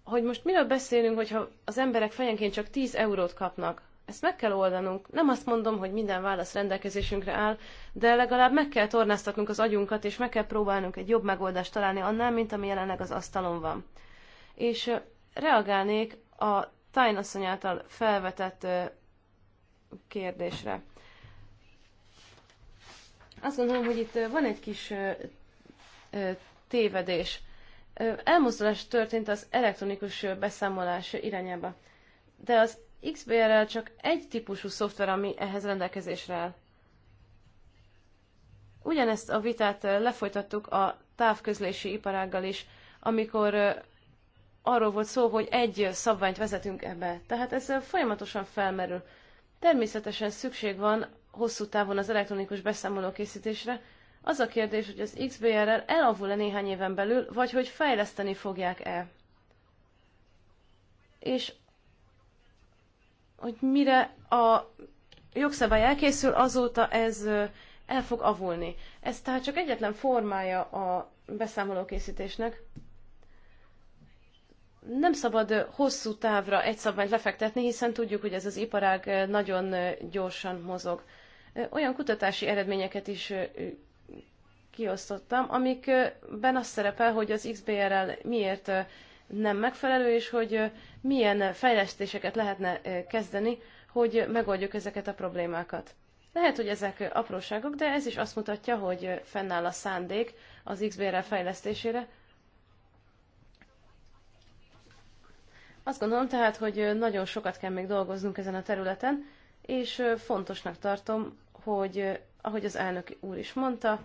hogy most miről beszélünk, hogyha az emberek fejenként csak 10 eurót kapnak. Ezt meg kell oldanunk. Nem azt mondom, hogy minden válasz rendelkezésünkre áll, de legalább meg kell tornáztatnunk az agyunkat, és meg kell próbálnunk egy jobb megoldást találni annál, mint ami jelenleg az asztalon van. És reagálnék a Tyne asszony által felvetett kérdésre. Azt gondolom, hogy itt van egy kis tévedés. Elmozdulás történt az elektronikus beszámolás irányába. De az XBRL csak egy típusú szoftver, ami ehhez rendelkezésre áll. Ugyanezt a vitát lefolytattuk a távközlési iparággal is, amikor arról volt szó, hogy egy szabványt vezetünk ebbe. Tehát ez folyamatosan felmerül. Természetesen szükség van hosszú távon az elektronikus beszámoló készítésre. Az a kérdés, hogy az XBRL elavul-e néhány éven belül, vagy hogy fejleszteni fogják-e. És hogy mire a jogszabály elkészül, azóta ez el fog avulni. Ez tehát csak egyetlen formája a beszámolókészítésnek. Nem szabad hosszú távra egy szabályt lefektetni, hiszen tudjuk, hogy ez az iparág nagyon gyorsan mozog. Olyan kutatási eredményeket is kiosztottam, amikben azt szerepel, hogy az XBRL miért nem megfelelő, és hogy milyen fejlesztéseket lehetne kezdeni, hogy megoldjuk ezeket a problémákat. Lehet, hogy ezek apróságok, de ez is azt mutatja, hogy fennáll a szándék az XBR fejlesztésére. Azt gondolom tehát, hogy nagyon sokat kell még dolgoznunk ezen a területen, és fontosnak tartom, hogy ahogy az elnök úr is mondta,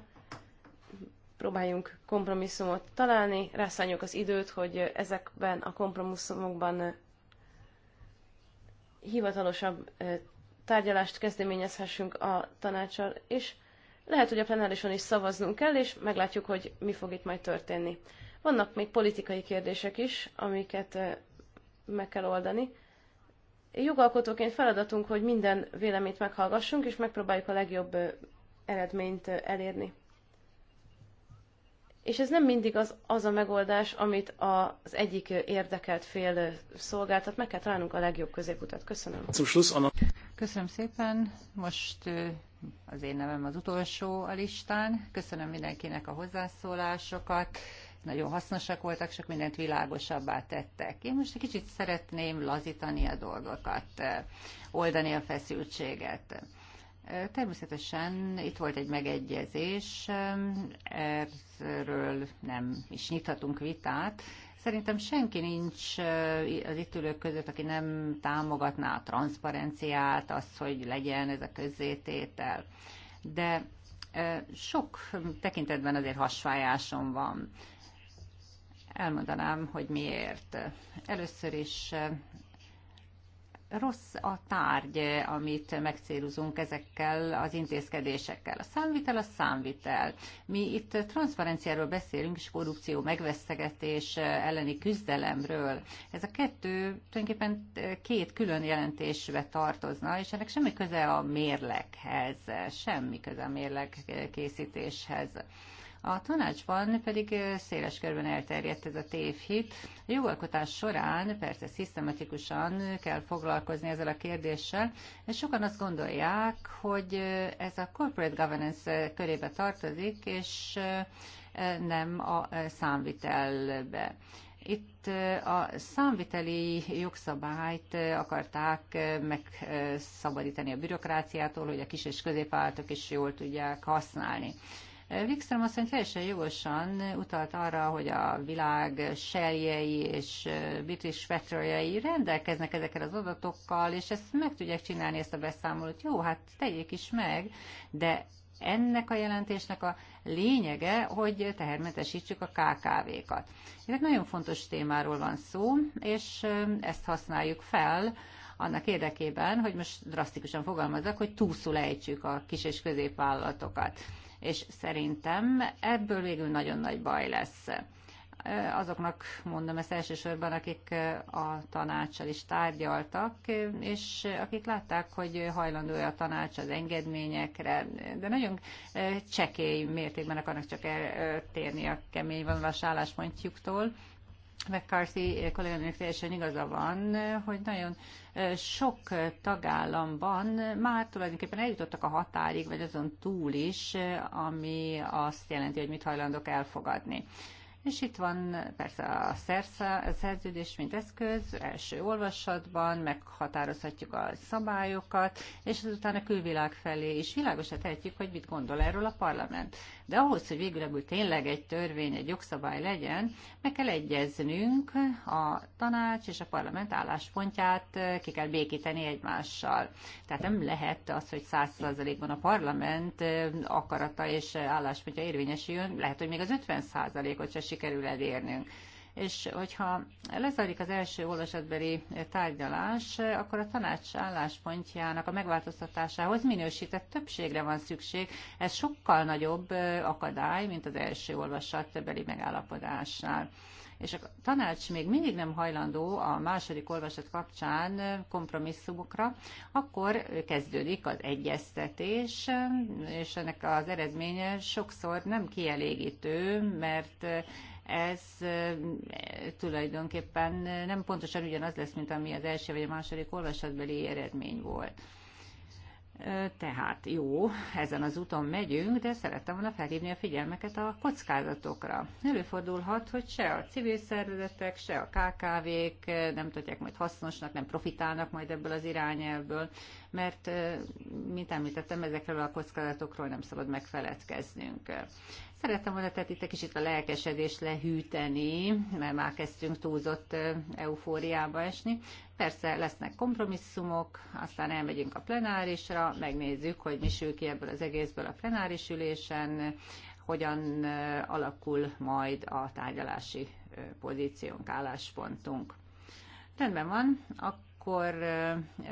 próbáljunk kompromisszumot találni, rászálljuk az időt, hogy ezekben a kompromisszumokban eh, hivatalosabb eh, tárgyalást kezdeményezhessünk a tanácsal, és lehet, hogy a plenárison is szavaznunk kell, és meglátjuk, hogy mi fog itt majd történni. Vannak még politikai kérdések is, amiket eh, meg kell oldani. Jogalkotóként feladatunk, hogy minden véleményt meghallgassunk, és megpróbáljuk a legjobb eredményt elérni és ez nem mindig az, az a megoldás, amit az egyik érdekelt fél szolgáltat. Meg kell találnunk a legjobb középutat. Köszönöm. Köszönöm szépen. Most az én nevem az utolsó a listán. Köszönöm mindenkinek a hozzászólásokat. Nagyon hasznosak voltak, sok mindent világosabbá tettek. Én most egy kicsit szeretném lazítani a dolgokat, oldani a feszültséget. Természetesen itt volt egy megegyezés, erről nem is nyithatunk vitát. Szerintem senki nincs eh, az itt ülők között, aki nem támogatná a transzparenciát, az, hogy legyen ez a közzététel. De eh, sok tekintetben azért hasvájásom van. Elmondanám, hogy miért. Először is eh, rossz a tárgy, amit megcélozunk ezekkel az intézkedésekkel. A számvitel a számvitel. Mi itt transzparenciáról beszélünk, és korrupció megvesztegetés elleni küzdelemről. Ez a kettő tulajdonképpen két külön jelentésbe tartozna, és ennek semmi köze a mérleghez, semmi köze a mérleg készítéshez. A tanácsban pedig széles körben elterjedt ez a tévhit. A jogalkotás során persze szisztematikusan kell foglalkozni ezzel a kérdéssel, és sokan azt gondolják, hogy ez a corporate governance körébe tartozik, és nem a számvitelbe. Itt a számviteli jogszabályt akarták megszabadítani a bürokráciától, hogy a kis és középvállalatok is jól tudják használni. Wikström azt mondja, teljesen jogosan utalt arra, hogy a világ seljei és British Petroljai rendelkeznek ezekkel az adatokkal, és ezt meg tudják csinálni, ezt a beszámolót. Jó, hát tegyék is meg, de ennek a jelentésnek a lényege, hogy tehermentesítsük a KKV-kat. Ez egy nagyon fontos témáról van szó, és ezt használjuk fel, annak érdekében, hogy most drasztikusan fogalmazzak, hogy túlszul ejtsük a kis és középvállalatokat és szerintem ebből végül nagyon nagy baj lesz. Azoknak mondom ezt elsősorban, akik a tanácssal is tárgyaltak, és akik látták, hogy hajlandó a tanács az engedményekre, de nagyon csekély mértékben akarnak csak eltérni a kemény vonalas álláspontjuktól McCarthy kolléganőnek teljesen igaza van, hogy nagyon sok tagállamban már tulajdonképpen eljutottak a határig, vagy azon túl is, ami azt jelenti, hogy mit hajlandok elfogadni. És itt van persze a, szersze, a szerződés, mint eszköz, első olvasatban meghatározhatjuk a szabályokat, és azután a külvilág felé is világosan tehetjük, hogy mit gondol erről a parlament. De ahhoz, hogy végül ebből tényleg egy törvény, egy jogszabály legyen, meg kell egyeznünk a tanács és a parlament álláspontját, ki kell békíteni egymással. Tehát nem lehet az, hogy száz százalékban a parlament akarata és álláspontja érvényesüljön, lehet, hogy még az 50 százalékot se sikerül elérnünk. És hogyha lezajlik az első olvasatbeli tárgyalás, akkor a tanács álláspontjának a megváltoztatásához minősített többségre van szükség. Ez sokkal nagyobb akadály, mint az első olvasatbeli megállapodásnál és a tanács még mindig nem hajlandó a második olvasat kapcsán kompromisszumokra, akkor kezdődik az egyeztetés, és ennek az eredménye sokszor nem kielégítő, mert ez tulajdonképpen nem pontosan ugyanaz lesz, mint ami az első vagy a második olvasatbeli eredmény volt. Tehát jó, ezen az úton megyünk, de szerettem volna felhívni a figyelmeket a kockázatokra. Előfordulhat, hogy se a civil szervezetek, se a KKV-k nem tudják majd hasznosnak, nem profitálnak majd ebből az irányelvből, mert, mint említettem, ezekről a kockázatokról nem szabad megfeledkeznünk. Szerettem volna tehát itt egy kicsit a lelkesedést lehűteni, mert már kezdtünk túlzott eufóriába esni. Persze lesznek kompromisszumok, aztán elmegyünk a plenárisra, megnézzük, hogy mi sül ki ebből az egészből a plenáris ülésen, hogyan alakul majd a tárgyalási pozíciónk, álláspontunk. Rendben van, akkor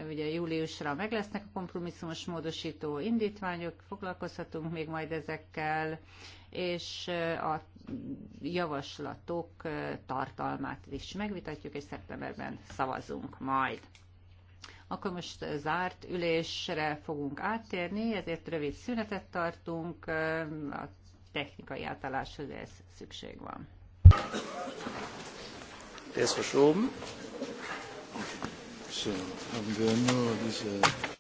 ugye júliusra meg lesznek a kompromisszumos módosító indítványok, foglalkozhatunk még majd ezekkel, és a javaslatok tartalmát is megvitatjuk, és szeptemberben szavazunk majd. Akkor most zárt ülésre fogunk áttérni, ezért rövid szünetet tartunk, a technikai átálláshoz ez szükség van. Ez verschoben. So, haben wir nur diese